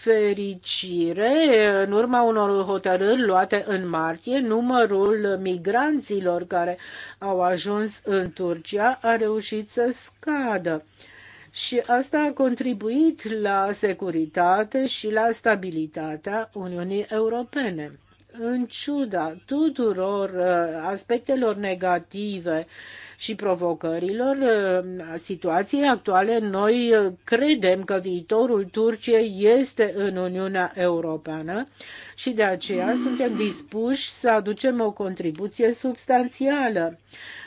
fericire, în urma unor hotărâri luate în martie, numărul migranților care au ajuns în Turcia a reușit să scadă și asta a contribuit la securitate și la stabilitatea Uniunii Europene. În ciuda tuturor uh, aspectelor negative și provocărilor uh, situației actuale, noi uh, credem că viitorul Turciei este în Uniunea Europeană și de aceea suntem dispuși să aducem o contribuție substanțială.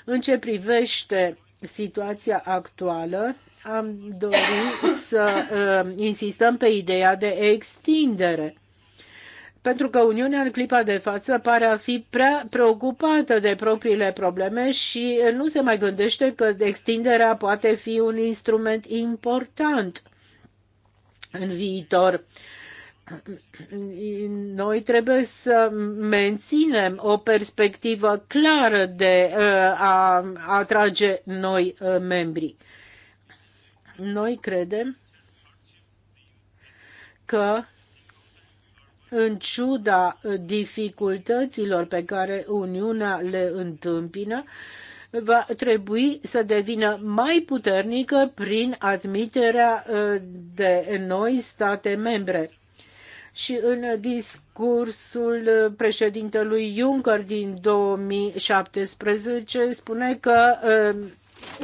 În ce privește situația actuală, am dori să uh, insistăm pe ideea de extindere pentru că Uniunea în clipa de față pare a fi prea preocupată de propriile probleme și nu se mai gândește că extinderea poate fi un instrument important în viitor. Noi trebuie să menținem o perspectivă clară de uh, a atrage noi uh, membri. Noi credem că în ciuda dificultăților pe care Uniunea le întâmpină, va trebui să devină mai puternică prin admiterea uh, de noi state membre. Și în discursul președintelui Juncker din 2017 spune că uh,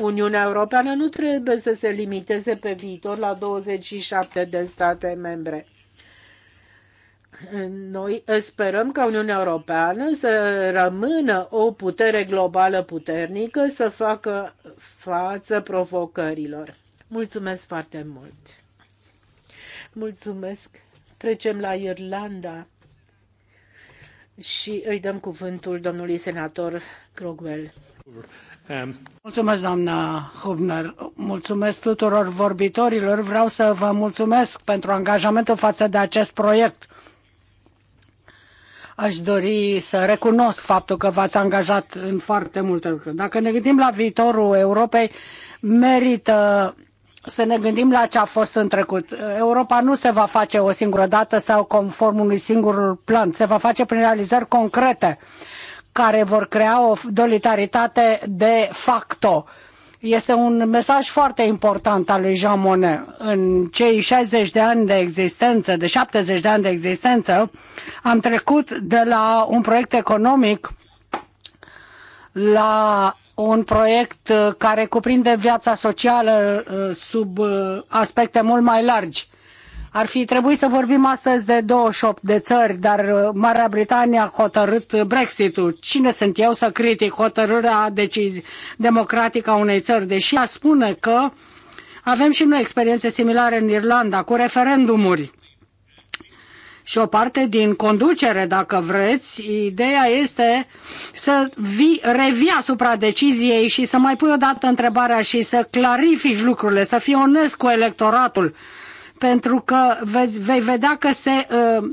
Uniunea Europeană nu trebuie să se limiteze pe viitor la 27 de state membre. Noi sperăm ca Uniunea Europeană să rămână o putere globală puternică să facă față provocărilor. Mulțumesc foarte mult! Mulțumesc! Trecem la Irlanda și îi dăm cuvântul domnului senator Crogwell. Um, mulțumesc, doamna Hubner. Mulțumesc tuturor vorbitorilor. Vreau să vă mulțumesc pentru angajamentul față de acest proiect. Aș dori să recunosc faptul că v-ați angajat în foarte multe lucruri. Dacă ne gândim la viitorul Europei, merită să ne gândim la ce a fost în trecut. Europa nu se va face o singură dată sau conform unui singur plan. Se va face prin realizări concrete care vor crea o dolitaritate de facto. Este un mesaj foarte important al lui Jean Monnet. În cei 60 de ani de existență, de 70 de ani de existență, am trecut de la un proiect economic la un proiect care cuprinde viața socială uh, sub uh, aspecte mult mai largi. Ar fi trebuit să vorbim astăzi de 28 de țări, dar uh, Marea Britanie a hotărât Brexit-ul. Cine sunt eu să critic hotărârea decizii democratică a unei țări, deși a spune că avem și noi experiențe similare în Irlanda cu referendumuri și o parte din conducere, dacă vreți. Ideea este să vii, revii asupra deciziei și să mai pui o dată întrebarea și să clarifici lucrurile, să fii onest cu electoratul pentru că vei vedea că se ă,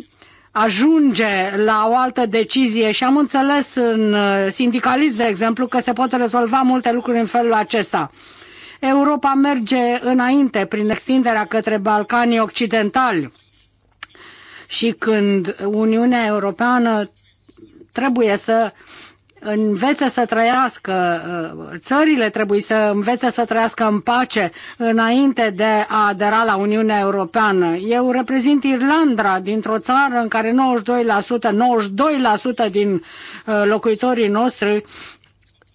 ajunge la o altă decizie și am înțeles în ă, sindicalism, de exemplu, că se pot rezolva multe lucruri în felul acesta. Europa merge înainte prin extinderea către Balcanii Occidentali și când Uniunea Europeană trebuie să învețe să trăiască, uh, țările trebuie să învețe să trăiască în pace înainte de a adera la Uniunea Europeană. Eu reprezint Irlanda dintr-o țară în care 92%, 92% din uh, locuitorii noștri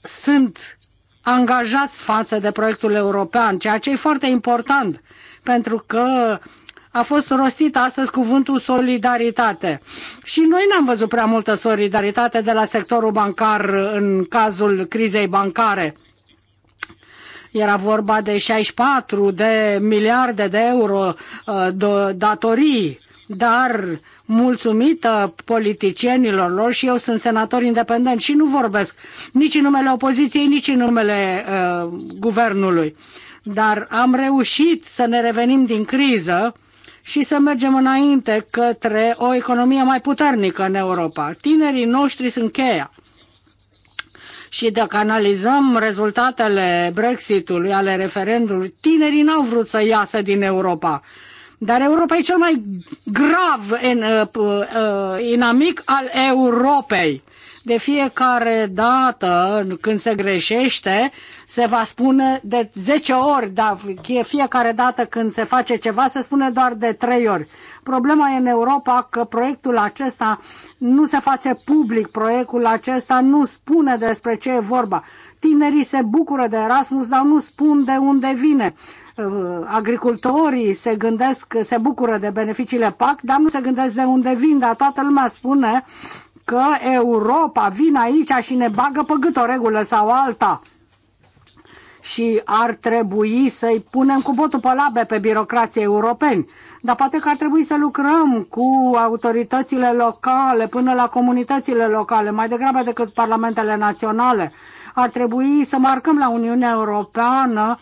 sunt angajați față de proiectul european, ceea ce e foarte important pentru că a fost rostit astăzi cuvântul solidaritate. Și noi n-am văzut prea multă solidaritate de la sectorul bancar în cazul crizei bancare. Era vorba de 64 de miliarde de euro uh, de datorii, dar mulțumită politicienilor lor și eu sunt senator independent și nu vorbesc nici în numele opoziției, nici în numele uh, guvernului. Dar am reușit să ne revenim din criză și să mergem înainte către o economie mai puternică în Europa. Tinerii noștri sunt cheia. Și dacă analizăm rezultatele Brexitului, ale referendului, tinerii n-au vrut să iasă din Europa. Dar Europa e cel mai grav în, uh, uh, inamic al Europei de fiecare dată când se greșește, se va spune de 10 ori, dar fiecare dată când se face ceva, se spune doar de 3 ori. Problema e în Europa că proiectul acesta nu se face public, proiectul acesta nu spune despre ce e vorba. Tinerii se bucură de Erasmus, dar nu spun de unde vine uh, agricultorii se gândesc, se bucură de beneficiile PAC, dar nu se gândesc de unde vin, dar toată lumea spune că Europa vine aici și ne bagă pe gât o regulă sau alta și ar trebui să-i punem cu botul pe labe pe birocrații europeni. Dar poate că ar trebui să lucrăm cu autoritățile locale până la comunitățile locale, mai degrabă decât parlamentele naționale. Ar trebui să marcăm la Uniunea Europeană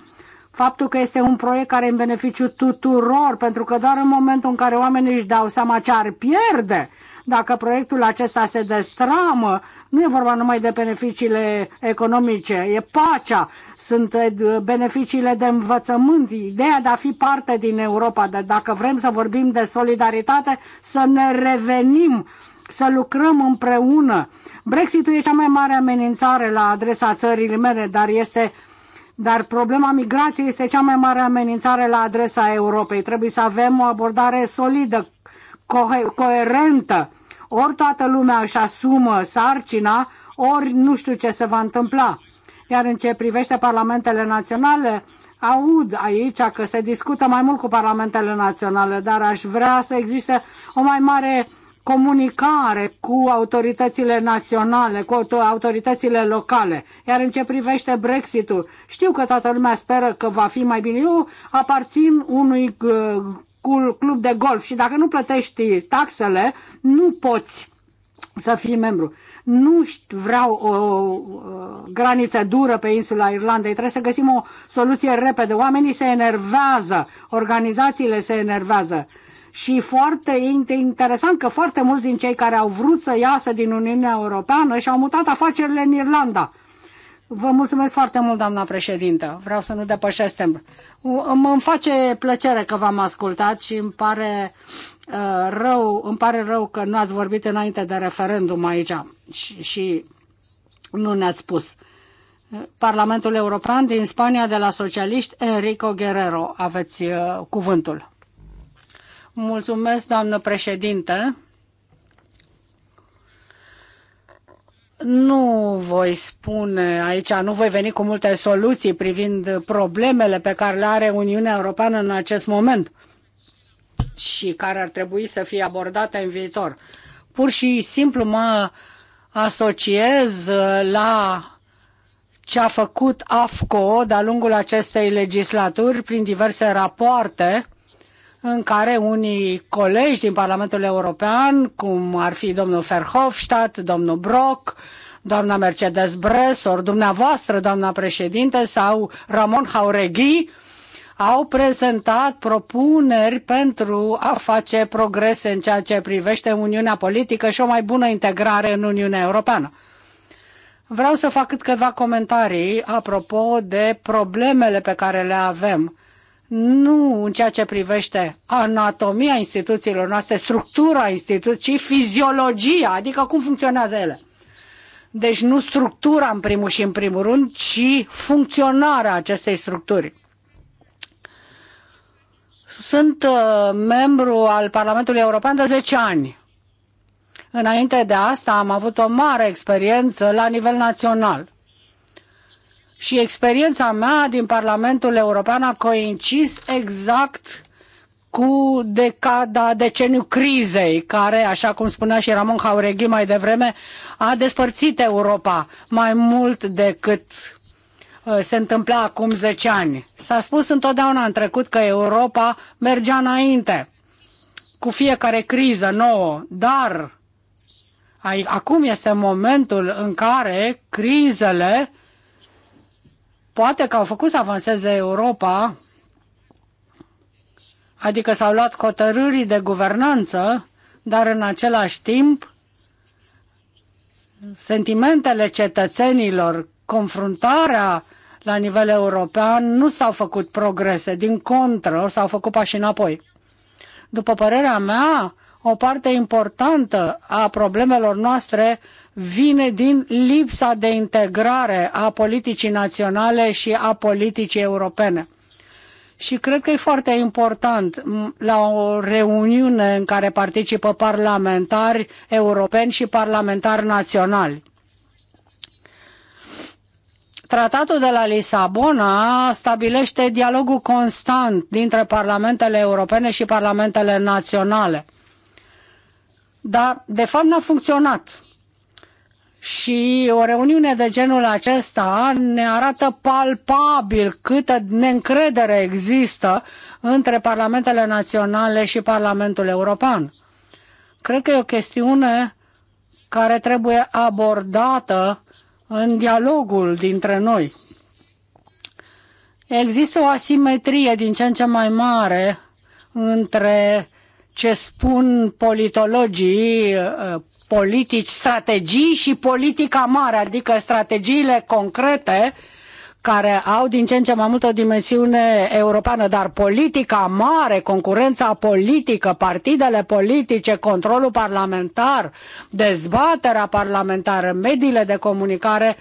faptul că este un proiect care e în beneficiu tuturor, pentru că doar în momentul în care oamenii își dau seama ce ar pierde dacă proiectul acesta se destramă, nu e vorba numai de beneficiile economice, e pacea, sunt eh, beneficiile de învățământ, ideea de a fi parte din Europa, de dacă vrem să vorbim de solidaritate, să ne revenim să lucrăm împreună. Brexitul e cea mai mare amenințare la adresa țării mele, dar este dar problema migrației este cea mai mare amenințare la adresa Europei. Trebuie să avem o abordare solidă, coerentă. Ori toată lumea își asumă sarcina, ori nu știu ce se va întâmpla. Iar în ce privește parlamentele naționale, aud aici că se discută mai mult cu parlamentele naționale, dar aș vrea să existe o mai mare comunicare cu autoritățile naționale, cu autoritățile locale. Iar în ce privește Brexitul, știu că toată lumea speră că va fi mai bine. Eu aparțin unui uh, club de golf și dacă nu plătești taxele, nu poți să fii membru. Nu vreau o graniță dură pe insula Irlandei. Trebuie să găsim o soluție repede. Oamenii se enervează, organizațiile se enervează. Și foarte interesant că foarte mulți din cei care au vrut să iasă din Uniunea Europeană și-au mutat afacerile în Irlanda. Vă mulțumesc foarte mult, doamna președintă. Vreau să nu depășesc timpul. Mă face plăcere că v-am ascultat și îmi pare uh, rău, îmi pare rău că nu ați vorbit înainte de referendum aici și, și nu ne-ați spus. Parlamentul European din Spania de la socialiști, Enrico Guerrero, aveți uh, cuvântul. Mulțumesc, doamnă președinte. Nu voi spune aici, nu voi veni cu multe soluții privind problemele pe care le are Uniunea Europeană în acest moment și care ar trebui să fie abordate în viitor. Pur și simplu mă asociez la ce a făcut AFCO de-a lungul acestei legislaturi prin diverse rapoarte în care unii colegi din Parlamentul European, cum ar fi domnul Verhofstadt, domnul Brock, doamna Mercedes Bresor, dumneavoastră, doamna președinte, sau Ramon Jauregui, au prezentat propuneri pentru a face progrese în ceea ce privește Uniunea Politică și o mai bună integrare în Uniunea Europeană. Vreau să fac câteva comentarii apropo de problemele pe care le avem nu în ceea ce privește anatomia instituțiilor noastre, structura instituției, ci fiziologia, adică cum funcționează ele. Deci nu structura în primul și în primul rând, ci funcționarea acestei structuri. Sunt uh, membru al Parlamentului European de 10 ani. Înainte de asta am avut o mare experiență la nivel național și experiența mea din Parlamentul European a coincis exact cu decada, deceniu crizei, care, așa cum spunea și Ramon Haureghi mai devreme, a despărțit Europa mai mult decât uh, se întâmpla acum 10 ani. S-a spus întotdeauna în trecut că Europa mergea înainte cu fiecare criză nouă, dar acum este momentul în care crizele poate că au făcut să avanseze Europa, adică s-au luat hotărâri de guvernanță, dar în același timp sentimentele cetățenilor, confruntarea la nivel european, nu s-au făcut progrese, din contră s-au făcut pași înapoi. După părerea mea, o parte importantă a problemelor noastre vine din lipsa de integrare a politicii naționale și a politicii europene. Și cred că e foarte important la o reuniune în care participă parlamentari europeni și parlamentari naționali. Tratatul de la Lisabona stabilește dialogul constant dintre parlamentele europene și parlamentele naționale dar de fapt n-a funcționat. Și o reuniune de genul acesta ne arată palpabil câtă neîncredere există între parlamentele naționale și Parlamentul European. Cred că e o chestiune care trebuie abordată în dialogul dintre noi. Există o asimetrie din ce în ce mai mare între ce spun politologii, uh, politici, strategii și politica mare, adică strategiile concrete care au din ce în ce mai mult o dimensiune europeană, dar politica mare, concurența politică, partidele politice, controlul parlamentar, dezbaterea parlamentară, mediile de comunicare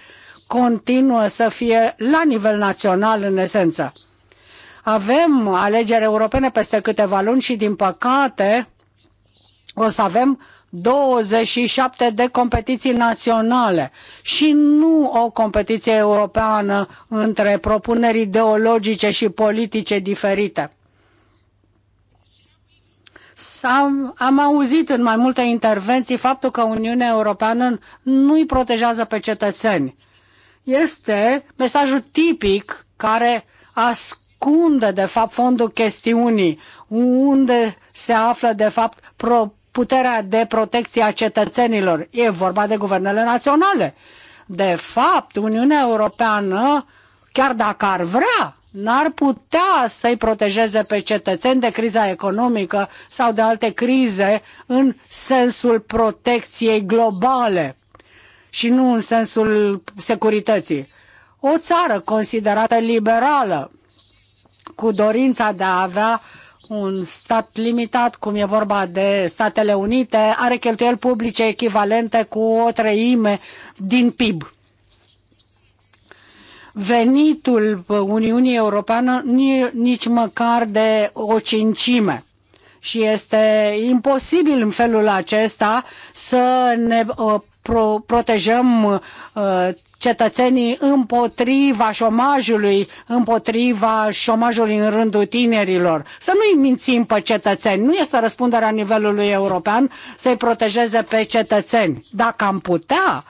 continuă să fie la nivel național în esență. Avem alegeri europene peste câteva luni și, din păcate, o să avem 27 de competiții naționale și nu o competiție europeană între propuneri ideologice și politice diferite. Am, am auzit în mai multe intervenții faptul că Uniunea Europeană nu îi protejează pe cetățeni. Este mesajul tipic care ascultă ascunde, de fapt, fondul chestiunii, unde se află, de fapt, pro- puterea de protecție a cetățenilor. E vorba de guvernele naționale. De fapt, Uniunea Europeană, chiar dacă ar vrea, n-ar putea să-i protejeze pe cetățeni de criza economică sau de alte crize în sensul protecției globale și nu în sensul securității. O țară considerată liberală cu dorința de a avea un stat limitat, cum e vorba de Statele Unite, are cheltuieli publice echivalente cu o treime din PIB. Venitul Uniunii Europeană nici măcar de o cincime și este imposibil în felul acesta să ne uh, pro- protejăm uh, cetățenii împotriva șomajului, împotriva șomajului în rândul tinerilor. Să nu-i mințim pe cetățeni. Nu este răspunderea nivelului european să-i protejeze pe cetățeni. Dacă am putea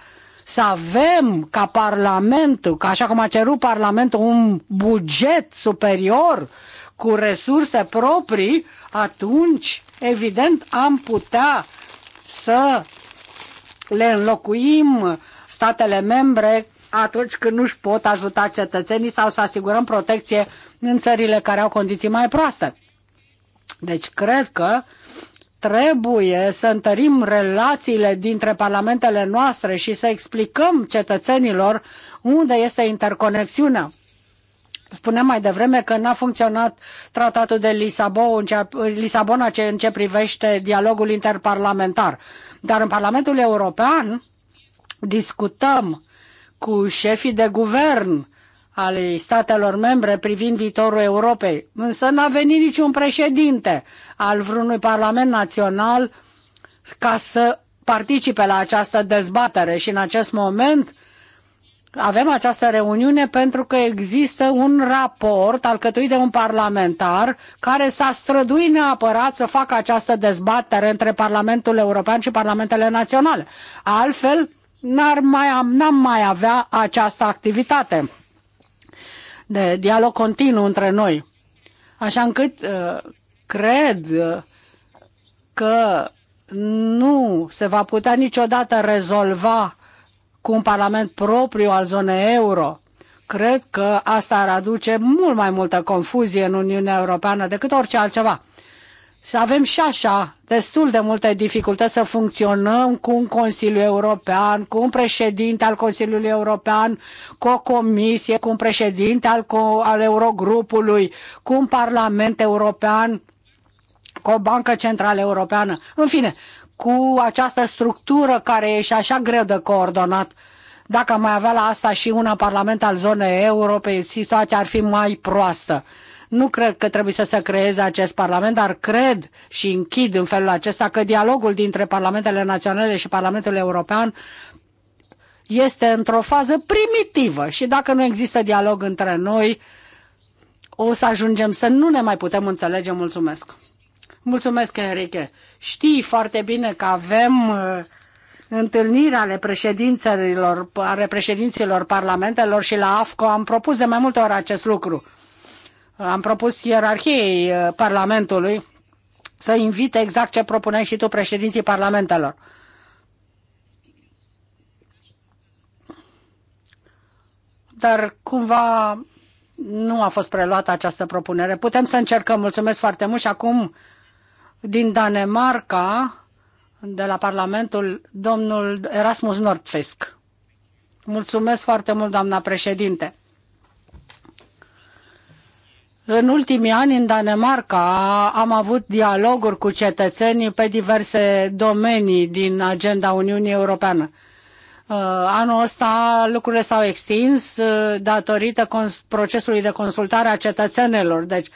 să avem ca Parlamentul, ca așa cum a cerut Parlamentul, un buget superior cu resurse proprii, atunci, evident, am putea să le înlocuim statele membre atunci când nu-și pot ajuta cetățenii sau să asigurăm protecție în țările care au condiții mai proaste. Deci cred că trebuie să întărim relațiile dintre parlamentele noastre și să explicăm cetățenilor unde este interconexiunea. Spuneam mai devreme că n-a funcționat tratatul de Lisabona, ce în ce privește dialogul interparlamentar. Dar în Parlamentul European discutăm cu șefii de guvern ale statelor membre privind viitorul Europei. Însă n-a venit niciun președinte al vreunui parlament național ca să participe la această dezbatere și în acest moment avem această reuniune pentru că există un raport alcătuit de un parlamentar care s-a străduit neapărat să facă această dezbatere între Parlamentul European și Parlamentele Naționale. Altfel, n-ar mai, n-am mai avea această activitate de dialog continuu între noi. Așa încât uh, cred uh, că nu se va putea niciodată rezolva cu un parlament propriu al zonei euro. Cred că asta ar aduce mult mai multă confuzie în Uniunea Europeană decât orice altceva. Să avem și așa destul de multe dificultăți să funcționăm cu un Consiliu European, cu un președinte al Consiliului European, cu o comisie, cu un președinte al, al Eurogrupului, cu un Parlament European, cu o bancă centrală europeană. În fine, cu această structură care e și așa greu de coordonat. Dacă mai avea la asta și una parlament al zonei euro, pe situația ar fi mai proastă. Nu cred că trebuie să se creeze acest parlament, dar cred și închid în felul acesta că dialogul dintre parlamentele naționale și Parlamentul European este într-o fază primitivă și dacă nu există dialog între noi, o să ajungem să nu ne mai putem înțelege. Mulțumesc! Mulțumesc, Enrique. Știi foarte bine că avem uh, ale președinților, ale președinților parlamentelor și la AFCO am propus de mai multe ori acest lucru. Am propus ierarhiei uh, Parlamentului să invite exact ce propuneai și tu președinții parlamentelor. Dar cumva nu a fost preluată această propunere. Putem să încercăm. Mulțumesc foarte mult și acum din Danemarca, de la Parlamentul, domnul Erasmus Nordfisk. Mulțumesc foarte mult, doamna președinte. În ultimii ani, în Danemarca, am avut dialoguri cu cetățenii pe diverse domenii din agenda Uniunii Europeană. Uh, anul ăsta lucrurile s-au extins uh, datorită procesului de consultare a cetățenilor. Deci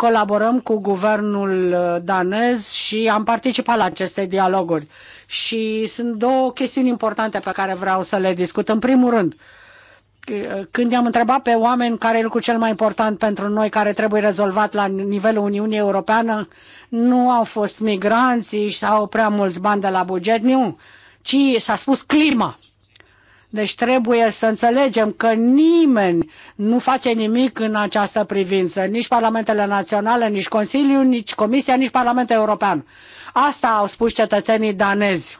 colaborăm cu guvernul uh, danez și am participat la aceste dialoguri. Și sunt două chestiuni importante pe care vreau să le discut. În primul rând, uh, când i-am întrebat pe oameni care e lucrul cel mai important pentru noi, care trebuie rezolvat la nivelul Uniunii Europeană, nu au fost migranții sau prea mulți bani de la buget, nu, ci s-a spus clima. Deci trebuie să înțelegem că nimeni nu face nimic în această privință, nici Parlamentele Naționale, nici Consiliul, nici Comisia, nici Parlamentul European. Asta au spus cetățenii danezi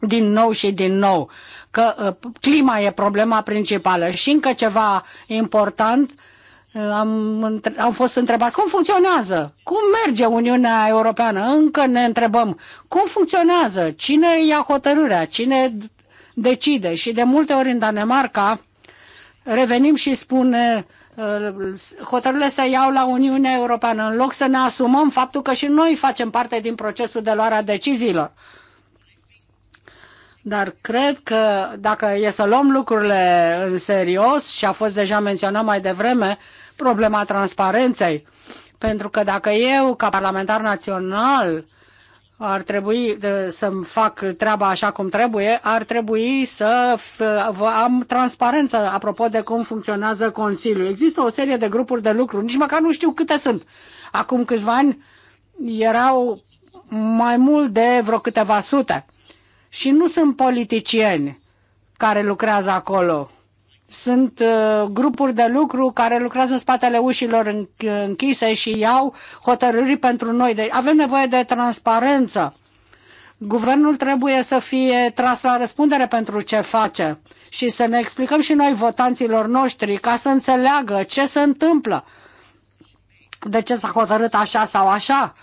din nou și din nou, că uh, clima e problema principală. Și încă ceva important, uh, am, am fost întrebați cum funcționează, cum merge Uniunea Europeană. Încă ne întrebăm cum funcționează, cine ia hotărârea, cine decide. Și de multe ori în Danemarca revenim și spun uh, hotărârile să iau la Uniunea Europeană, în loc să ne asumăm faptul că și noi facem parte din procesul de luare a deciziilor. Dar cred că dacă e să luăm lucrurile în serios, și a fost deja menționat mai devreme, problema transparenței, pentru că dacă eu, ca parlamentar național, ar trebui să-mi fac treaba așa cum trebuie, ar trebui să am transparență apropo de cum funcționează Consiliul. Există o serie de grupuri de lucru, nici măcar nu știu câte sunt. Acum câțiva ani erau mai mult de vreo câteva sute. Și nu sunt politicieni care lucrează acolo. Sunt uh, grupuri de lucru care lucrează în spatele ușilor închise și iau hotărâri pentru noi. Deci avem nevoie de transparență. Guvernul trebuie să fie tras la răspundere pentru ce face și să ne explicăm și noi votanților noștri ca să înțeleagă ce se întâmplă, de ce s-a hotărât așa sau așa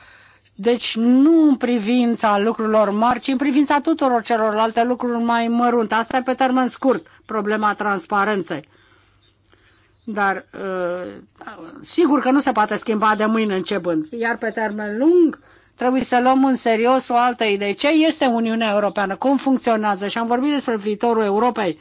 deci nu în privința lucrurilor mari, ci în privința tuturor celorlalte lucruri mai mărunte. Asta e pe termen scurt, problema transparenței. Dar uh, sigur că nu se poate schimba de mâine începând. Iar pe termen lung trebuie să luăm în serios o altă idee. Ce este Uniunea Europeană? Cum funcționează? Și am vorbit despre viitorul Europei.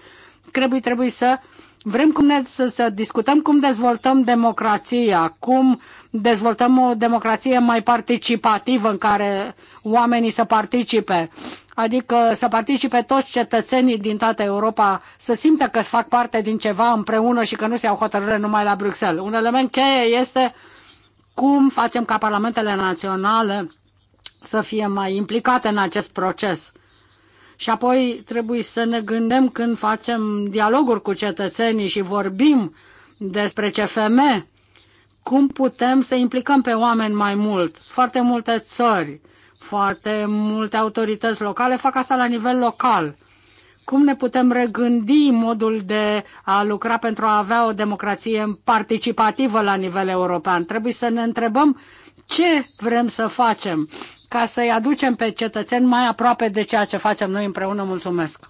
Trebuie, trebuie să vrem cum ne, să, să discutăm cum dezvoltăm democrația, cum uh, dezvoltăm o democrație mai participativă în care oamenii să participe, adică să participe toți cetățenii din toată Europa, să simtă că fac parte din ceva împreună și că nu se iau hotărâre numai la Bruxelles. Un element cheie este cum facem ca parlamentele naționale să fie mai implicate în acest proces. Și apoi trebuie să ne gândim când facem dialoguri cu cetățenii și vorbim despre CFM, cum putem să implicăm pe oameni mai mult. Foarte multe țări, foarte multe autorități locale fac asta la nivel local. Cum ne putem regândi modul de a lucra pentru a avea o democrație participativă la nivel european? Trebuie să ne întrebăm ce vrem să facem ca să-i aducem pe cetățeni mai aproape de ceea ce facem noi împreună. Mulțumesc!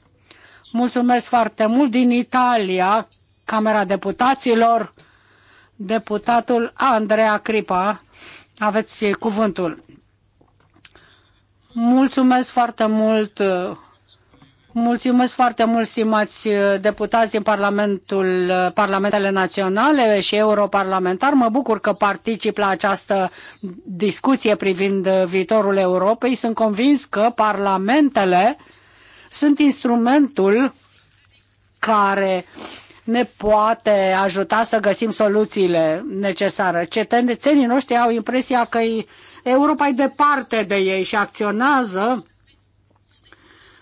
Mulțumesc foarte mult din Italia, Camera Deputaților Deputatul Andreea Cripa, aveți cuvântul. Mulțumesc foarte mult Mulțumesc foarte mult, stimați deputați din Parlamentul, Parlamentele Naționale și europarlamentar. Mă bucur că particip la această discuție privind viitorul Europei. Sunt convins că parlamentele sunt instrumentul care uh, ne poate ajuta să găsim soluțiile necesare. Cetățenii noștri au impresia că Europa e departe de ei și acționează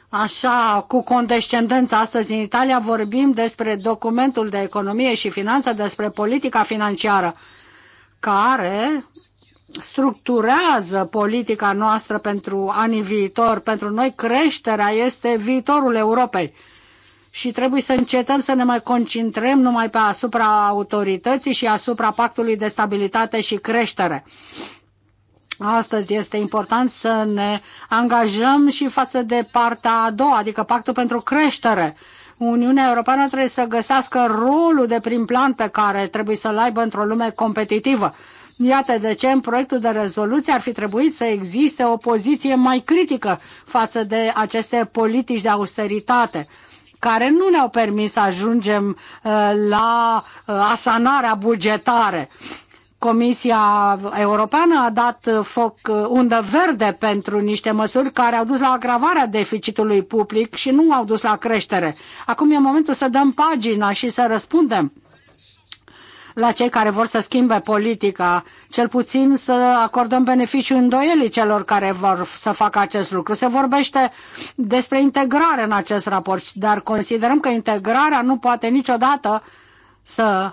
Așa, cu condescendență, astăzi în Italia vorbim despre documentul de economie și finanță, despre politica financiară, care structurează politica noastră pentru anii viitor. Pentru noi creșterea este viitorul Europei și trebuie să încetăm să ne mai concentrăm numai pe asupra autorității și asupra pactului de stabilitate și creștere. Astăzi este important să ne angajăm și față de partea a doua, adică pactul pentru creștere. Uniunea Europeană trebuie să găsească rolul de prim plan pe care trebuie să-l aibă într-o lume competitivă. Iată de ce în proiectul de rezoluție ar fi trebuit să existe o poziție mai critică față de aceste politici de austeritate care nu ne-au permis să ajungem uh, la uh, asanarea bugetară. Comisia Europeană a dat uh, foc undă verde pentru niște măsuri care au dus la agravarea deficitului public și nu au dus la creștere. Acum e momentul să dăm pagina și să răspundem la cei care vor să schimbe politica, cel puțin să acordăm beneficiu îndoielii celor care vor să facă acest lucru. Se vorbește despre integrare în acest raport, dar considerăm că integrarea nu poate niciodată să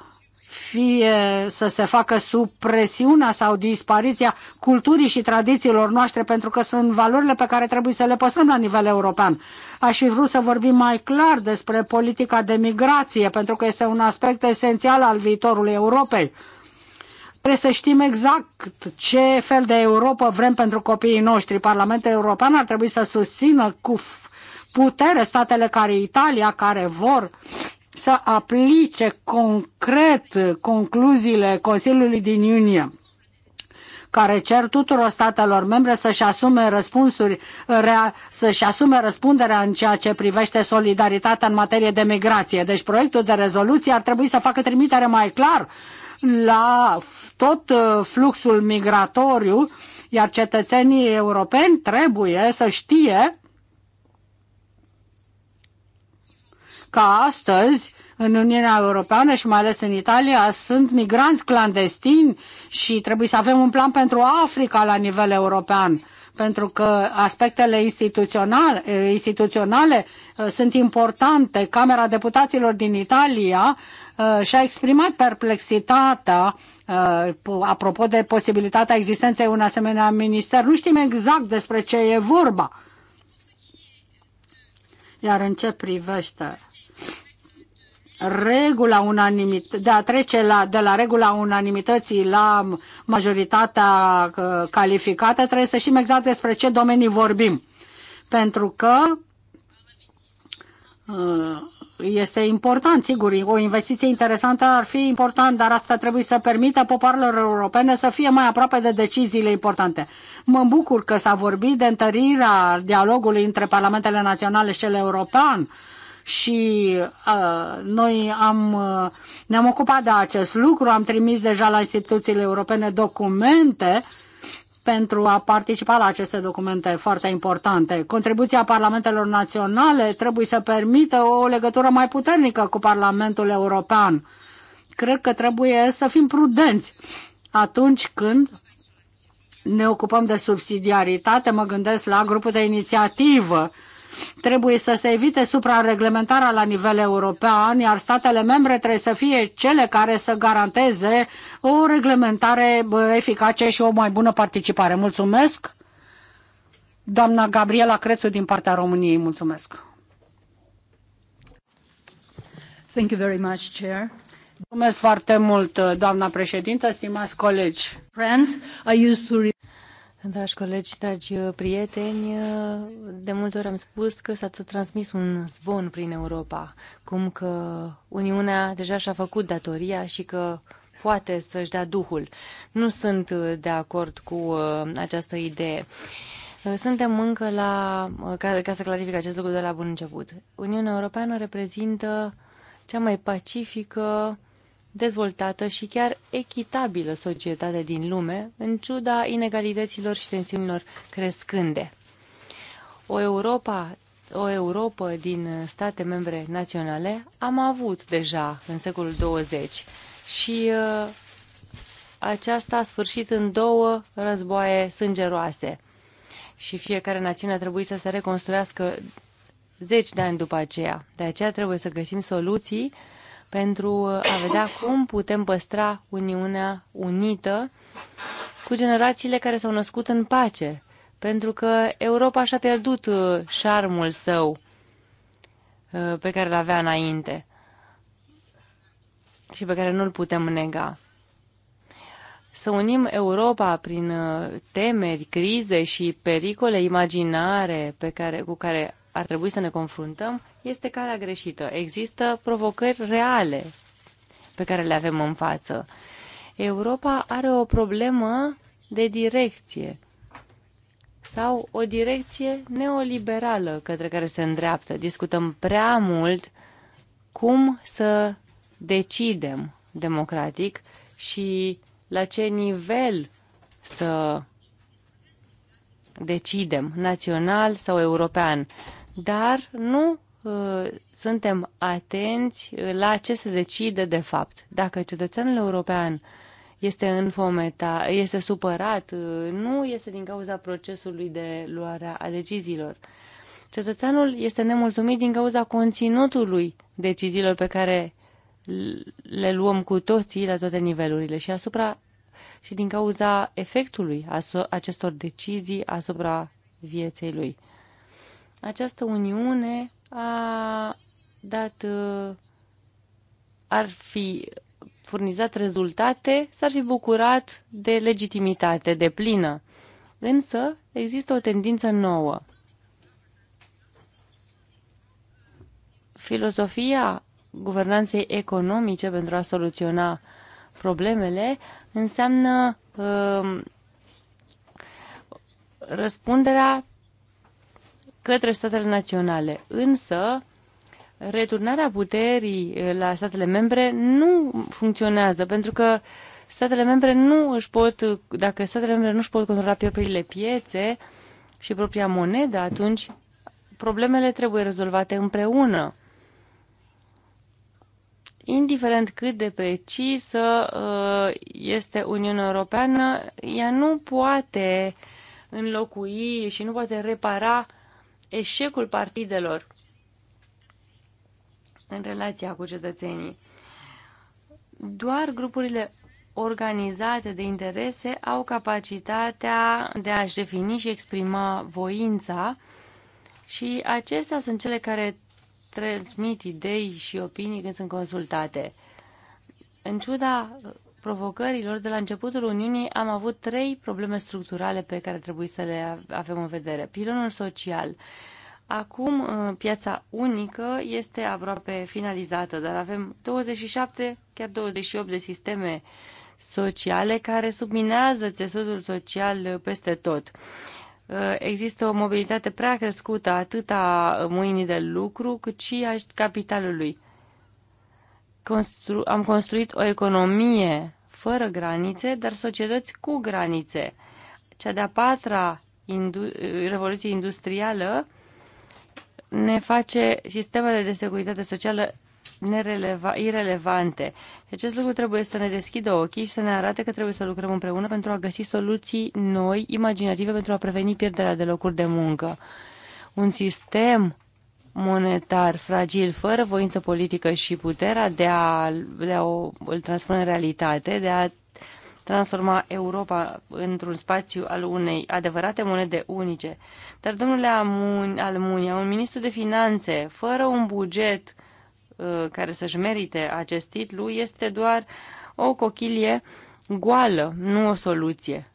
fie să se facă sub presiunea sau dispariția culturii și tradițiilor noastre, pentru că sunt valorile pe care trebuie să le păstrăm la nivel european. Aș fi vrut să vorbim mai clar despre politica de migrație, pentru că este un aspect esențial al viitorului Europei. Trebuie să știm exact ce fel de Europa vrem pentru copiii noștri. Parlamentul European ar trebui să susțină cu putere statele care Italia, care vor să aplice concret concluziile Consiliului din iunie care cer tuturor statelor membre să-și asume răspunsuri, să-și asume răspunderea în ceea ce privește solidaritatea în materie de migrație. Deci proiectul de rezoluție ar trebui să facă trimitere mai clar la tot uh, fluxul migratoriu, iar cetățenii europeni trebuie să știe ca astăzi în Uniunea Europeană și mai ales în Italia sunt migranți clandestini și trebuie să avem un plan pentru Africa la nivel european pentru că aspectele eh, instituționale, instituționale eh, sunt importante. Camera Deputaților din Italia eh, și-a exprimat perplexitatea apropo de posibilitatea existenței unui asemenea minister. Nu știm exact despre ce e vorba. Iar în ce privește regula unanimit, de a trece la, de la regula unanimității la majoritatea uh, calificată, trebuie să știm exact despre ce domenii vorbim. Pentru că uh, este important, sigur, o investiție interesantă ar fi important, dar asta trebuie să permită popoarelor europene să fie mai aproape de deciziile importante. Mă bucur că s-a vorbit de întărirea dialogului între parlamentele naționale și cele europene și uh, noi am, uh, ne-am ocupat de acest lucru, am trimis deja la instituțiile europene documente pentru a participa la aceste documente foarte importante. Contribuția parlamentelor naționale trebuie să permită o legătură mai puternică cu Parlamentul European. Cred că trebuie să fim prudenți atunci când ne ocupăm de subsidiaritate, mă gândesc la grupul de inițiativă Trebuie să se evite suprareglementarea la nivel european, iar statele membre trebuie să fie cele care să garanteze o reglementare eficace și o mai bună participare. Mulțumesc! Doamna Gabriela Crețu din partea României, mulțumesc! Thank you very much, Chair. Mulțumesc foarte mult, doamna președintă, stimați colegi. Friends, I used to Dragi colegi, dragi uh, prieteni, uh, de multe ori am spus că s-a transmis un zvon prin Europa, cum că Uniunea deja și-a făcut datoria și că poate să-și dea duhul. Nu sunt uh, de acord cu această idee. Suntem încă la, ca, ca să clarific acest lucru de la bun început, Uniunea Europeană reprezintă cea mai pacifică uh, dezvoltată și chiar echitabilă societate din lume, în ciuda inegalităților și tensiunilor crescânde. O Europa, o Europa din state membre naționale am avut deja în secolul 20 și uh, aceasta a sfârșit în două războaie sângeroase și fiecare națiune a trebuit să se reconstruiască zeci de ani după aceea. De aceea trebuie să găsim soluții uh, pentru a vedea cum putem păstra Uniunea unită cu generațiile care s-au născut în pace, pentru că Europa și-a pierdut uh, șarmul său uh, pe care îl avea înainte și pe care nu-l putem nega. Să unim Europa prin uh, temeri, crize și pericole imaginare pe care, cu care ar trebui să ne confruntăm este calea greșită. Există provocări reale pe care le avem în față. Europa are o problemă de direcție sau o direcție neoliberală către care se îndreaptă. Discutăm prea mult cum să decidem democratic și la ce nivel să decidem, național sau european, dar nu Uh, suntem atenți la ce se decide de fapt. Dacă cetățenul european este înfometat, este supărat, uh, nu este din cauza procesului de luare a deciziilor. Cetățeanul este nemulțumit din cauza conținutului deciziilor pe care le luăm cu toții la toate nivelurile și asupra și din cauza efectului acestor decizii asupra vieței lui. Această uniune a dat, uh, ar fi furnizat rezultate, s-ar fi bucurat de legitimitate de plină. Însă există o tendință nouă. Filosofia guvernanței economice pentru a soluționa problemele înseamnă uh, răspunderea către statele naționale. Însă, returnarea puterii eh, la statele membre nu funcționează, pentru că statele membre nu își pot, eh, dacă statele membre nu își pot controla propriile piețe și propria monedă, atunci problemele trebuie rezolvate împreună. Indiferent cât de precisă eh, este Uniunea Europeană, ea nu poate înlocui și nu poate repara uh, eșecul partidelor în relația cu cetățenii. Doar grupurile organizate de interese au capacitatea de a-și defini și exprima voința și acestea sunt cele care transmit idei și opinii când sunt consultate. În ciuda provocărilor, de la începutul Uniunii am avut trei probleme structurale pe care trebuie să le avem în vedere. Pilonul social. Acum uh, piața unică este aproape finalizată, dar avem 27, chiar 28 de sisteme sociale care subminează țesutul social uh, peste tot. Uh, există o mobilitate prea crescută atât a mâinii de lucru cât și a capitalului constru- am construit o economie fără granițe, dar societăți cu granițe. Cea de-a patra indu- revoluție industrială ne face sistemele de securitate socială nereleva- irelevante. Deci acest lucru trebuie să ne deschidă ochii și să ne arate că trebuie să lucrăm împreună pentru a găsi soluții noi, imaginative, pentru a preveni pierderea de locuri de muncă. Un sistem monetar fragil, fără voință politică și puterea de a, de a o, îl transpune în realitate, de a transforma Europa într-un spațiu al unei adevărate monede unice. Dar, domnule Almunia, un ministru de finanțe, fără un buget uh, care să-și merite acest titlu, este doar o cochilie goală, nu o soluție.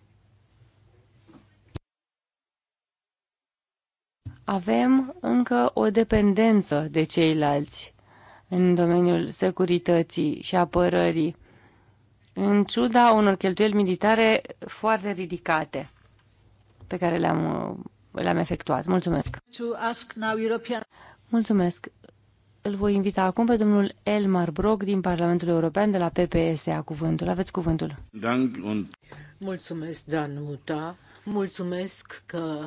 avem încă o dependență de ceilalți în domeniul securității și apărării, în ciuda unor cheltuieli militare foarte ridicate pe care le-am le-am efectuat. Mulțumesc. Mulțumesc. Îl voi invita acum pe domnul Elmar Brok din Parlamentul European de la PPS a cuvântul. Aveți cuvântul. Mulțumesc, Danuta. Mulțumesc că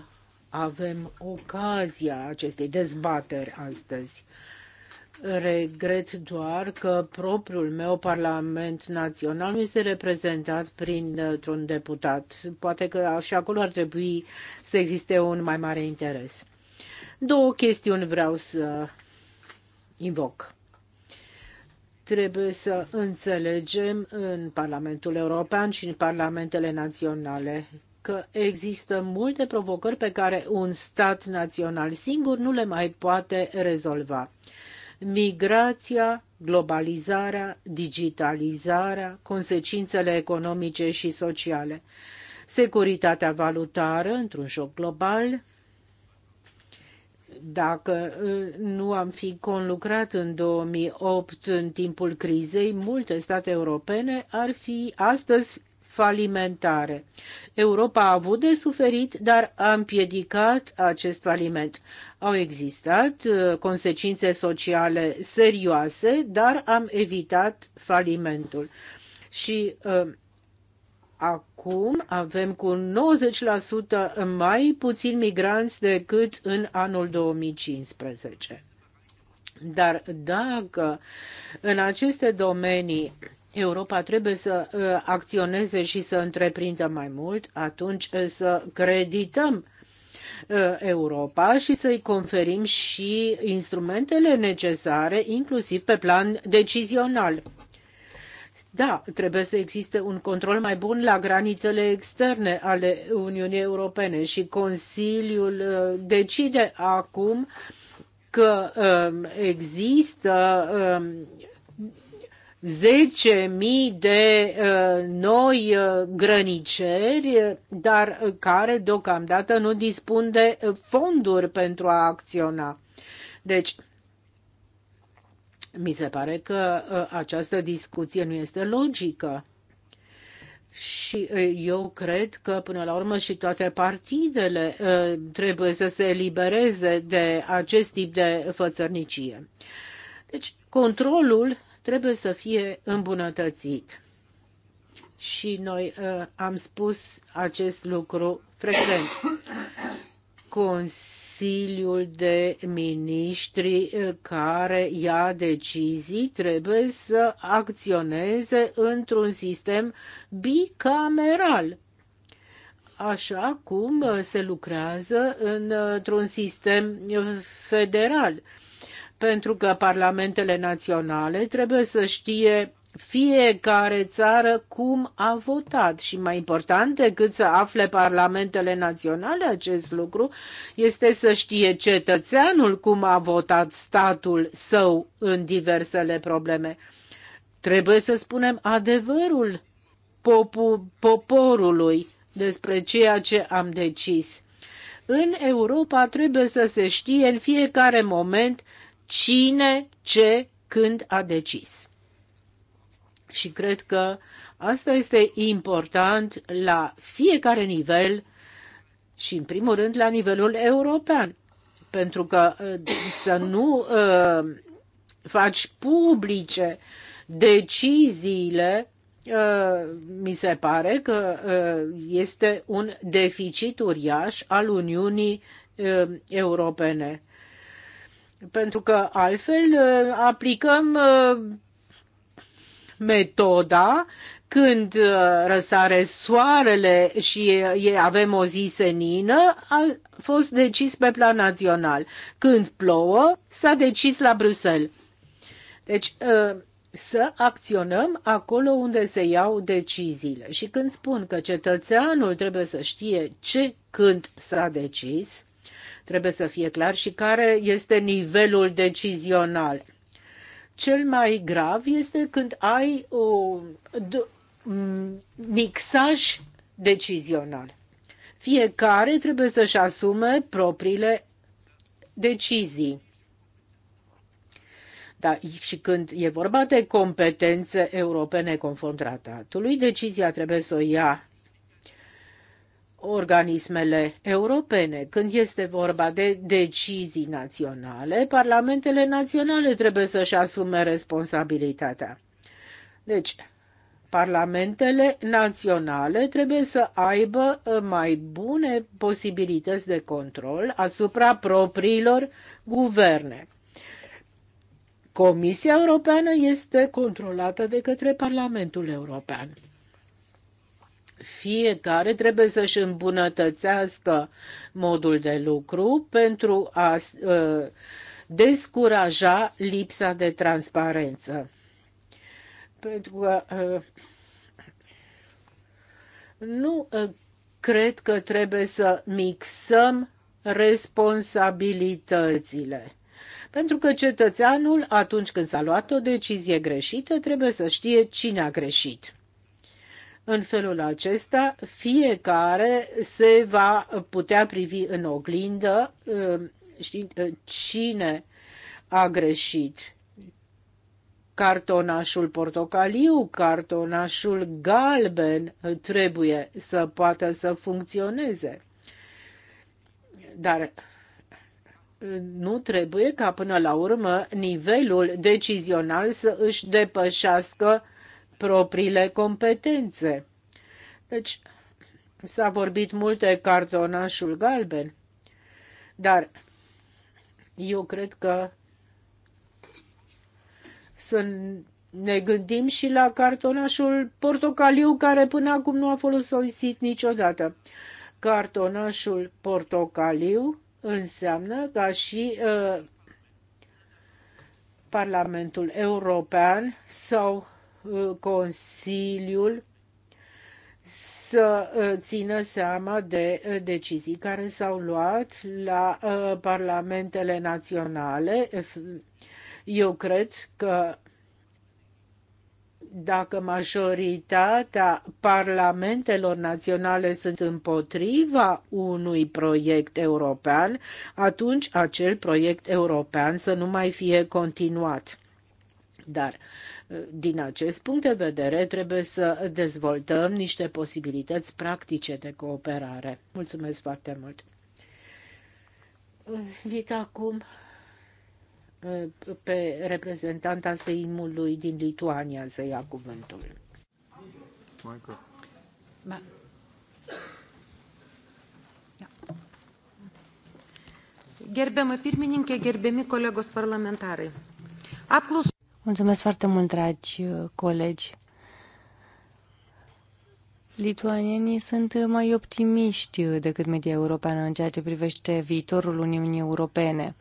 avem ocazia acestei dezbateri astăzi. Regret doar că propriul meu Parlament Național nu este reprezentat printr-un deputat. Poate că și acolo ar trebui să existe un mai mare interes. Două chestiuni vreau să invoc. Trebuie să înțelegem în Parlamentul European și în Parlamentele Naționale că există multe provocări pe care un stat național singur nu le mai poate rezolva. Migrația, globalizarea, digitalizarea, consecințele economice și sociale, securitatea valutară într-un joc global, dacă ă, nu am fi conlucrat în 2008 în timpul crizei, multe state europene ar fi astăzi falimentare. Europa a avut de suferit, dar a împiedicat acest faliment. Au existat uh, consecințe sociale serioase, dar am evitat falimentul. Și uh, acum avem cu 90% mai puțin migranți decât în anul 2015. Dar dacă în aceste domenii Europa trebuie să uh, acționeze și să întreprindă mai mult, atunci uh, să credităm uh, Europa și să-i conferim și instrumentele necesare, inclusiv pe plan decizional. Da, trebuie să existe un control mai bun la granițele externe ale Uniunii Europene și Consiliul decide acum că există um, 10.000 de uh, noi uh, grăniceri, uh, dar care deocamdată nu dispun de fonduri pentru a acționa. Deci, mi se pare că această discuție nu este logică. Și eu cred că, până la urmă, și toate partidele trebuie să se elibereze de acest tip de fățărnicie. Deci, controlul trebuie să fie îmbunătățit. Și noi uh, am spus acest lucru frecvent. Consiliul de Ministri uh, care ia decizii trebuie să acționeze într-un sistem bicameral, așa cum uh, se lucrează uh, într-un sistem federal pentru că parlamentele naționale trebuie să știe fiecare țară cum a votat și mai important decât să afle parlamentele naționale acest lucru este să știe cetățeanul cum a votat statul său în diversele probleme. Trebuie să spunem adevărul poporului despre ceea ce am decis. În Europa trebuie să se știe în fiecare moment cine, ce, când a decis. Și cred că asta este important la fiecare nivel și, în primul rând, la nivelul european. Pentru că uh, să nu uh, faci publice deciziile, uh, mi se pare că uh, este un deficit uriaș al Uniunii uh, europene. Pentru că altfel uh, aplicăm uh, metoda când uh, răsare soarele și avem o zi senină, a fost decis pe plan național. Când plouă, s-a decis la Bruxelles. Deci să acționăm acolo unde se iau deciziile. Și când spun că cetățeanul trebuie să știe ce când s-a decis, Trebuie să fie clar și care este nivelul decizional. Cel mai grav este când ai un uh, mixaj decizional. Fiecare trebuie să-și asume propriile decizii. Da și când e vorba de competențe europene conform tratatului, decizia trebuie să o ia organismele europene. Când este vorba de decizii naționale, parlamentele naționale trebuie să-și asume responsabilitatea. Deci, parlamentele naționale trebuie să aibă mai bune posibilități de control asupra propriilor guverne. Comisia Europeană este controlată de către Parlamentul European fiecare trebuie să-și îmbunătățească modul de lucru pentru a uh, descuraja lipsa de transparență. Pentru că uh, nu uh, cred că trebuie să mixăm responsabilitățile. Pentru că cetățeanul, atunci când s-a luat o decizie greșită, trebuie să știe cine a greșit. În felul acesta, fiecare se va putea privi în oglindă um, știind uh, cine a greșit. Cartonașul portocaliu, cartonașul galben trebuie să poată să funcționeze. Dar uh, nu trebuie ca până la urmă nivelul decizional să își depășească propriile competențe. Deci, s-a vorbit multe cartonașul galben, dar eu cred că să ne gândim și la cartonașul portocaliu, care până acum nu a folosit niciodată. Cartonașul portocaliu înseamnă ca și uh, Parlamentul European sau Uh, Consiliul să uh, țină seama de uh, decizii care s-au luat la parlamentele naționale. Eu cred că dacă majoritatea parlamentelor naționale sunt împotriva unui proiect european, atunci acel proiect european să nu mai fie continuat. Dar din acest punct de vedere, trebuie să dezvoltăm niște posibilități practice de cooperare. Mulțumesc foarte mult! Invit acum pe reprezentanta Seimului din Lituania să ia cuvântul. Michael. Ma- Gerbiama pirmininkė, gerbiami kolegos parlamentarai. Apklausų. Mulțumesc foarte mult, dragi uh, colegi. Lituanienii sunt uh, mai optimiști uh, decât media europeană în ceea ce privește viitorul Uniunii Europene.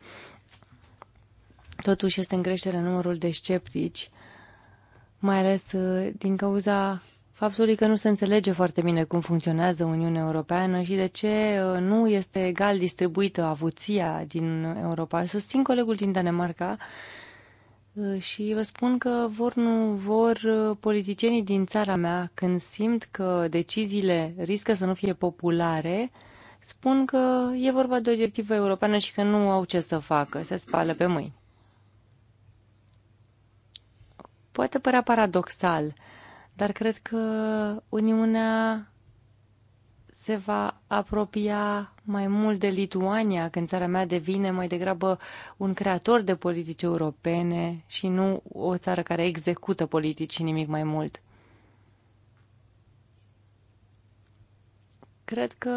Totuși este în creștere numărul de sceptici, mai ales din cauza faptului că nu se înțelege foarte bine cum funcționează Uniunea Europeană și de ce nu este egal distribuită avuția din Europa. Susțin colegul din Danemarca Uh, și vă spun că vor nu vor uh, politicienii din țara mea, când simt că deciziile riscă să nu fie populare, spun că e vorba de o directivă europeană și că nu au ce să facă, se spală pe mâini. Poate părea paradoxal, dar cred că Uniunea se va apropia mai mult de Lituania, când țara mea devine mai degrabă un creator de politici europene și nu o țară care execută politici și nimic mai mult. Cred că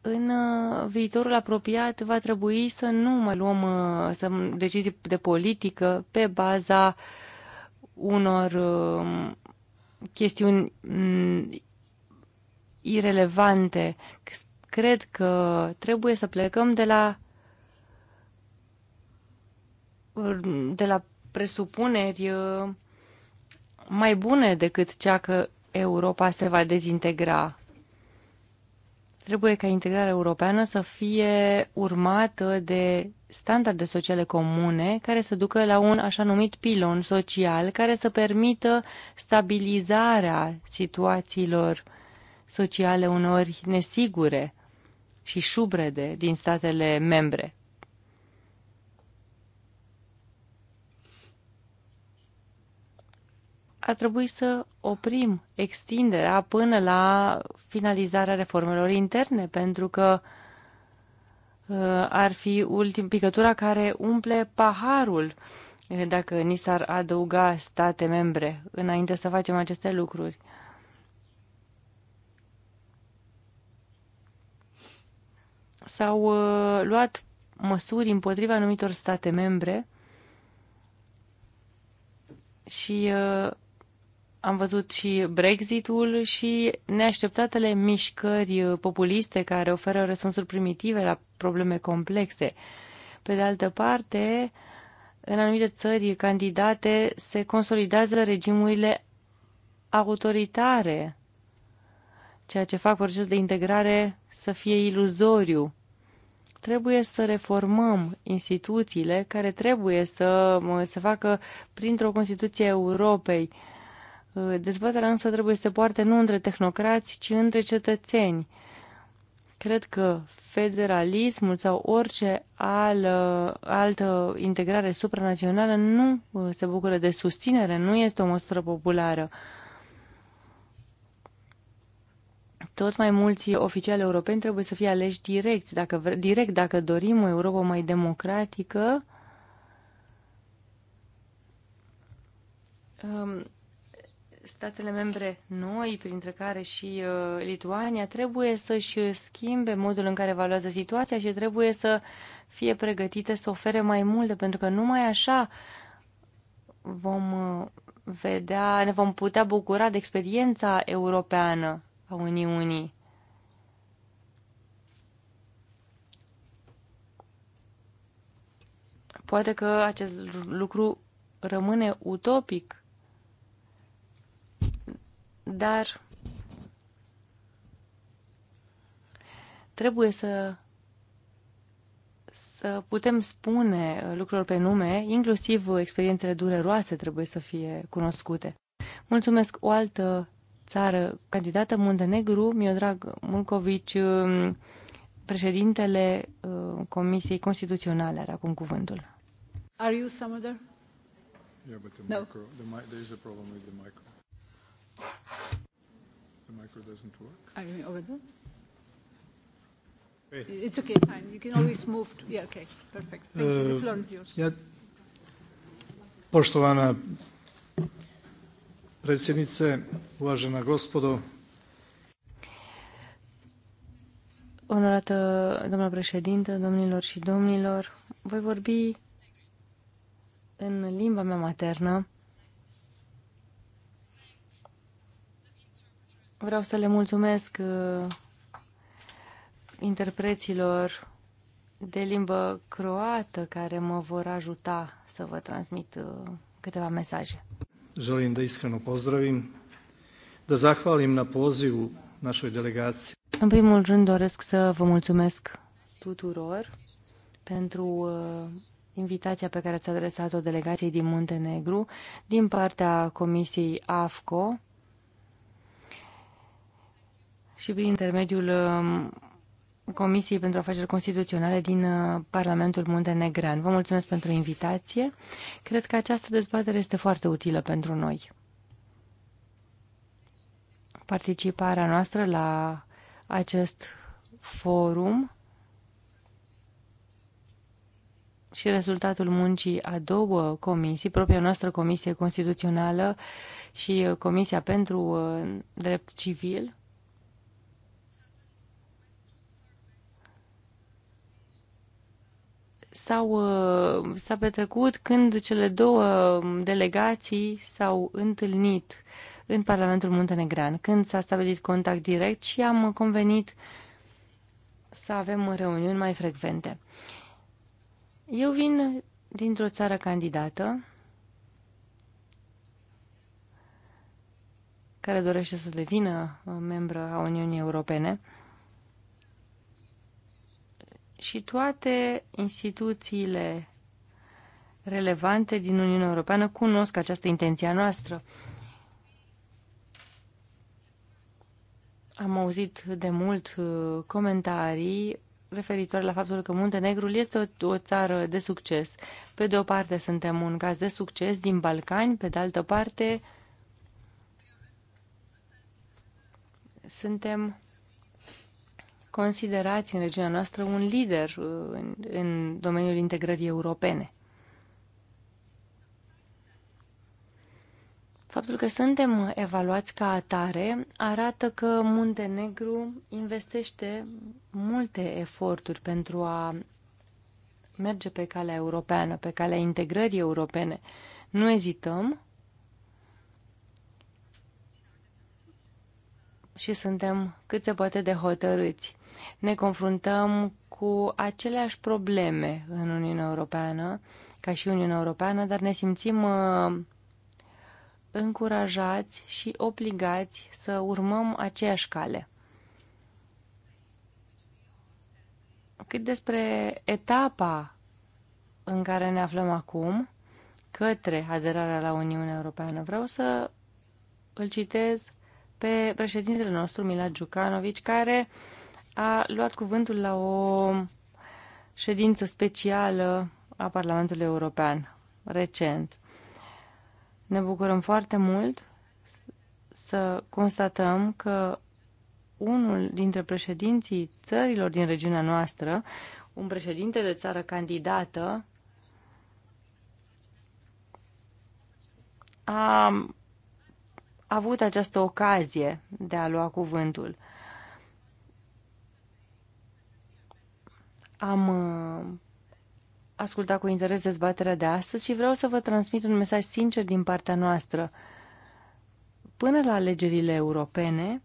în uh, viitorul apropiat va trebui să nu mai luăm uh, să, decizii de politică pe baza uh, unor um, chestiuni mm, irelevante. Cred că trebuie să plecăm de la de la presupuneri uh, mai bune decât cea că Europa se va dezintegra. Trebuie ca integrarea europeană să fie urmată de standarde sociale comune care să ducă la un așa numit pilon social care să permită stabilizarea situațiilor sociale uneori nesigure și șubrede din statele membre. ar trebui să oprim extinderea până la finalizarea reformelor interne, pentru că uh, ar fi ultim, picătura care umple paharul eh, dacă ni s-ar adăuga state membre înainte să facem aceste lucruri. S-au uh, luat măsuri împotriva anumitor state membre și uh, am văzut și Brexitul și neașteptatele mișcări populiste care oferă răspunsuri primitive la probleme complexe. Pe de altă parte, în anumite țări candidate se consolidează regimurile autoritare, ceea ce fac procesul de integrare să fie iluzoriu. Trebuie să reformăm instituțiile care trebuie să se facă printr-o Constituție Europei, Uh, dezbaterea însă trebuie să se poarte nu între tehnocrați, ci între cetățeni. Cred că federalismul sau orice al, uh, altă integrare supranațională nu uh, se bucură de susținere, nu este o măsură populară. Tot mai mulți oficiali europeni trebuie să fie aleși direct dacă, direct dacă dorim o Europa mai democratică. Um, statele membre noi, printre care și uh, Lituania, trebuie să-și schimbe modul în care evaluează situația și trebuie să fie pregătite să ofere mai multe, pentru că numai așa vom uh, vedea, ne vom putea bucura de experiența europeană a Uniunii. Poate că acest lucru rămâne utopic dar trebuie să să putem spune lucruri pe nume, inclusiv experiențele dureroase trebuie să fie cunoscute. Mulțumesc o altă țară candidată, Muntenegru, Miodrag Mulcovici, um, președintele uh, Comisiei Constituționale, are acum cuvântul. Are you some other? Yeah, but the no. micro, the, there is a problem with the micro. The micro doesn't work. Are ah, you over there? It's okay, fine. You can always move. To... Yeah, okay, perfect. Thank you. The uh, floor is yours. poštovana predsjednice, uvažena gospodo. Onorată doamna președintă, domnilor și domnilor, voi vorbi în limba mea maternă, Vreau să le mulțumesc uh, interpreților de limbă croată care mă vor ajuta să vă transmit uh, câteva mesaje. Želim da iskreno pozdravim, da zahvalim na pozivu našoj delegaciji. În primul rând doresc să vă mulțumesc tuturor pentru uh, invitația pe care ați adresat-o delegației din Muntenegru din partea Comisiei AFCO și prin intermediul um, Comisiei pentru Afaceri Constituționale din uh, Parlamentul Muntenegran. Vă mulțumesc pentru invitație. Cred că această dezbatere este foarte utilă pentru noi. Participarea noastră la acest forum și rezultatul muncii a două comisii, propria noastră Comisie Constituțională și uh, Comisia pentru uh, Drept Civil, s-au, uh, s-a petrecut când cele două delegații s-au întâlnit în Parlamentul Muntenegran, când s-a stabilit contact direct și am convenit să avem reuniuni mai frecvente. Eu vin dintr-o țară candidată care dorește să devină uh, membră a Uniunii Europene și toate instituțiile relevante din Uniunea Europeană cunosc această intenție a noastră. Am auzit de mult uh, comentarii referitor la faptul că Muntenegrul este o, o țară de succes. Pe de o parte suntem un caz de succes din Balcani, pe de altă parte suntem considerați în regiunea noastră un lider uh, în, în domeniul integrării europene? Faptul că suntem evaluați ca atare arată că Muntenegru investește multe eforturi pentru a merge pe calea europeană, pe calea integrării europene. Nu ezităm și suntem cât se poate de hotărâți ne confruntăm cu aceleași probleme în Uniunea Europeană, ca și Uniunea Europeană, dar ne simțim uh, încurajați și obligați să urmăm aceeași cale. Cât despre etapa în care ne aflăm acum, către aderarea la Uniunea Europeană, vreau să îl citez pe președintele nostru, Mila Giucanovici, care uh, a luat cuvântul la o ședință specială a Parlamentului European, recent. Ne bucurăm foarte mult să constatăm că unul dintre președinții țărilor din regiunea noastră, un președinte de țară candidată, a avut această ocazie de a lua cuvântul. Am uh, ascultat cu interes dezbaterea de astăzi și vreau să vă transmit un mesaj sincer din partea noastră. Până la alegerile europene,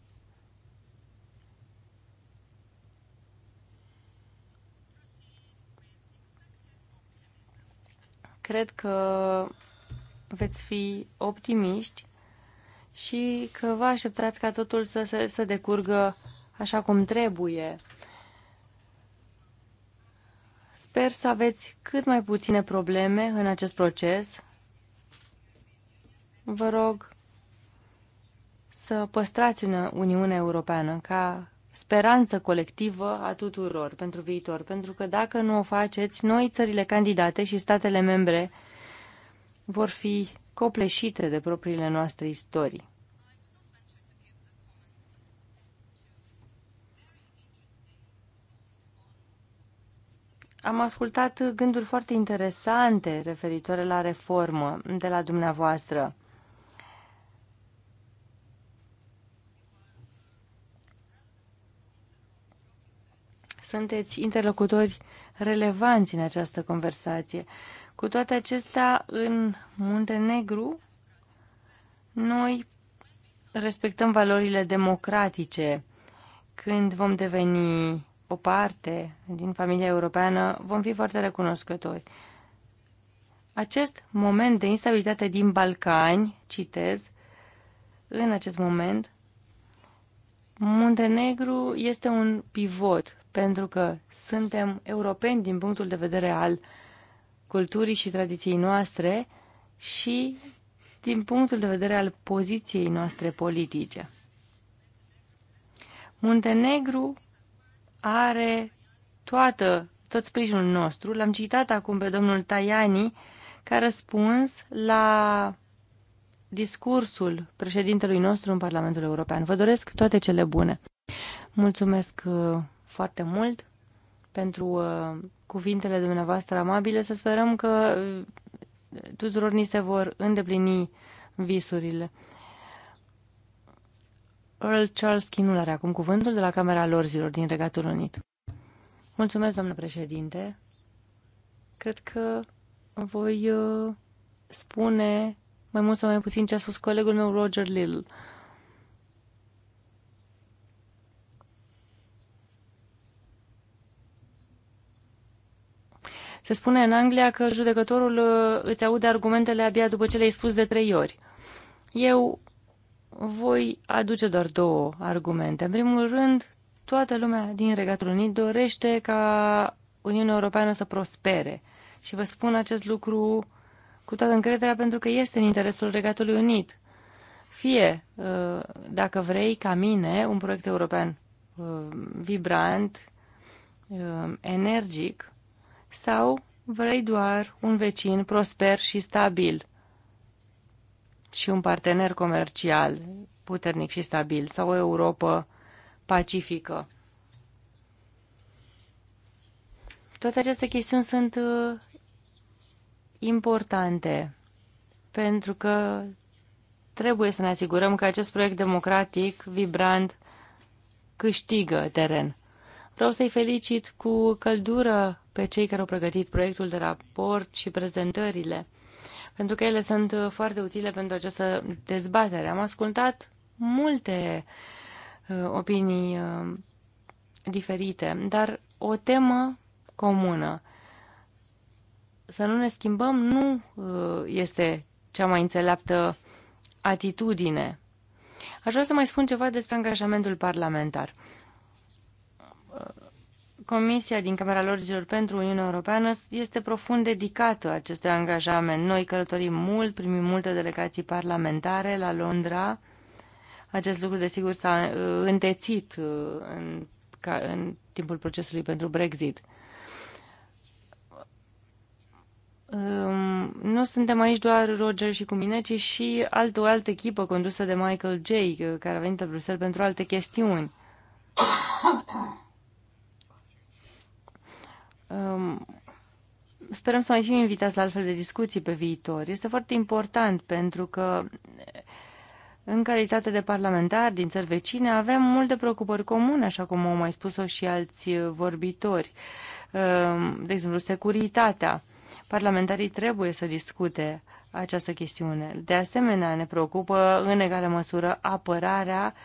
cred că veți fi optimiști și că vă așteptați ca totul să, să, să decurgă așa cum trebuie. Sper să aveți cât mai puține probleme în acest proces. Vă rog să păstrați una Uniunea Europeană ca speranță colectivă a tuturor pentru viitor, pentru că dacă nu o faceți, noi, țările candidate și statele membre, vor fi copleșite de propriile noastre istorii. Am ascultat gânduri foarte interesante referitoare la reformă de la dumneavoastră. Sunteți interlocutori relevanți în această conversație. Cu toate acestea, în Muntenegru, noi respectăm valorile democratice. Când vom deveni o parte din familia europeană, vom fi foarte recunoscători. Acest moment de instabilitate din Balcani, citez, în acest moment, Muntenegru este un pivot pentru că suntem europeni din punctul de vedere al culturii și tradiției noastre și din punctul de vedere al poziției noastre politice. Muntenegru are toată, tot sprijinul nostru. L-am citat acum pe domnul Tajani a răspuns la discursul președintelui nostru în Parlamentul European. Vă doresc toate cele bune. Mulțumesc uh, foarte mult pentru uh, cuvintele dumneavoastră amabile. Să sperăm că uh, tuturor ni se vor îndeplini visurile. Earl Charles Chinul are acum cuvântul de la Camera Lorzilor din Regatul Unit. Mulțumesc, doamnă președinte. Cred că voi uh, spune mai mult sau mai puțin ce a spus colegul meu Roger Lill. Se spune în Anglia că judecătorul uh, îți aude argumentele abia după ce le-ai spus de trei ori. Eu voi aduce doar două argumente. În primul rând, toată lumea din Regatul Unit dorește ca Uniunea Europeană să prospere. Și vă spun acest lucru cu toată încrederea pentru că este în interesul Regatului Unit. Fie, uh, dacă vrei, ca mine, un proiect european uh, vibrant, uh, energic, sau vrei doar un vecin prosper și stabil și un partener comercial puternic și stabil sau o Europa pacifică. Toate aceste chestiuni sunt uh, importante pentru că trebuie să ne asigurăm că acest proiect democratic, vibrant, câștigă teren. Vreau să-i felicit cu căldură pe cei care au pregătit proiectul de raport și prezentările pentru că ele sunt uh, foarte utile pentru această dezbatere. Am ascultat multe uh, opinii uh, diferite, dar o temă comună. Să nu ne schimbăm nu uh, este cea mai înțeleaptă atitudine. Aș vrea să mai spun ceva despre angajamentul parlamentar. Uh, Comisia din Camera Lorzilor pentru Uniunea Europeană este profund dedicată acestui angajament. Noi călătorim mult, primim multe delegații parlamentare la Londra. Acest lucru, desigur, s-a uh, întețit uh, în, ca, în timpul procesului pentru Brexit. Um, nu suntem aici doar Roger și cu mine, ci și altă, o altă echipă condusă de Michael J, uh, care a venit la Bruxelles pentru alte chestiuni. Um, sperăm să mai fim invitați la altfel de discuții pe viitor. Este foarte important pentru că în calitate de parlamentar din țări vecine avem multe preocupări comune, așa cum au mai spus-o și alți vorbitori. Um, de exemplu, securitatea. Parlamentarii trebuie să discute această chestiune. De asemenea, ne preocupă în egală măsură apărarea uh,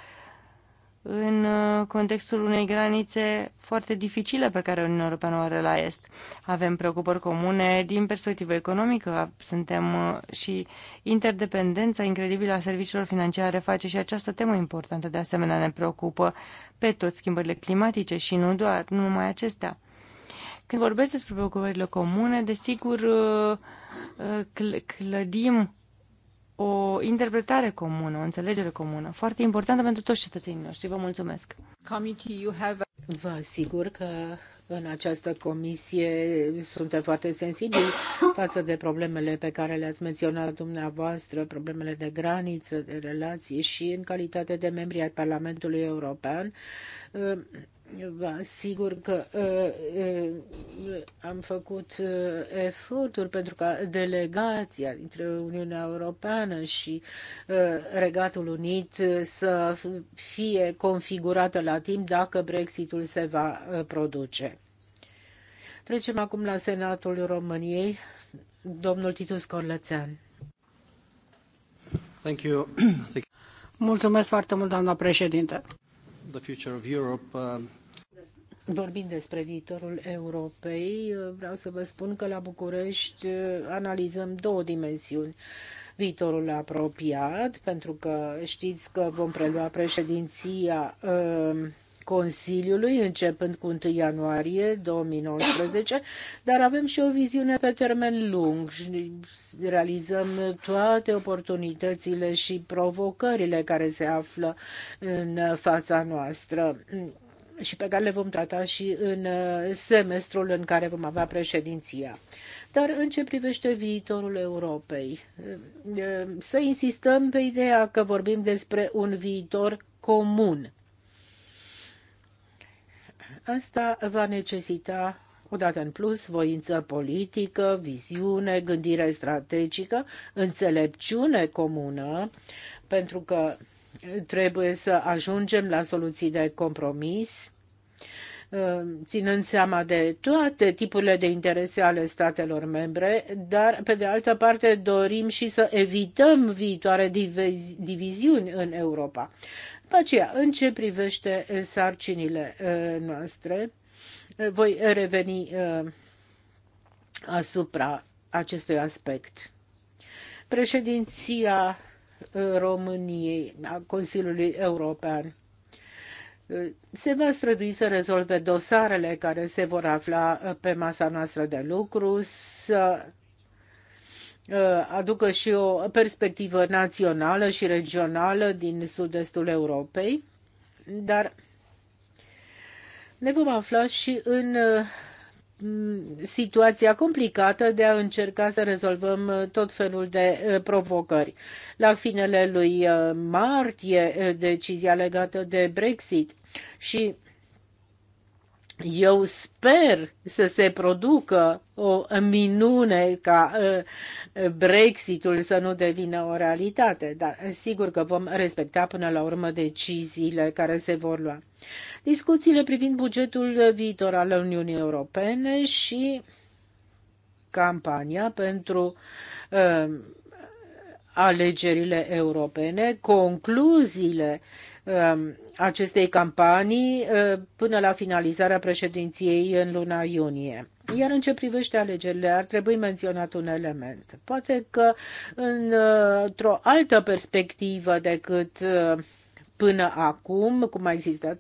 în uh, contextul unei granițe foarte dificile pe care Uniunea Europeană o are la Est. Avem preocupări comune din perspectivă economică, suntem uh, și interdependența incredibilă a serviciilor financiare face și această temă importantă. De asemenea, ne preocupă pe toți schimbările climatice și nu doar, nu numai acestea. Când vorbesc despre preocupările comune, desigur, uh, clădim o interpretare comună, o înțelegere comună, foarte importantă pentru toți cetățenii noștri. Vă mulțumesc! Vă asigur că în această comisie suntem foarte sensibili față de problemele pe care le-ați menționat dumneavoastră, problemele de graniță, de relații și în calitate de membri ai Parlamentului European Vă asigur că uh, uh, am făcut uh, eforturi pentru ca delegația dintre Uniunea Europeană și Regatul Unit să fie configurată la timp dacă Brexitul se va produce. Trecem acum la Senatul României. Domnul Titus Corlățean. Thank you. Mulțumesc foarte mult, doamna președinte. The future of Europe, uh Vorbind despre viitorul Europei, vreau să vă spun că la București analizăm două dimensiuni. Viitorul apropiat, pentru că știți că vom prelua președinția uh, Consiliului începând cu 1 ianuarie 2019, dar avem și o viziune pe termen lung și realizăm toate oportunitățile și provocările care se află în fața noastră și pe care le vom trata și în uh, semestrul în care vom avea președinția. Dar în ce privește viitorul Europei, uh, să insistăm pe ideea că vorbim despre un viitor comun. Asta va necesita odată în plus voință politică, viziune, gândire strategică, înțelepciune comună, pentru că trebuie să ajungem la soluții de compromis, uh, ținând seama de toate tipurile de interese ale statelor membre, dar, pe de altă parte, dorim și să evităm viitoare divizi diviziuni în Europa. După aceea, în ce privește uh, sarcinile uh, noastre, voi reveni asupra acestui aspect. Președinția României, a Consiliului European. Se va strădui să rezolve dosarele care se vor afla pe masa noastră de lucru, să uh, aducă și o perspectivă națională și regională din sud-estul Europei, dar ne vom afla și în uh, situația complicată de a încerca să rezolvăm uh, tot felul de uh, provocări. La finele lui uh, martie, decizia legată de Brexit și eu sper să se producă o minune ca ă, ă, Brexitul să nu devină o realitate, dar sigur că vom respecta până la urmă deciziile care se vor lua. Discuțiile privind bugetul viitor al Uniunii Europene și campania pentru uh, alegerile europene, concluziile uh, Um, acestei campanii uh, până la finalizarea președinției în luna iunie. Iar în ce privește alegerile, ar trebui menționat un element. Poate că uh, într-o altă perspectivă decât uh, până acum, cum a existat,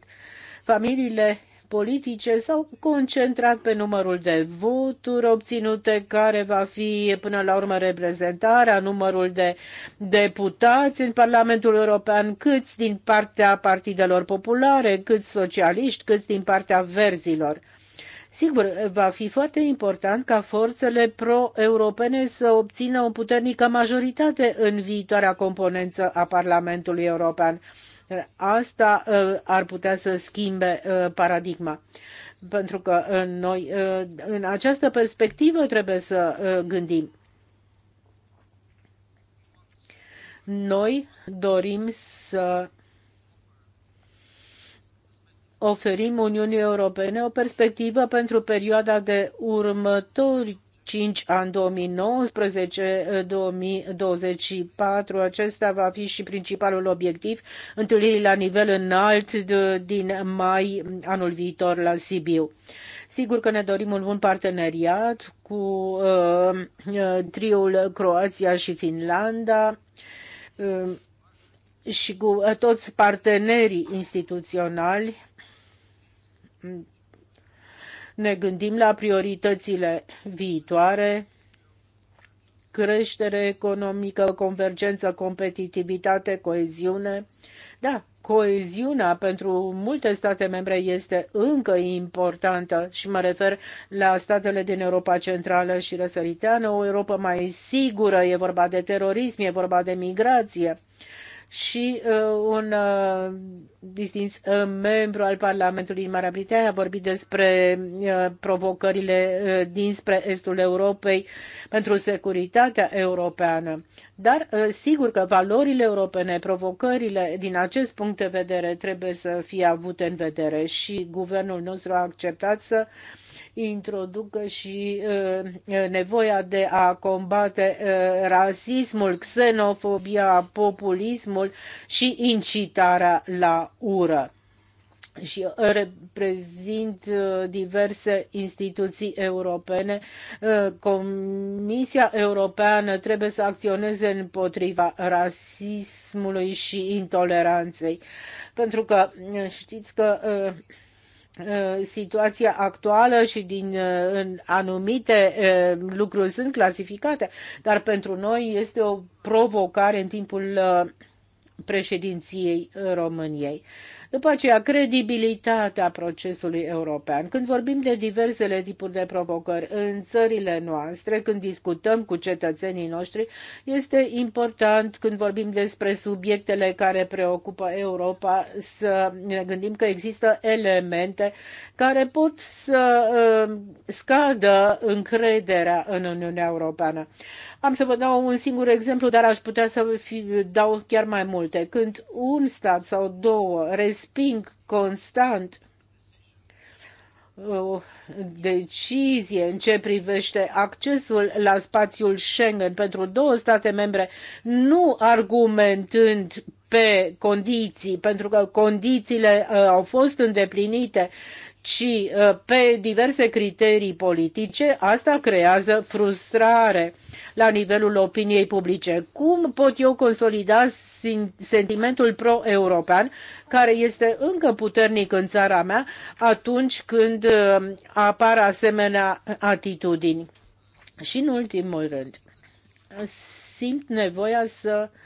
familiile politice s-au concentrat pe numărul de voturi obținute, care va fi până la urmă reprezentarea, numărul de deputați în Parlamentul European, câți din partea partidelor populare, câți socialiști, câți din partea verzilor. Sigur, va fi foarte important ca forțele pro-europene să obțină o puternică majoritate în viitoarea componență a Parlamentului European. Asta uh, ar putea să schimbe uh, paradigma. Pentru că uh, noi, în această perspectivă, trebuie să gândim. Noi dorim să oferim Uniunii Europene o perspectivă pentru perioada de următori 5 ani 2019-2024. Acesta va fi și principalul obiectiv întâlnirii la nivel înalt din mai anul viitor la Sibiu. Sigur că ne dorim un bun parteneriat cu uh, triul Croația și Finlanda. Uh, și cu uh, toți partenerii instituționali ne gândim la prioritățile viitoare, creștere economică, convergență, competitivitate, coeziune. Da, coeziunea pentru multe state membre este încă importantă și mă refer la statele din Europa Centrală și Răsăriteană, o Europa mai sigură, e vorba de terorism, e vorba de migrație și uh, un uh, distins uh, membru al Parlamentului din Marea Britanie a vorbit despre provocările dinspre estul Europei pentru securitatea europeană. Dar sigur că valorile europene, provocările din acest punct de vedere trebuie să fie avute în vedere și guvernul nostru a acceptat să uh, introducă și uh, uh, nevoia de a combate uh, rasismul, xenofobia, populismul și incitarea la ură și reprezint diverse instituții europene. Comisia Europeană trebuie să acționeze împotriva rasismului și intoleranței, pentru că știți că Uh, situația actuală și din uh, anumite uh, lucruri sunt clasificate, dar pentru noi este o provocare în timpul președinției României. După aceea, credibilitatea procesului european. Când vorbim de diversele tipuri de provocări în țările noastre, când discutăm cu cetățenii noștri, este important când vorbim despre subiectele care preocupă Europa să ne gândim că există elemente care pot să uh, scadă încrederea în Uniunea Europeană. Am să vă dau un singur exemplu, dar aș putea să fi, dau chiar mai multe. Când un stat sau două resping constant uh, o decizie în ce privește accesul la spațiul Schengen pentru două state membre, nu argumentând pe condiții, pentru că condițiile uh, au fost îndeplinite ci uh, pe diverse criterii politice, asta creează frustrare la nivelul opiniei publice. Cum pot eu consolida sentimentul pro-european, care este încă puternic în țara mea, atunci când uh, apar asemenea atitudini? Și în ultimul rând, simt nevoia să uh,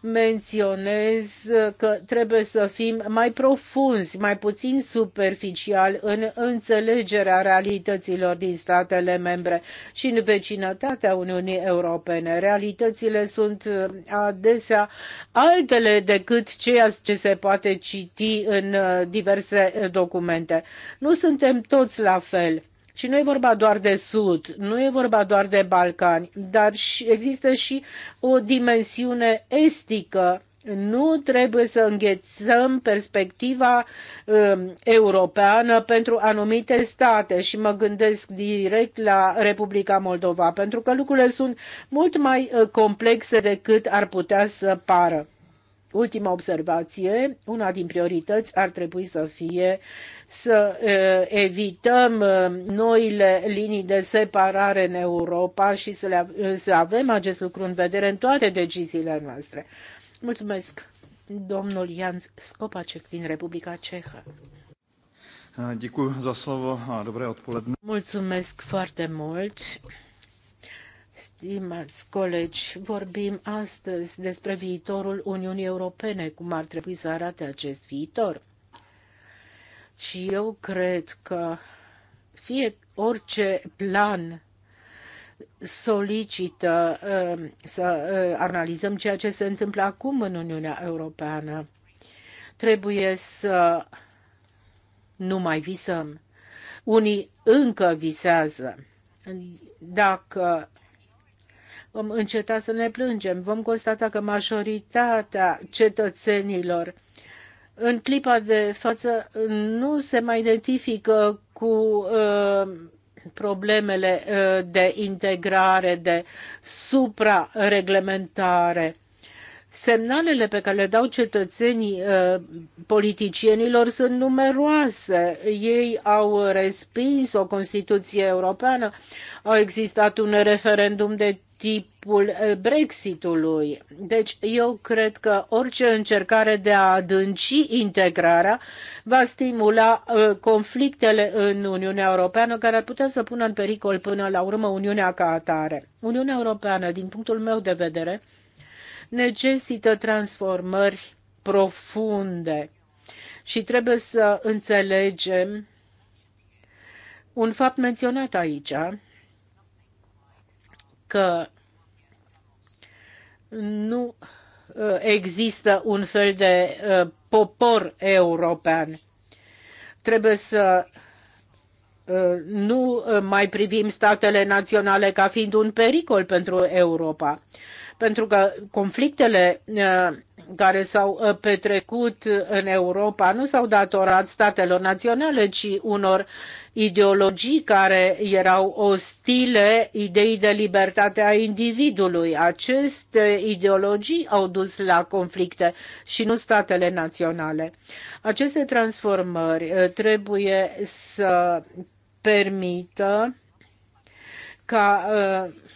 menționez că trebuie să fim mai profunzi, mai puțin superficial în înțelegerea realităților din statele membre și în vecinătatea Uniunii Europene. Realitățile sunt adesea altele decât ceea ce se poate citi în diverse documente. Nu suntem toți la fel și nu e vorba doar de Sud, nu e vorba doar de Balcani, dar și, există și o dimensiune estică. Nu trebuie să înghețăm perspectiva um, europeană pentru anumite state și mă gândesc direct la Republica Moldova, pentru că lucrurile sunt mult mai uh, complexe decât ar putea să pară ultima observație, una din priorități ar trebui să fie să evităm noile linii de separare în Europa și să, le, să avem acest lucru în vedere în toate deciziile noastre. Mulțumesc, domnul Jan Skopacek din Republica Cehă. Mulțumesc foarte mult stimați colegi, vorbim astăzi despre viitorul Uniunii Europene, cum ar trebui să arate acest viitor. Și eu cred că fie orice plan solicită uh, să uh, analizăm ceea ce se întâmplă acum în Uniunea Europeană. Trebuie să nu mai visăm. Unii încă visează. Dacă vom înceta să ne plângem. Vom constata că majoritatea cetățenilor în clipa de față nu se mai identifică cu uh, problemele uh, de integrare, de suprareglementare. Semnalele pe care le dau cetățenii uh, politicienilor sunt numeroase. Ei au respins o Constituție europeană, au existat un referendum de tipul eh, Brexitului. Deci eu cred că orice încercare de a adânci integrarea va stimula eh, conflictele în Uniunea Europeană care ar putea să pună în pericol până la urmă Uniunea ca atare. Uniunea Europeană, din punctul meu de vedere, necesită transformări profunde și trebuie să înțelegem un fapt menționat aici, că nu uh, există un fel de uh, popor european. Trebuie să uh, nu mai privim statele naționale ca fiind un pericol pentru Europa pentru că conflictele uh, care s-au uh, petrecut în Europa nu s-au datorat statelor naționale, ci unor ideologii care erau ostile ideii de libertate a individului. Aceste ideologii au dus la conflicte și nu statele naționale. Aceste transformări uh, trebuie să permită ca uh,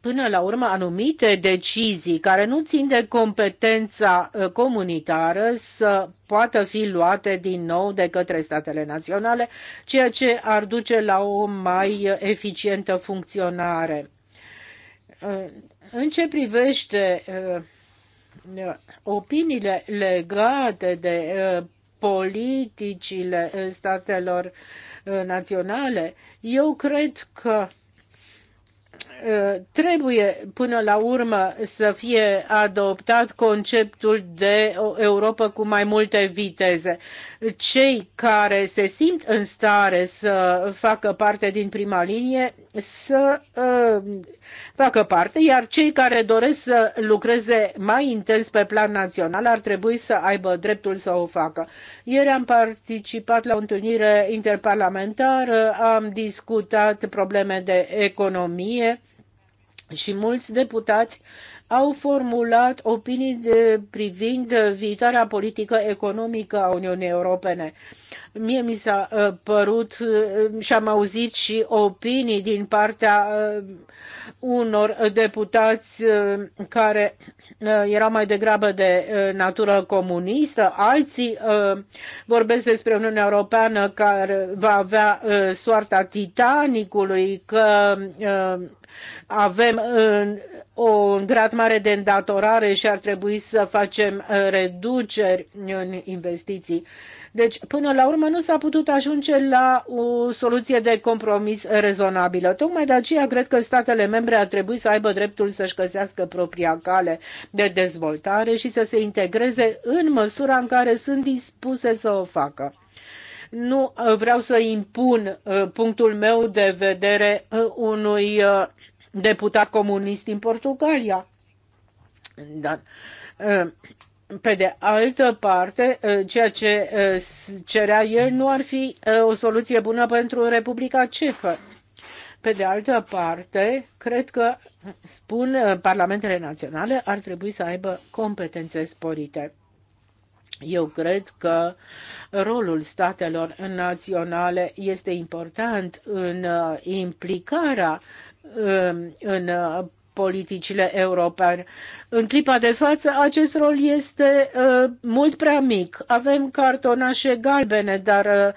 până la urmă anumite decizii care nu țin de competența uh, comunitară să poată fi luate din nou de către statele naționale, ceea ce ar duce la o mai eficientă funcționare. Uh, în ce privește uh, opiniile legate de politicile statelor naționale, eu cred că trebuie până la urmă să fie adoptat conceptul de o Europa cu mai multe viteze. Cei care se simt în stare să facă parte din prima linie să uh, facă parte, iar cei care doresc să lucreze mai intens pe plan național ar trebui să aibă dreptul să o facă. Ieri am participat la o întâlnire interparlamentară, am discutat probleme de economie și mulți deputați au formulat opinii de, privind viitoarea politică economică a Uniunii Europene. Mie mi s-a uh, părut uh, și am auzit și opinii din partea uh, unor deputați care erau mai degrabă de natură comunistă, alții vorbesc despre Uniunea Europeană care va avea soarta Titanicului, că avem un grad mare de îndatorare și ar trebui să facem uh, reduceri în investiții. Deci, până la urmă, nu s-a putut ajunge la o soluție de compromis rezonabilă. Tocmai de aceea cred că statele membre ar trebui să aibă dreptul să-și găsească propria cale de dezvoltare și să se integreze în măsura în care sunt dispuse să o facă. Nu uh, vreau să impun uh, punctul meu de vedere uh, unui deputat comunist din Portugalia. Dar pe de altă parte, ceea ce cerea el nu ar fi o soluție bună pentru Republica Cehă. Pe de altă parte, cred că, spun, parlamentele naționale ar trebui să aibă competențe sporite. Eu cred că rolul statelor naționale este important în uh, implicarea um, în uh, politicile europene. În clipa de față, acest rol este uh, mult prea mic. Avem cartonașe galbene, dar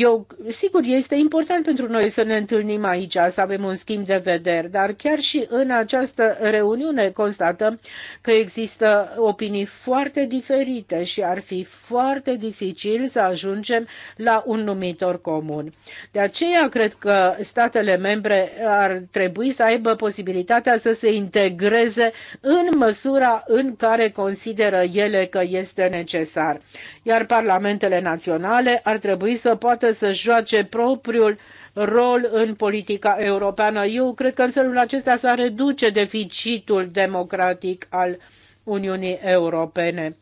eu, sigur, este important pentru noi să ne întâlnim aici, să avem un schimb de vederi, dar chiar și în această reuniune constatăm că există opinii foarte diferite și ar fi foarte dificil să ajungem la un numitor comun. De aceea cred că statele membre ar trebui să aibă posibilitatea să se integreze în măsura în care consideră ele că este necesar. Iar parlamentele naționale ar trebui să poată să joace propriul rol în politica europeană. Eu cred că în felul acesta s-ar reduce deficitul democratic al Uniunii Europene.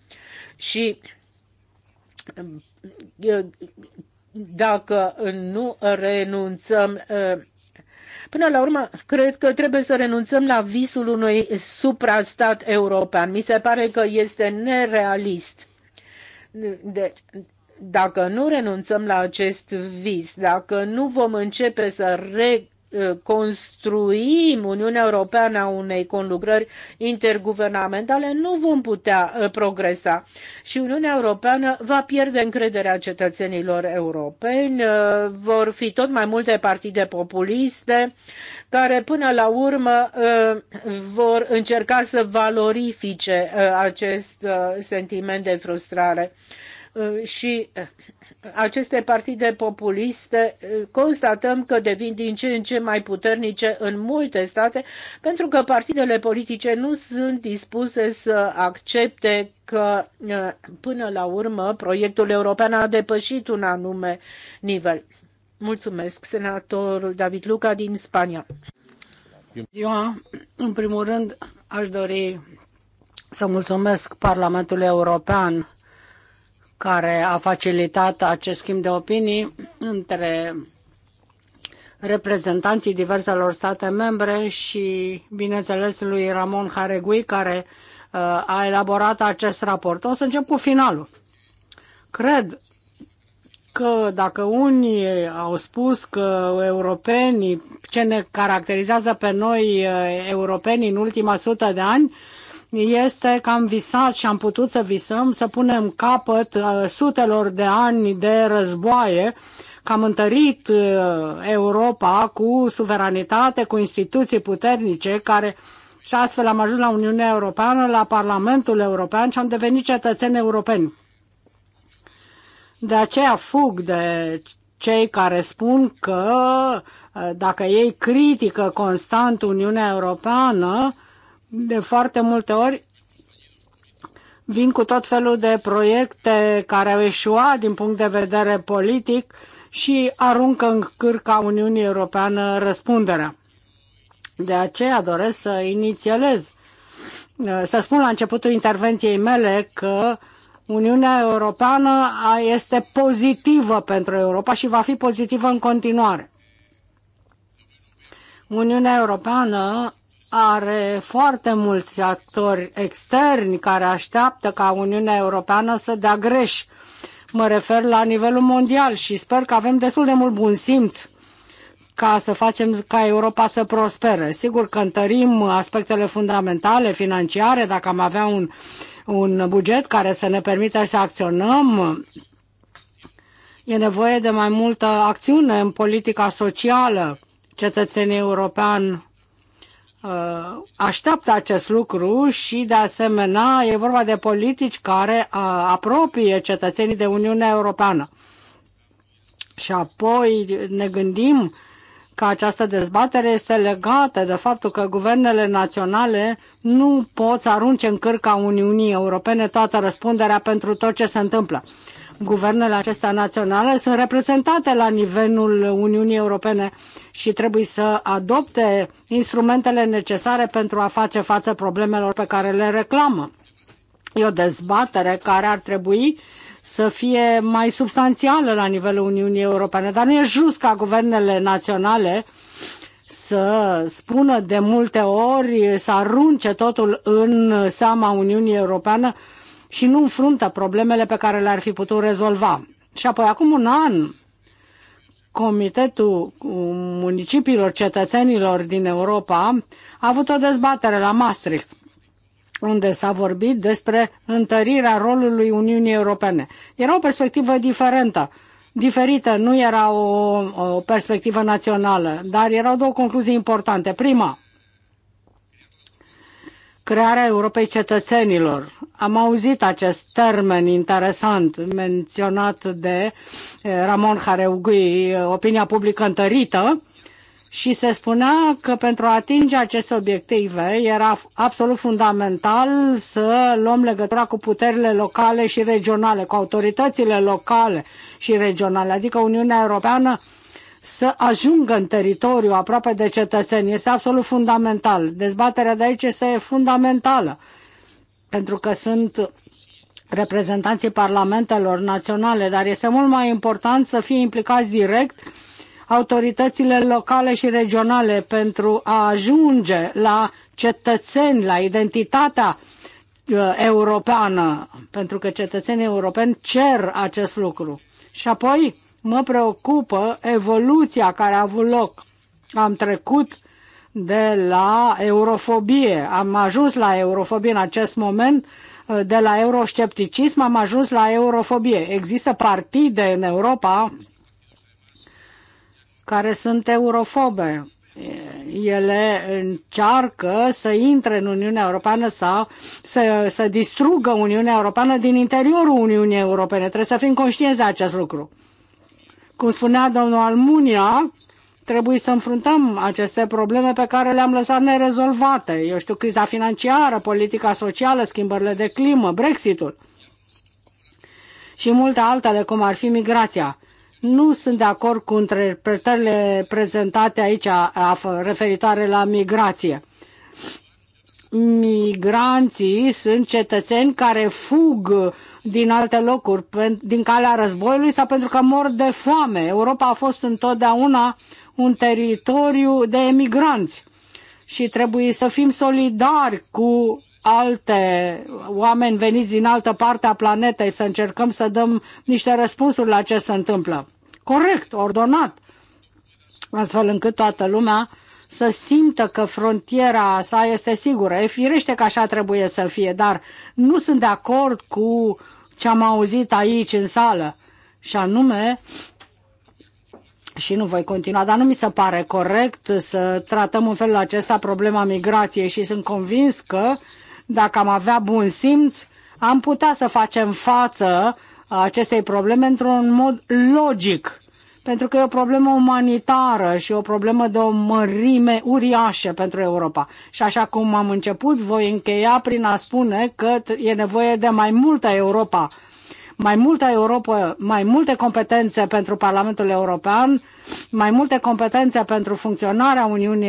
Și dacă nu renunțăm Până la urmă, cred că trebuie să renunțăm la visul unui suprastat european. Mi se pare că este nerealist. Deci, dacă nu renunțăm la acest vis, dacă nu vom începe să reconstruim Uniunea Europeană a unei conlucrări interguvernamentale, nu vom putea uh, progresa. Și Uniunea Europeană va pierde încrederea cetățenilor europeni, uh, vor fi tot mai multe partide populiste care până la urmă uh, vor încerca să valorifice acest sentiment de frustrare. Uh, și uh, aceste partide populiste uh, constatăm că devin din ce în ce mai puternice în multe state pentru că partidele politice nu sunt dispuse să accepte că până la urmă proiectul european a depășit un anume nivel. Mulțumesc, senatorul David Luca din Spania. Eu, în primul rând, aș dori să mulțumesc Parlamentului European care a facilitat acest schimb de opinii între reprezentanții diverselor state membre și, bineînțeles, lui Ramon Haregui, care uh, a elaborat acest raport. O să încep cu finalul. Cred că dacă unii au spus că europenii, ce ne caracterizează pe noi uh, europenii în ultima sută de ani, este că am visat și am putut să visăm să punem capăt uh, sutelor de ani de războaie, că am întărit uh, Europa cu suveranitate, cu instituții puternice care și astfel am ajuns la Uniunea Europeană, la Parlamentul European și am devenit cetățeni europeni. De aceea fug de cei care spun că uh, dacă ei critică constant Uniunea Europeană, de foarte multe ori vin cu tot felul de proiecte care au eșuat din punct de vedere politic și aruncă în cârca Uniunii Europeană răspunderea. De aceea doresc să inițiez să spun la începutul intervenției mele că Uniunea Europeană este pozitivă pentru Europa și va fi pozitivă în continuare. Uniunea Europeană are foarte mulți actori externi care așteaptă ca Uniunea Europeană să dea greș. Mă refer la nivelul mondial și sper că avem destul de mult bun simț ca să facem ca Europa să prospere. Sigur că întărim aspectele fundamentale, financiare, dacă am avea un, un buget care să ne permite să acționăm. E nevoie de mai multă acțiune în politica socială. Cetățenii europeni Uh, așteaptă acest lucru și, de asemenea, e vorba de politici care uh, apropie cetățenii de Uniunea Europeană. Și apoi ne gândim că această dezbatere este legată de faptul că guvernele naționale nu pot să arunce în cârca Uniunii Europene toată răspunderea pentru tot ce se întâmplă guvernele acestea naționale sunt reprezentate la nivelul Uniunii Europene și trebuie să adopte instrumentele necesare pentru a face față problemelor pe care le reclamă. E o dezbatere care ar trebui să fie mai substanțială la nivelul Uniunii Europene, dar nu e just ca guvernele naționale să spună de multe ori, să arunce totul în seama Uniunii Europene și nu înfruntă problemele pe care le-ar fi putut rezolva. Și apoi, acum un an, Comitetul Municipiilor Cetățenilor din Europa a avut o dezbatere la Maastricht, unde s-a vorbit despre întărirea rolului Uniunii Europene. Era o perspectivă diferentă, diferită, nu era o, o perspectivă națională, dar erau două concluzii importante. Prima, crearea Europei cetățenilor. Am auzit acest termen interesant menționat de eh, Ramon Hareugui, eh, opinia publică întărită, și se spunea că pentru a atinge aceste obiective era absolut fundamental să luăm legătura cu puterile locale și regionale, cu autoritățile locale și regionale, adică Uniunea Europeană să ajungă în teritoriu aproape de cetățeni. Este absolut fundamental. Dezbaterea de aici este fundamentală, pentru că sunt reprezentanții parlamentelor naționale, dar este mult mai important să fie implicați direct autoritățile locale și regionale pentru a ajunge la cetățeni, la identitatea uh, europeană, pentru că cetățenii europeni cer acest lucru. Și apoi mă preocupă evoluția care a avut loc. Am trecut de la eurofobie, am ajuns la eurofobie în acest moment, de la euroscepticism am ajuns la eurofobie. Există partide în Europa care sunt eurofobe. Ele încearcă să intre în Uniunea Europeană sau să, să distrugă Uniunea Europeană din interiorul Uniunii Europene. Trebuie să fim conștienți de acest lucru. Cum spunea domnul Almunia, trebuie să înfruntăm aceste probleme pe care le-am lăsat nerezolvate. Eu știu, criza financiară, politica socială, schimbările de climă, Brexitul și multe altele, cum ar fi migrația. Nu sunt de acord cu interpretările prezentate aici referitoare la migrație. Migranții sunt cetățeni care fug din alte locuri, din calea războiului sau pentru că mor de foame. Europa a fost întotdeauna un teritoriu de emigranți și trebuie să fim solidari cu alte oameni veniți din altă parte a planetei, să încercăm să dăm niște răspunsuri la ce se întâmplă. Corect, ordonat, astfel încât toată lumea să simtă că frontiera sa este sigură. E firește că așa trebuie să fie, dar nu sunt de acord cu ce am auzit aici în sală. Și anume, și nu voi continua, dar nu mi se pare corect să tratăm în felul acesta problema migrației și sunt convins că dacă am avea bun simț, am putea să facem față acestei probleme într-un mod logic pentru că e o problemă umanitară și o problemă de o mărime uriașă pentru Europa. Și așa cum am început, voi încheia prin a spune că e nevoie de mai multă Europa mai multă Europa, mai multe competențe pentru Parlamentul European, mai multe competențe pentru funcționarea Uniunii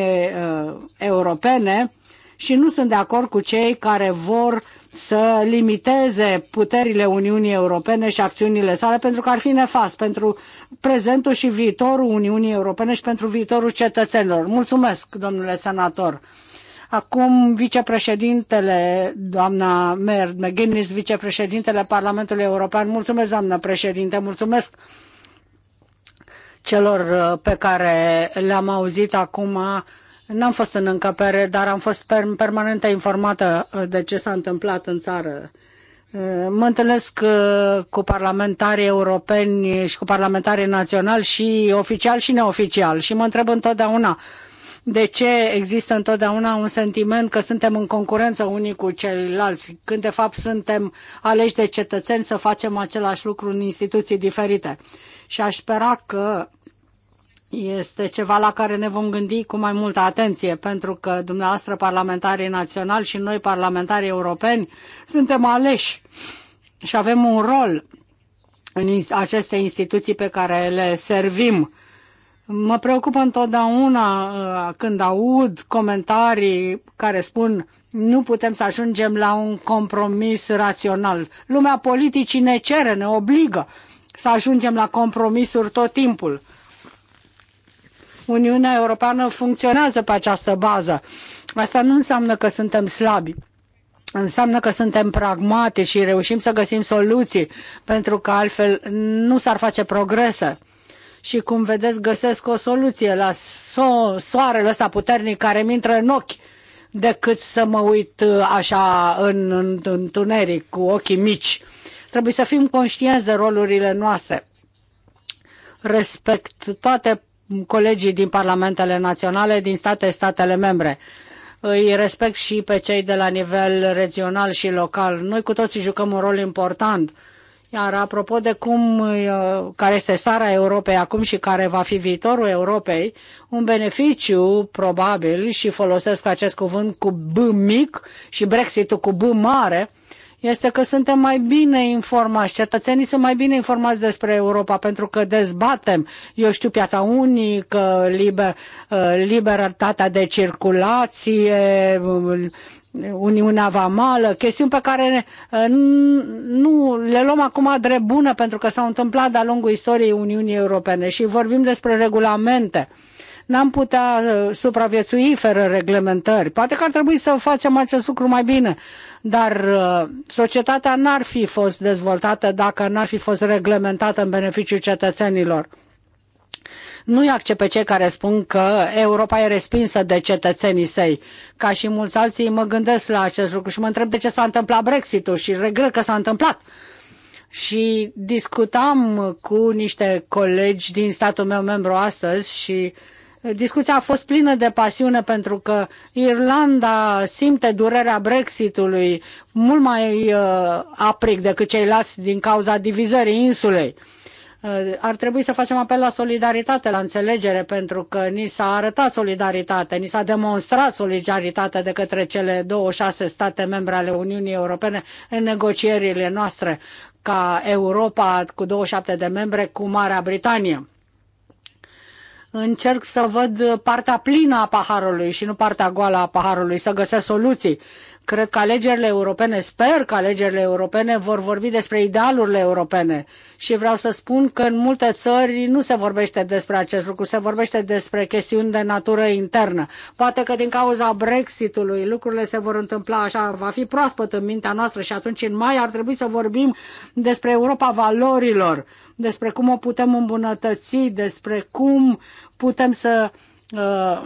uh, Europene și nu sunt de acord cu cei care vor să limiteze puterile Uniunii Europene și acțiunile sale pentru că ar fi nefast pentru prezentul și viitorul Uniunii Europene și pentru viitorul cetățenilor. Mulțumesc, domnule senator. Acum vicepreședintele, doamna Mer McGuinness, vicepreședintele Parlamentului European. Mulțumesc, doamnă președinte, mulțumesc celor uh, pe care le-am auzit acum N-am fost în încăpere, dar am fost permanent informată uh, de ce s-a întâmplat în țară. Uh, mă întâlnesc uh, cu parlamentarii europeni și cu parlamentarii naționali și oficial și neoficial și mă întreb întotdeauna de ce există întotdeauna un sentiment că suntem în concurență unii cu ceilalți, când de fapt suntem aleși de cetățeni să facem același lucru în instituții diferite. Și aș spera că este ceva la care ne vom gândi cu mai multă atenție, pentru că dumneavoastră parlamentarii naționali și noi parlamentarii europeni suntem aleși și avem un rol în aceste instituții pe care le servim. Mă preocupă întotdeauna uh, când aud comentarii care spun nu putem să ajungem la un compromis rațional. Lumea politicii ne cere, ne obligă să ajungem la compromisuri tot timpul. Uniunea Europeană funcționează pe această bază. Asta nu înseamnă că suntem slabi înseamnă că suntem pragmatici și reușim să găsim soluții, pentru că altfel nu s-ar face progrese. Și cum vedeți, găsesc o soluție la so- soarele ăsta puternic care mi intră în ochi, decât să mă uit uh, așa în, în, în tuneric, cu ochii mici. Trebuie să fim conștienți de rolurile noastre. Respect toate colegii din parlamentele naționale, din state, statele membre. Îi respect și pe cei de la nivel regional și local. Noi cu toții jucăm un rol important. Iar apropo de cum, uh, care este starea Europei acum și care va fi viitorul Europei, un beneficiu probabil, și folosesc acest cuvânt cu B mic și brexit cu B mare, este că suntem mai bine informați, cetățenii sunt mai bine informați despre Europa, pentru că dezbatem, eu știu, piața unică, liber, uh, libertatea de circulație, uh, Uniunea Vamală, chestiuni pe care uh, nu le luăm acum drept bună pentru că s-au întâmplat de-a lungul istoriei Uniunii Europene și vorbim despre regulamente n-am putea uh, supraviețui fără reglementări. Poate că ar trebui să facem acest lucru mai bine, dar uh, societatea n-ar fi fost dezvoltată dacă n-ar fi fost reglementată în beneficiul cetățenilor. Nu-i accept pe cei care spun că Europa e respinsă de cetățenii săi. Ca și mulți alții mă gândesc la acest lucru și mă întreb de ce s-a întâmplat Brexit-ul și regret că s-a întâmplat și discutam cu niște colegi din statul meu membru astăzi și Discuția a fost plină de pasiune pentru că Irlanda simte durerea Brexitului mult mai uh, apric decât ceilalți din cauza divizării insulei uh, ar trebui să facem apel la solidaritate, la înțelegere, pentru că ni s-a arătat solidaritate, ni s-a demonstrat solidaritate de către cele 26 state membre ale Uniunii Europene în negocierile noastre ca Europa cu 27 de membre cu Marea Britanie încerc să văd partea plină a paharului și nu partea goală a paharului, să găsesc soluții. Cred că alegerile europene, sper că alegerile europene vor vorbi despre idealurile europene și vreau să spun că în multe țări nu se vorbește despre acest lucru, se vorbește despre chestiuni de natură internă. Poate că din cauza Brexitului lucrurile se vor întâmpla așa, va fi proaspăt în mintea noastră și atunci în mai ar trebui să vorbim despre Europa valorilor, despre cum o putem îmbunătăți, despre cum putem să uh,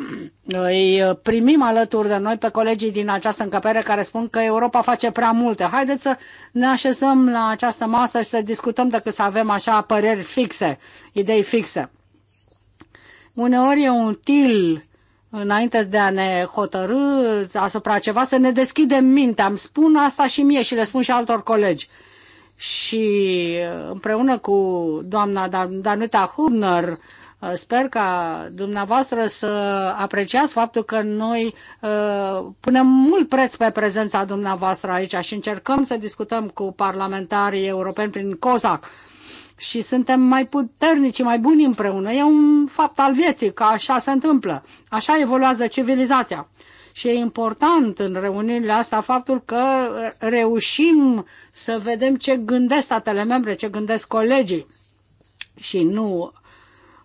îi primim alături de noi pe colegii din această încăpere care spun că Europa face prea multe. Haideți să ne așezăm la această masă și să discutăm decât să avem așa păreri fixe, idei fixe. Uneori e util înainte de a ne hotărâ asupra ceva, să ne deschidem mintea. Îmi spun asta și mie și le spun și altor colegi. Uh, și uh, împreună cu doamna Danuta Hubner, uh, sper ca dumneavoastră să apreciați faptul că noi uh, punem mult preț pe prezența dumneavoastră aici și încercăm să discutăm cu parlamentarii europeni prin COSAC și suntem mai puternici și mai buni împreună. E un fapt al vieții, că așa se întâmplă. Așa evoluează civilizația și e important în reuniunile astea faptul că reușim să vedem ce gândesc statele membre, ce gândesc colegii și nu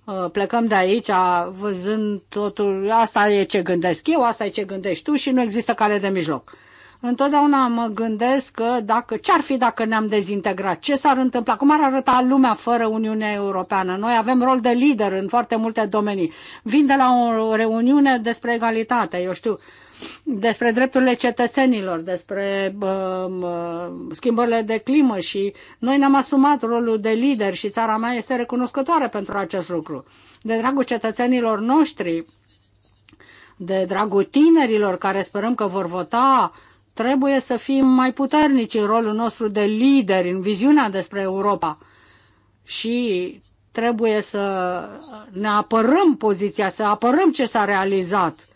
uh, plecăm de aici văzând totul, asta e ce gândesc eu, asta e ce gândești tu și nu există cale de mijloc. Întotdeauna mă gândesc că dacă, ce-ar fi dacă ne-am dezintegrat, ce s-ar întâmpla, cum ar arăta lumea fără Uniunea Europeană. Noi avem rol de lider în foarte multe domenii. Vin de la o reuniune despre egalitate, eu știu, despre drepturile cetățenilor, despre um, uh, schimbările de climă și noi ne-am asumat rolul de lider și țara mea este recunoscătoare pentru acest lucru. De dragul cetățenilor noștri, de dragul tinerilor care sperăm că vor vota, trebuie să fim mai puternici în rolul nostru de lideri, în viziunea despre Europa. Și trebuie să ne apărăm poziția, să apărăm ce s-a realizat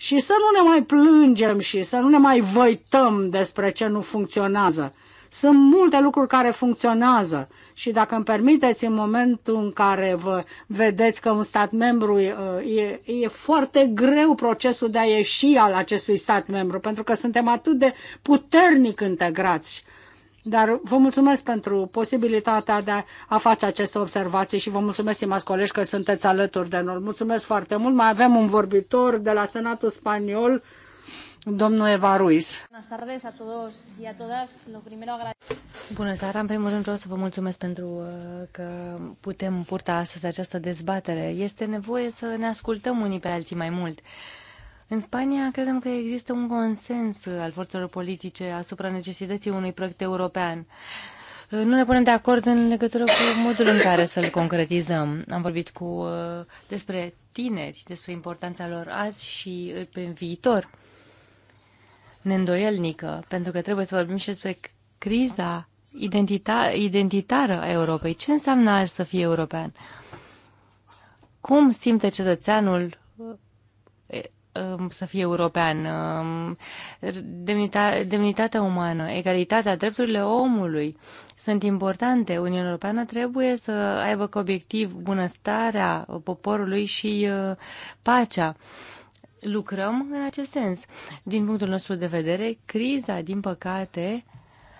și să nu ne mai plângem și să nu ne mai văităm despre ce nu funcționează. Sunt multe lucruri care funcționează și dacă îmi permiteți, în momentul în care vă vedeți că un stat membru uh, e, e foarte greu procesul de a ieși al acestui stat membru, pentru că suntem atât de puternic integrați dar vă mulțumesc pentru posibilitatea de a face aceste observații și vă mulțumesc, stimați colegi, că sunteți alături de noi. Mulțumesc foarte mult. Mai avem un vorbitor de la Senatul Spaniol, domnul Eva Ruiz. Bună seara, în primul rând vreau să vă mulțumesc pentru uh, că putem purta astăzi această dezbatere. Este nevoie să ne ascultăm unii pe alții mai mult. În Spania credem că există un consens al forțelor politice asupra necesității unui proiect european. Nu ne punem de acord în legătură cu modul în care să-l concretizăm. Am vorbit cu uh, despre tineri, despre importanța lor azi și uh, pe viitor. Neîndoielnică, pentru că trebuie să vorbim și despre criza identita- identitară a Europei. Ce înseamnă azi să fie european? Cum simte cetățeanul uh, Um, să fie european, um, demnita, demnitatea umană, egalitatea, drepturile omului sunt importante. Uniunea Europeană trebuie să aibă ca obiectiv bunăstarea poporului și uh, pacea. Lucrăm în acest sens. Din punctul nostru de vedere, criza, din păcate,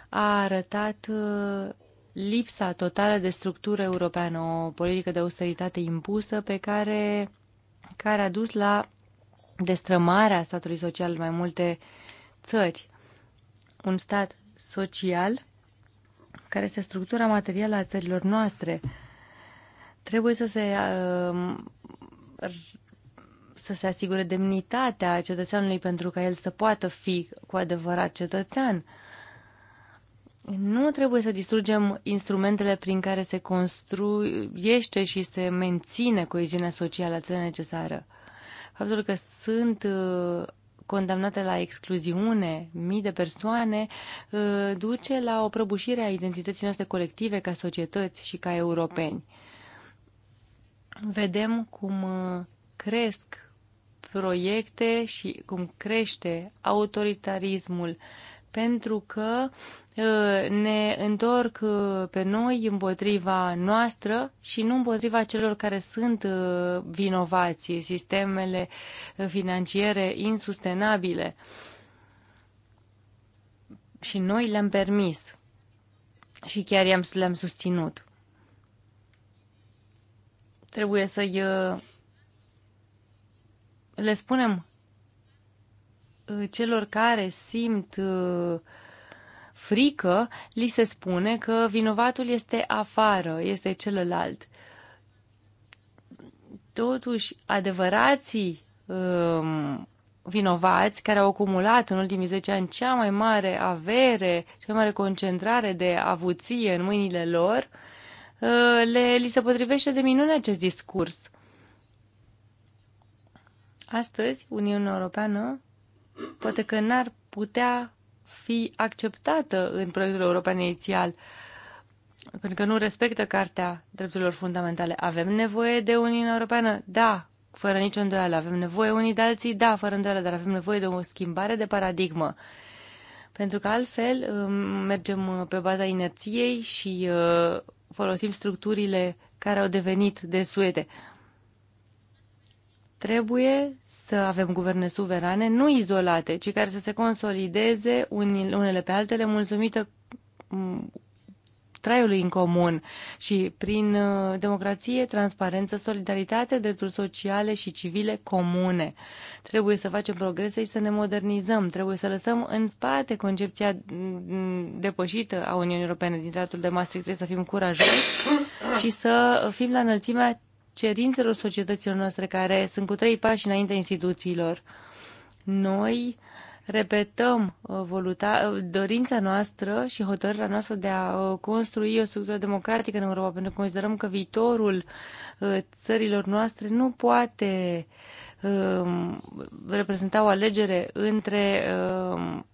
a arătat uh, lipsa totală de structură europeană, o politică de austeritate impusă pe care, care a dus la destrămarea statului social în mai multe țări. Un stat social care este structura materială a țărilor noastre. Trebuie să se, um, să se asigure demnitatea cetățeanului pentru ca el să poată fi cu adevărat cetățean. Nu trebuie să distrugem instrumentele prin care se construiește și se menține coeziunea socială atât necesară faptul că sunt uh, condamnate la excluziune mii de persoane uh, duce la o prăbușire a identității noastre colective ca societăți și ca europeni. Vedem cum uh, cresc proiecte și cum crește autoritarismul, pentru că uh, ne întorc uh, pe noi împotriva noastră și nu împotriva celor care sunt uh, vinovați, sistemele financiare insustenabile. Și noi le-am permis și chiar le-am, le susținut. Trebuie să-i le spunem Uh, celor care simt uh, frică, li se spune că vinovatul este afară, este celălalt. Totuși, adevărații um, vinovați care au acumulat în ultimii 10 ani cea mai mare avere, cea mai mare concentrare de avuție în mâinile lor, uh, le, li se potrivește de minune acest discurs. Astăzi, Uniunea Europeană poate că n-ar putea fi acceptată în proiectul european inițial, pentru că nu respectă Cartea Drepturilor Fundamentale. Avem nevoie de Uniunea Europeană? Da, fără nicio îndoială. Avem nevoie unii de alții? Da, fără îndoială, dar avem nevoie de o schimbare de paradigmă. Pentru că altfel um, mergem uh, pe baza inerției și uh, folosim structurile care au devenit de suede. Trebuie să avem guverne suverane, nu izolate, ci care să se consolideze unele pe altele, mulțumită mm, traiului în comun și prin uh, democrație, transparență, solidaritate, drepturi sociale și civile comune. Trebuie să facem progrese și să ne modernizăm. Trebuie să lăsăm în spate concepția mm, depășită a Uniunii Europene din tratul de Maastricht. Trebuie să fim curajoși și să fim la înălțimea cerințelor societăților noastre care sunt cu trei pași înaintea instituțiilor. Noi repetăm uh, voluta, uh, dorința noastră și hotărârea noastră de a uh, construi o structură democratică în Europa, pentru că considerăm că viitorul țărilor noastre nu poate um, reprezenta o alegere între um,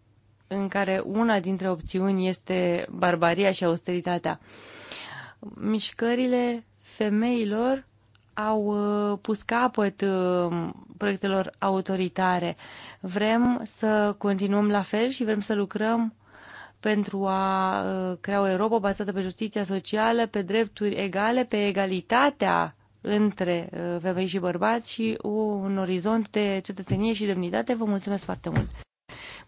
în care una dintre opțiuni este barbaria și austeritatea. Mișcările femeilor au uh, pus capăt uh, proiectelor autoritare. Vrem să continuăm la fel și vrem să lucrăm pentru a uh, crea o Europa bazată pe justiția socială, pe drepturi egale, pe egalitatea între femei și bărbați și un orizont de cetățenie și demnitate. Vă mulțumesc foarte mult!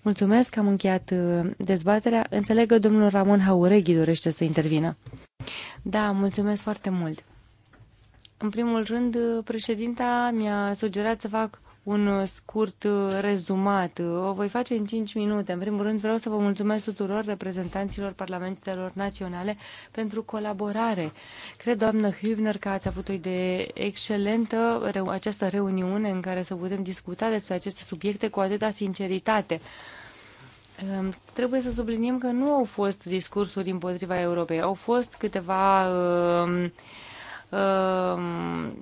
Mulțumesc că am încheiat dezbaterea. Înțeleg că domnul Ramon Haureghi dorește să intervină. Da, mulțumesc foarte mult! În primul rând, președinta mi-a sugerat să fac un scurt rezumat. O voi face în 5 minute. În primul rând vreau să vă mulțumesc tuturor reprezentanților parlamentelor naționale pentru colaborare. Cred, doamnă Hübner, că ați avut o idee excelentă această reuniune în care să putem discuta despre aceste subiecte cu atâta sinceritate. Ehm, trebuie să subliniem că nu au fost discursuri împotriva Europei, au fost câteva uh, Um,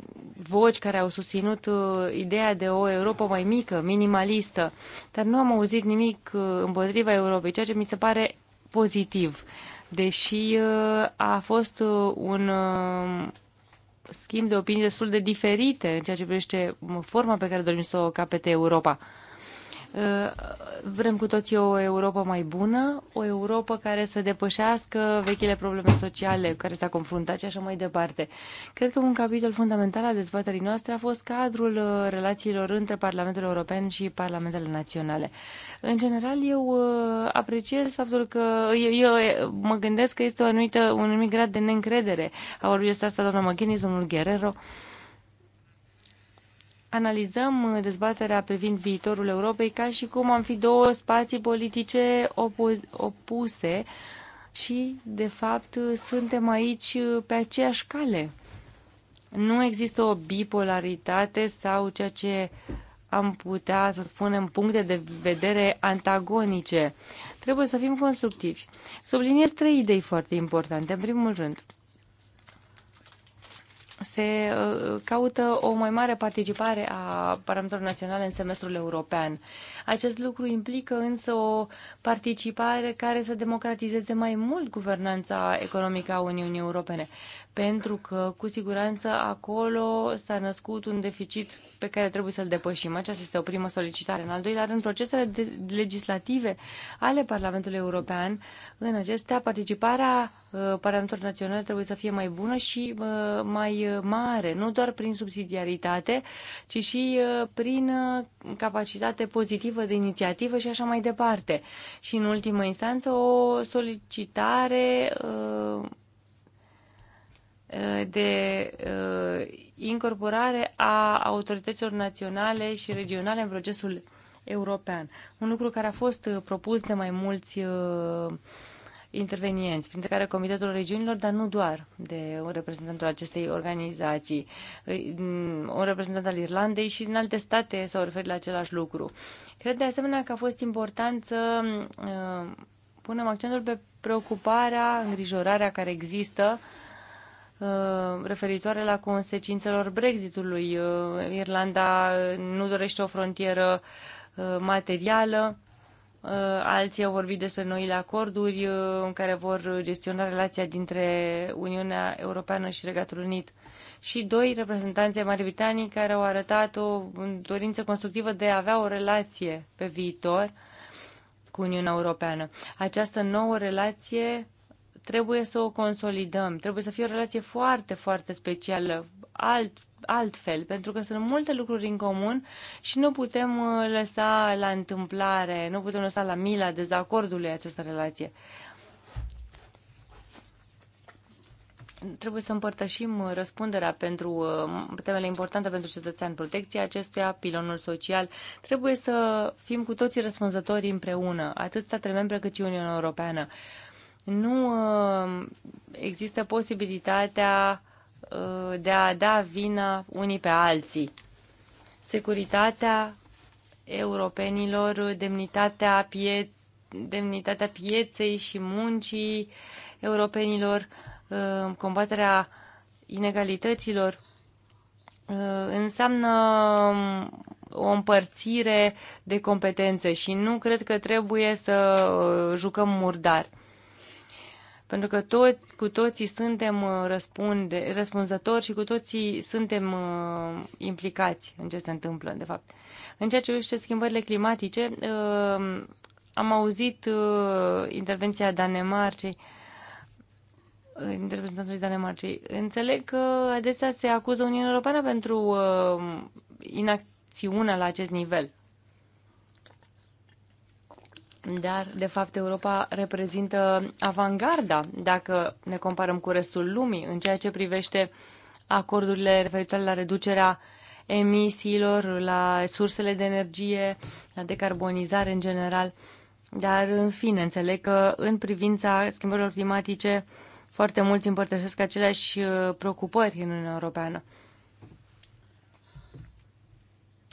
voci care au susținut uh, ideea de o Europa mai mică, minimalistă, dar nu am auzit nimic uh, împotriva Europei, ceea ce mi se pare pozitiv, deși uh, a fost un um, schimb de opinii destul de diferite în ceea ce privește forma pe care dorim să o capete Europa. Uh, vrem cu toții o Europa mai bună, o Europa care să depășească vechile probleme sociale care s-a confruntat și așa mai departe. Cred că un capitol fundamental al dezbaterii noastre a fost cadrul uh, relațiilor între Parlamentul European și Parlamentele Naționale. În general, eu uh, apreciez faptul că eu, eu mă gândesc că este o anumită, un anumit grad de neîncredere. A vorbit asta doamna McKinney, domnul Guerrero analizăm uh, dezbaterea privind viitorul Europei ca și cum am fi două spații politice opuse și, de fapt, uh, suntem aici uh, pe aceeași cale. Nu există o bipolaritate sau ceea ce am putea să spunem puncte de vedere antagonice. Trebuie să fim constructivi. Subliniez trei idei foarte importante. În primul rând, se uh, caută o mai mare participare a parametrilor naționale în semestrul european. Acest lucru implică însă o participare care să democratizeze mai mult guvernanța economică a Uniunii Europene, pentru că cu siguranță acolo s-a născut un deficit pe care trebuie să-l depășim. Aceasta este o primă solicitare. În al doilea rând, procesele legislative ale Parlamentului European, în acestea participarea Uh, parlamentul național trebuie să fie mai bună și uh, mai uh, mare, nu doar prin subsidiaritate, ci și prin capacitate pozitivă de inițiativă și așa mai departe. Și în ultimă instanță o solicitare de incorporare a autorităților naționale și regionale în procesul european. Un lucru care a fost propus de mai mulți uh, intervenienți, printre care Comitetul Regiunilor, dar nu doar de un reprezentant al acestei organizații, un reprezentant al Irlandei și din alte state s-au referit la același lucru. Cred de asemenea că a fost important să uh, punem accentul pe preocuparea, îngrijorarea care există uh, referitoare la consecințelor Brexitului. Uh, Irlanda nu dorește o frontieră materială Uh, alții au vorbit despre noile acorduri uh, în care vor gestiona relația dintre Uniunea Europeană și Regatul Unit. Și doi reprezentanți ai Marii Britanii care au arătat o dorință constructivă de a avea o relație pe viitor cu Uniunea Europeană. Această nouă relație trebuie să o consolidăm, trebuie să fie o relație foarte, foarte specială, alt, altfel, pentru că sunt multe lucruri în comun și nu putem uh, lăsa la întâmplare, nu putem lăsa la mila dezacordului această relație. Trebuie să împărtășim uh, răspunderea pentru uh, temele importante pentru cetățean, protecția acestuia, pilonul social. Trebuie să fim cu toții răspunzători împreună, atât statele membre cât și Uniunea Europeană. Nu există posibilitatea uh, Uh, de a da vina unii pe alții. Securitatea europenilor, demnitatea, pieț, demnitatea pieței și muncii europenilor, uh, combaterea inegalităților uh, înseamnă um, o împărțire de competențe și nu cred că trebuie să jucăm murdar pentru că toți, cu toții suntem uh, răspunde, răspunzători și cu toții suntem uh, implicați în ce se întâmplă, de fapt. În ceea ce privește schimbările climatice, uh, am auzit uh, intervenția Danemarcei, uh, reprezentantului Danemarcei. Înțeleg că adesea se acuză Uniunea Europeană pentru uh, inacțiunea la acest nivel. Dar, de fapt, Europa reprezintă avangarda dacă ne comparăm cu restul lumii în ceea ce privește acordurile referitoare la reducerea emisiilor, la sursele de energie, la decarbonizare în general. Dar, în fine, înțeleg că în privința schimbărilor climatice foarte mulți împărtășesc aceleași uh, preocupări în Uniunea Europeană.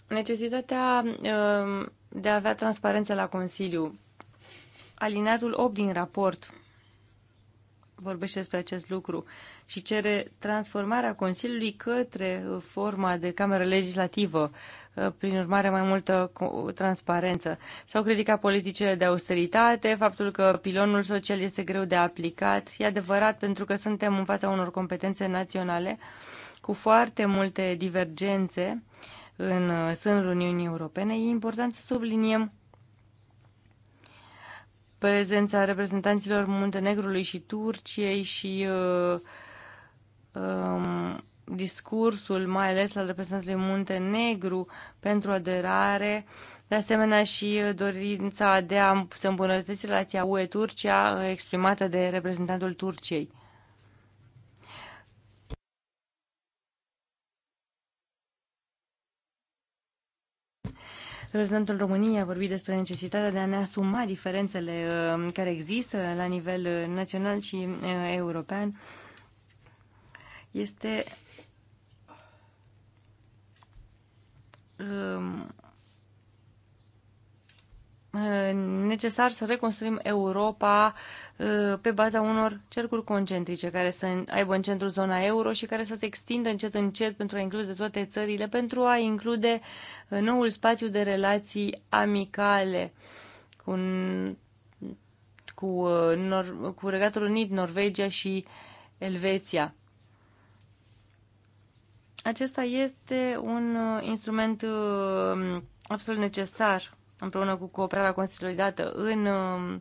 Necesitatea uh, de a avea transparență la Consiliu. Alineatul 8 din raport vorbește despre acest lucru și cere transformarea Consiliului către forma de cameră legislativă, uh, prin urmare mai multă transparență. S-au criticat politicile de austeritate, faptul că pilonul social este greu de aplicat. E adevărat pentru că suntem în fața unor competențe naționale cu foarte multe divergențe uh, în uh, sânul Uniunii Europene, e important să subliniem prezența reprezentanților Muntenegrului și Turciei și uh, um, discursul, mai ales al reprezentantului Muntenegru pentru aderare, de asemenea și uh, dorința de a se îmbunătăți relația UE-Turcia uh, exprimată de reprezentantul Turciei. Reprezentantul României a vorbit despre necesitatea de a ne asuma diferențele uh, care există la nivel uh, național și uh, european. Este um, Uh, necesar să reconstruim Europa uh, pe baza unor cercuri concentrice care să aibă în centru zona euro și care să se extindă încet încet pentru a include toate țările, pentru a include uh, noul spațiu de relații amicale cu, cu, cu Regatul Unit, Norvegia și Elveția. Acesta este un instrument absolut necesar împreună cu cooperarea consolidată în um,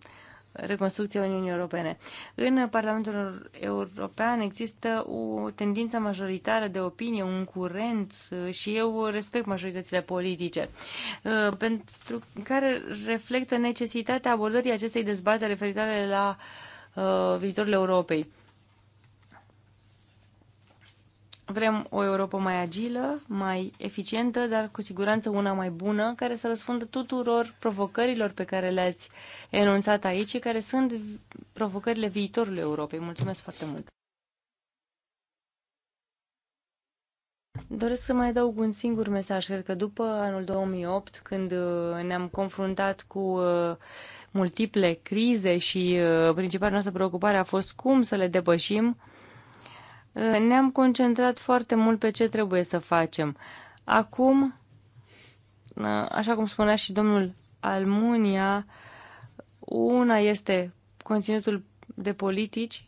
reconstrucția Uniunii Europene. În Parlamentul European există o tendință majoritară de opinie, un curent uh, și eu respect majoritățile politice, uh, pentru care reflectă necesitatea abordării acestei dezbateri referitoare la uh, viitorul Europei. Vrem o Europa mai agilă, mai eficientă, dar cu siguranță una mai bună, care să răspundă tuturor provocărilor pe care le-ați enunțat aici care sunt provocările viitorului Europei. Mulțumesc foarte mult! Doresc să mai adaug un singur mesaj. Cred că după anul 2008, când uh, ne-am confruntat cu uh, multiple crize și uh, principala noastră preocupare a fost cum să le depășim, Eh, ne-am concentrat foarte mult pe ce trebuie să facem. Acum, eh, așa cum spunea și domnul Almunia, una este conținutul de politici,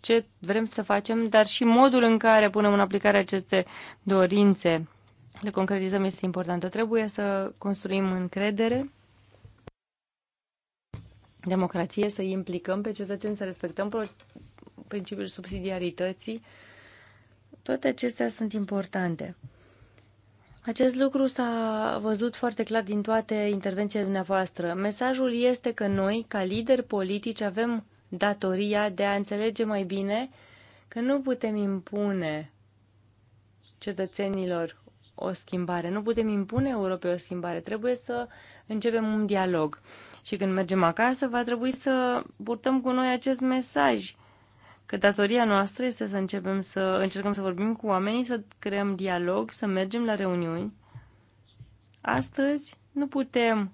ce vrem să facem, dar și modul în care punem în aplicare aceste dorințe, le concretizăm, este importantă. Trebuie să construim încredere, democrație, să implicăm pe cetățeni, să respectăm principiul subsidiarității, toate acestea sunt importante. Acest lucru s-a văzut foarte clar din toate intervențiile dumneavoastră. Mesajul este că noi, ca lideri politici, avem datoria de a înțelege mai bine că nu putem impune cetățenilor o schimbare, nu putem impune Europei o schimbare, trebuie să începem un dialog. Și când mergem acasă, va trebui să purtăm cu noi acest mesaj că datoria noastră este să începem să încercăm să vorbim cu oamenii, să creăm dialog, să mergem la reuniuni. Astăzi nu putem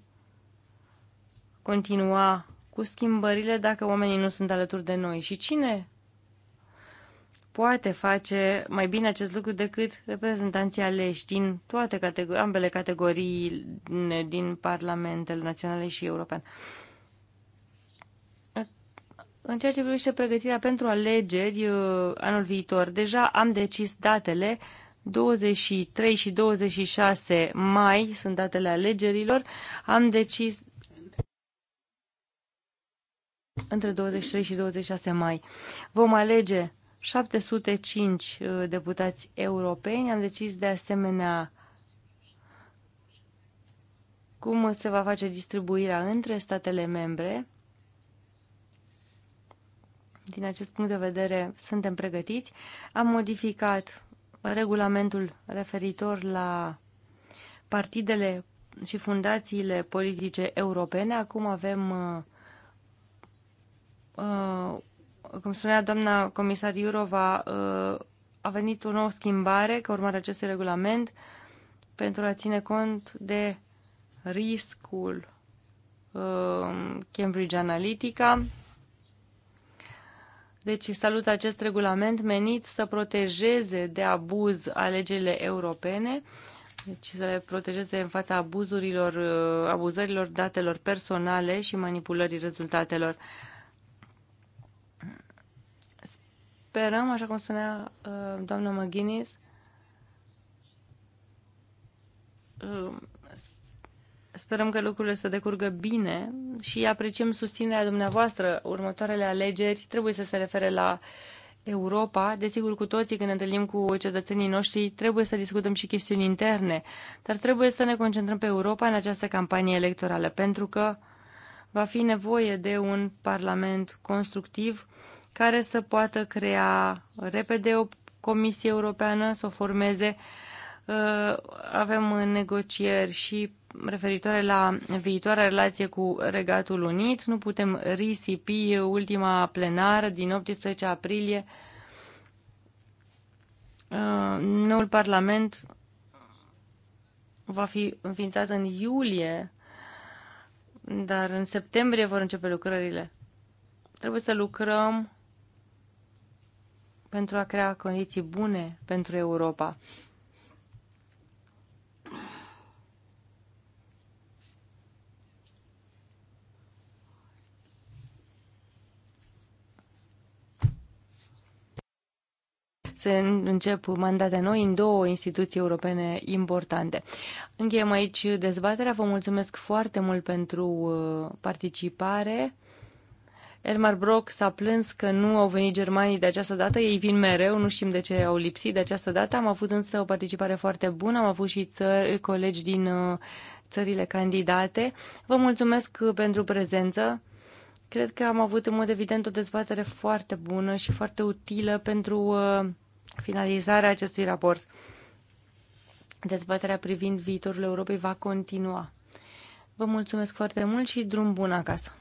continua cu schimbările dacă oamenii nu sunt alături de noi. Și cine poate face mai bine acest lucru decât reprezentanții aleși din toate categori- ambele categorii din parlamentele naționale și european. În ceea ce privește pregătirea pentru alegeri uh, anul viitor, deja am decis datele. 23 și 26 mai sunt datele alegerilor. Am decis între 23 și 26 mai. Vom alege 705 uh, deputați europeni. Am decis de asemenea cum se va face distribuirea între statele membre din acest punct de vedere suntem pregătiți. Am modificat regulamentul referitor la partidele și fundațiile politice europene. Acum avem, uh, uh, cum spunea doamna comisar Iurova, uh, a venit o nouă schimbare ca urmare acestui regulament pentru a ține cont de riscul Cambridge Analytica deci salut acest regulament menit să protejeze de abuz alegerile europene, deci să le protejeze în fața abuzurilor, uh, abuzărilor datelor personale și manipulării rezultatelor. Sperăm, așa cum spunea uh, doamna McGuinness, uh, Sperăm că lucrurile să decurgă bine și apreciem susținerea dumneavoastră. Următoarele alegeri trebuie să se refere la Europa. Desigur, cu toții când ne întâlnim cu cetățenii noștri, trebuie să discutăm și chestiuni interne, dar trebuie să ne concentrăm pe Europa în această campanie electorală, pentru că va fi nevoie de un Parlament constructiv care să poată crea repede o Comisie Europeană, să o formeze. Avem negocieri și referitoare la viitoarea relație cu Regatul Unit. Nu putem risipi ultima plenară din 18 aprilie. Uh, noul Parlament va fi înființat în iulie, dar în septembrie vor începe lucrările. Trebuie să lucrăm pentru a crea condiții bune pentru Europa. se încep mandate noi în două instituții europene importante. Încheiem aici dezbaterea. Vă mulțumesc foarte mult pentru uh, participare. Elmar Brock s-a plâns că nu au venit germanii de această dată, ei vin mereu, nu știm de ce au lipsit de această dată. Am avut însă o participare foarte bună, am avut și țări, colegi din uh, țările candidate. Vă mulțumesc uh, pentru prezență. Cred că am avut în mod evident o dezbatere foarte bună și foarte utilă pentru finalizarea acestui raport. Dezbaterea privind viitorul Europei va continua. Vă mulțumesc foarte mult și drum bun acasă!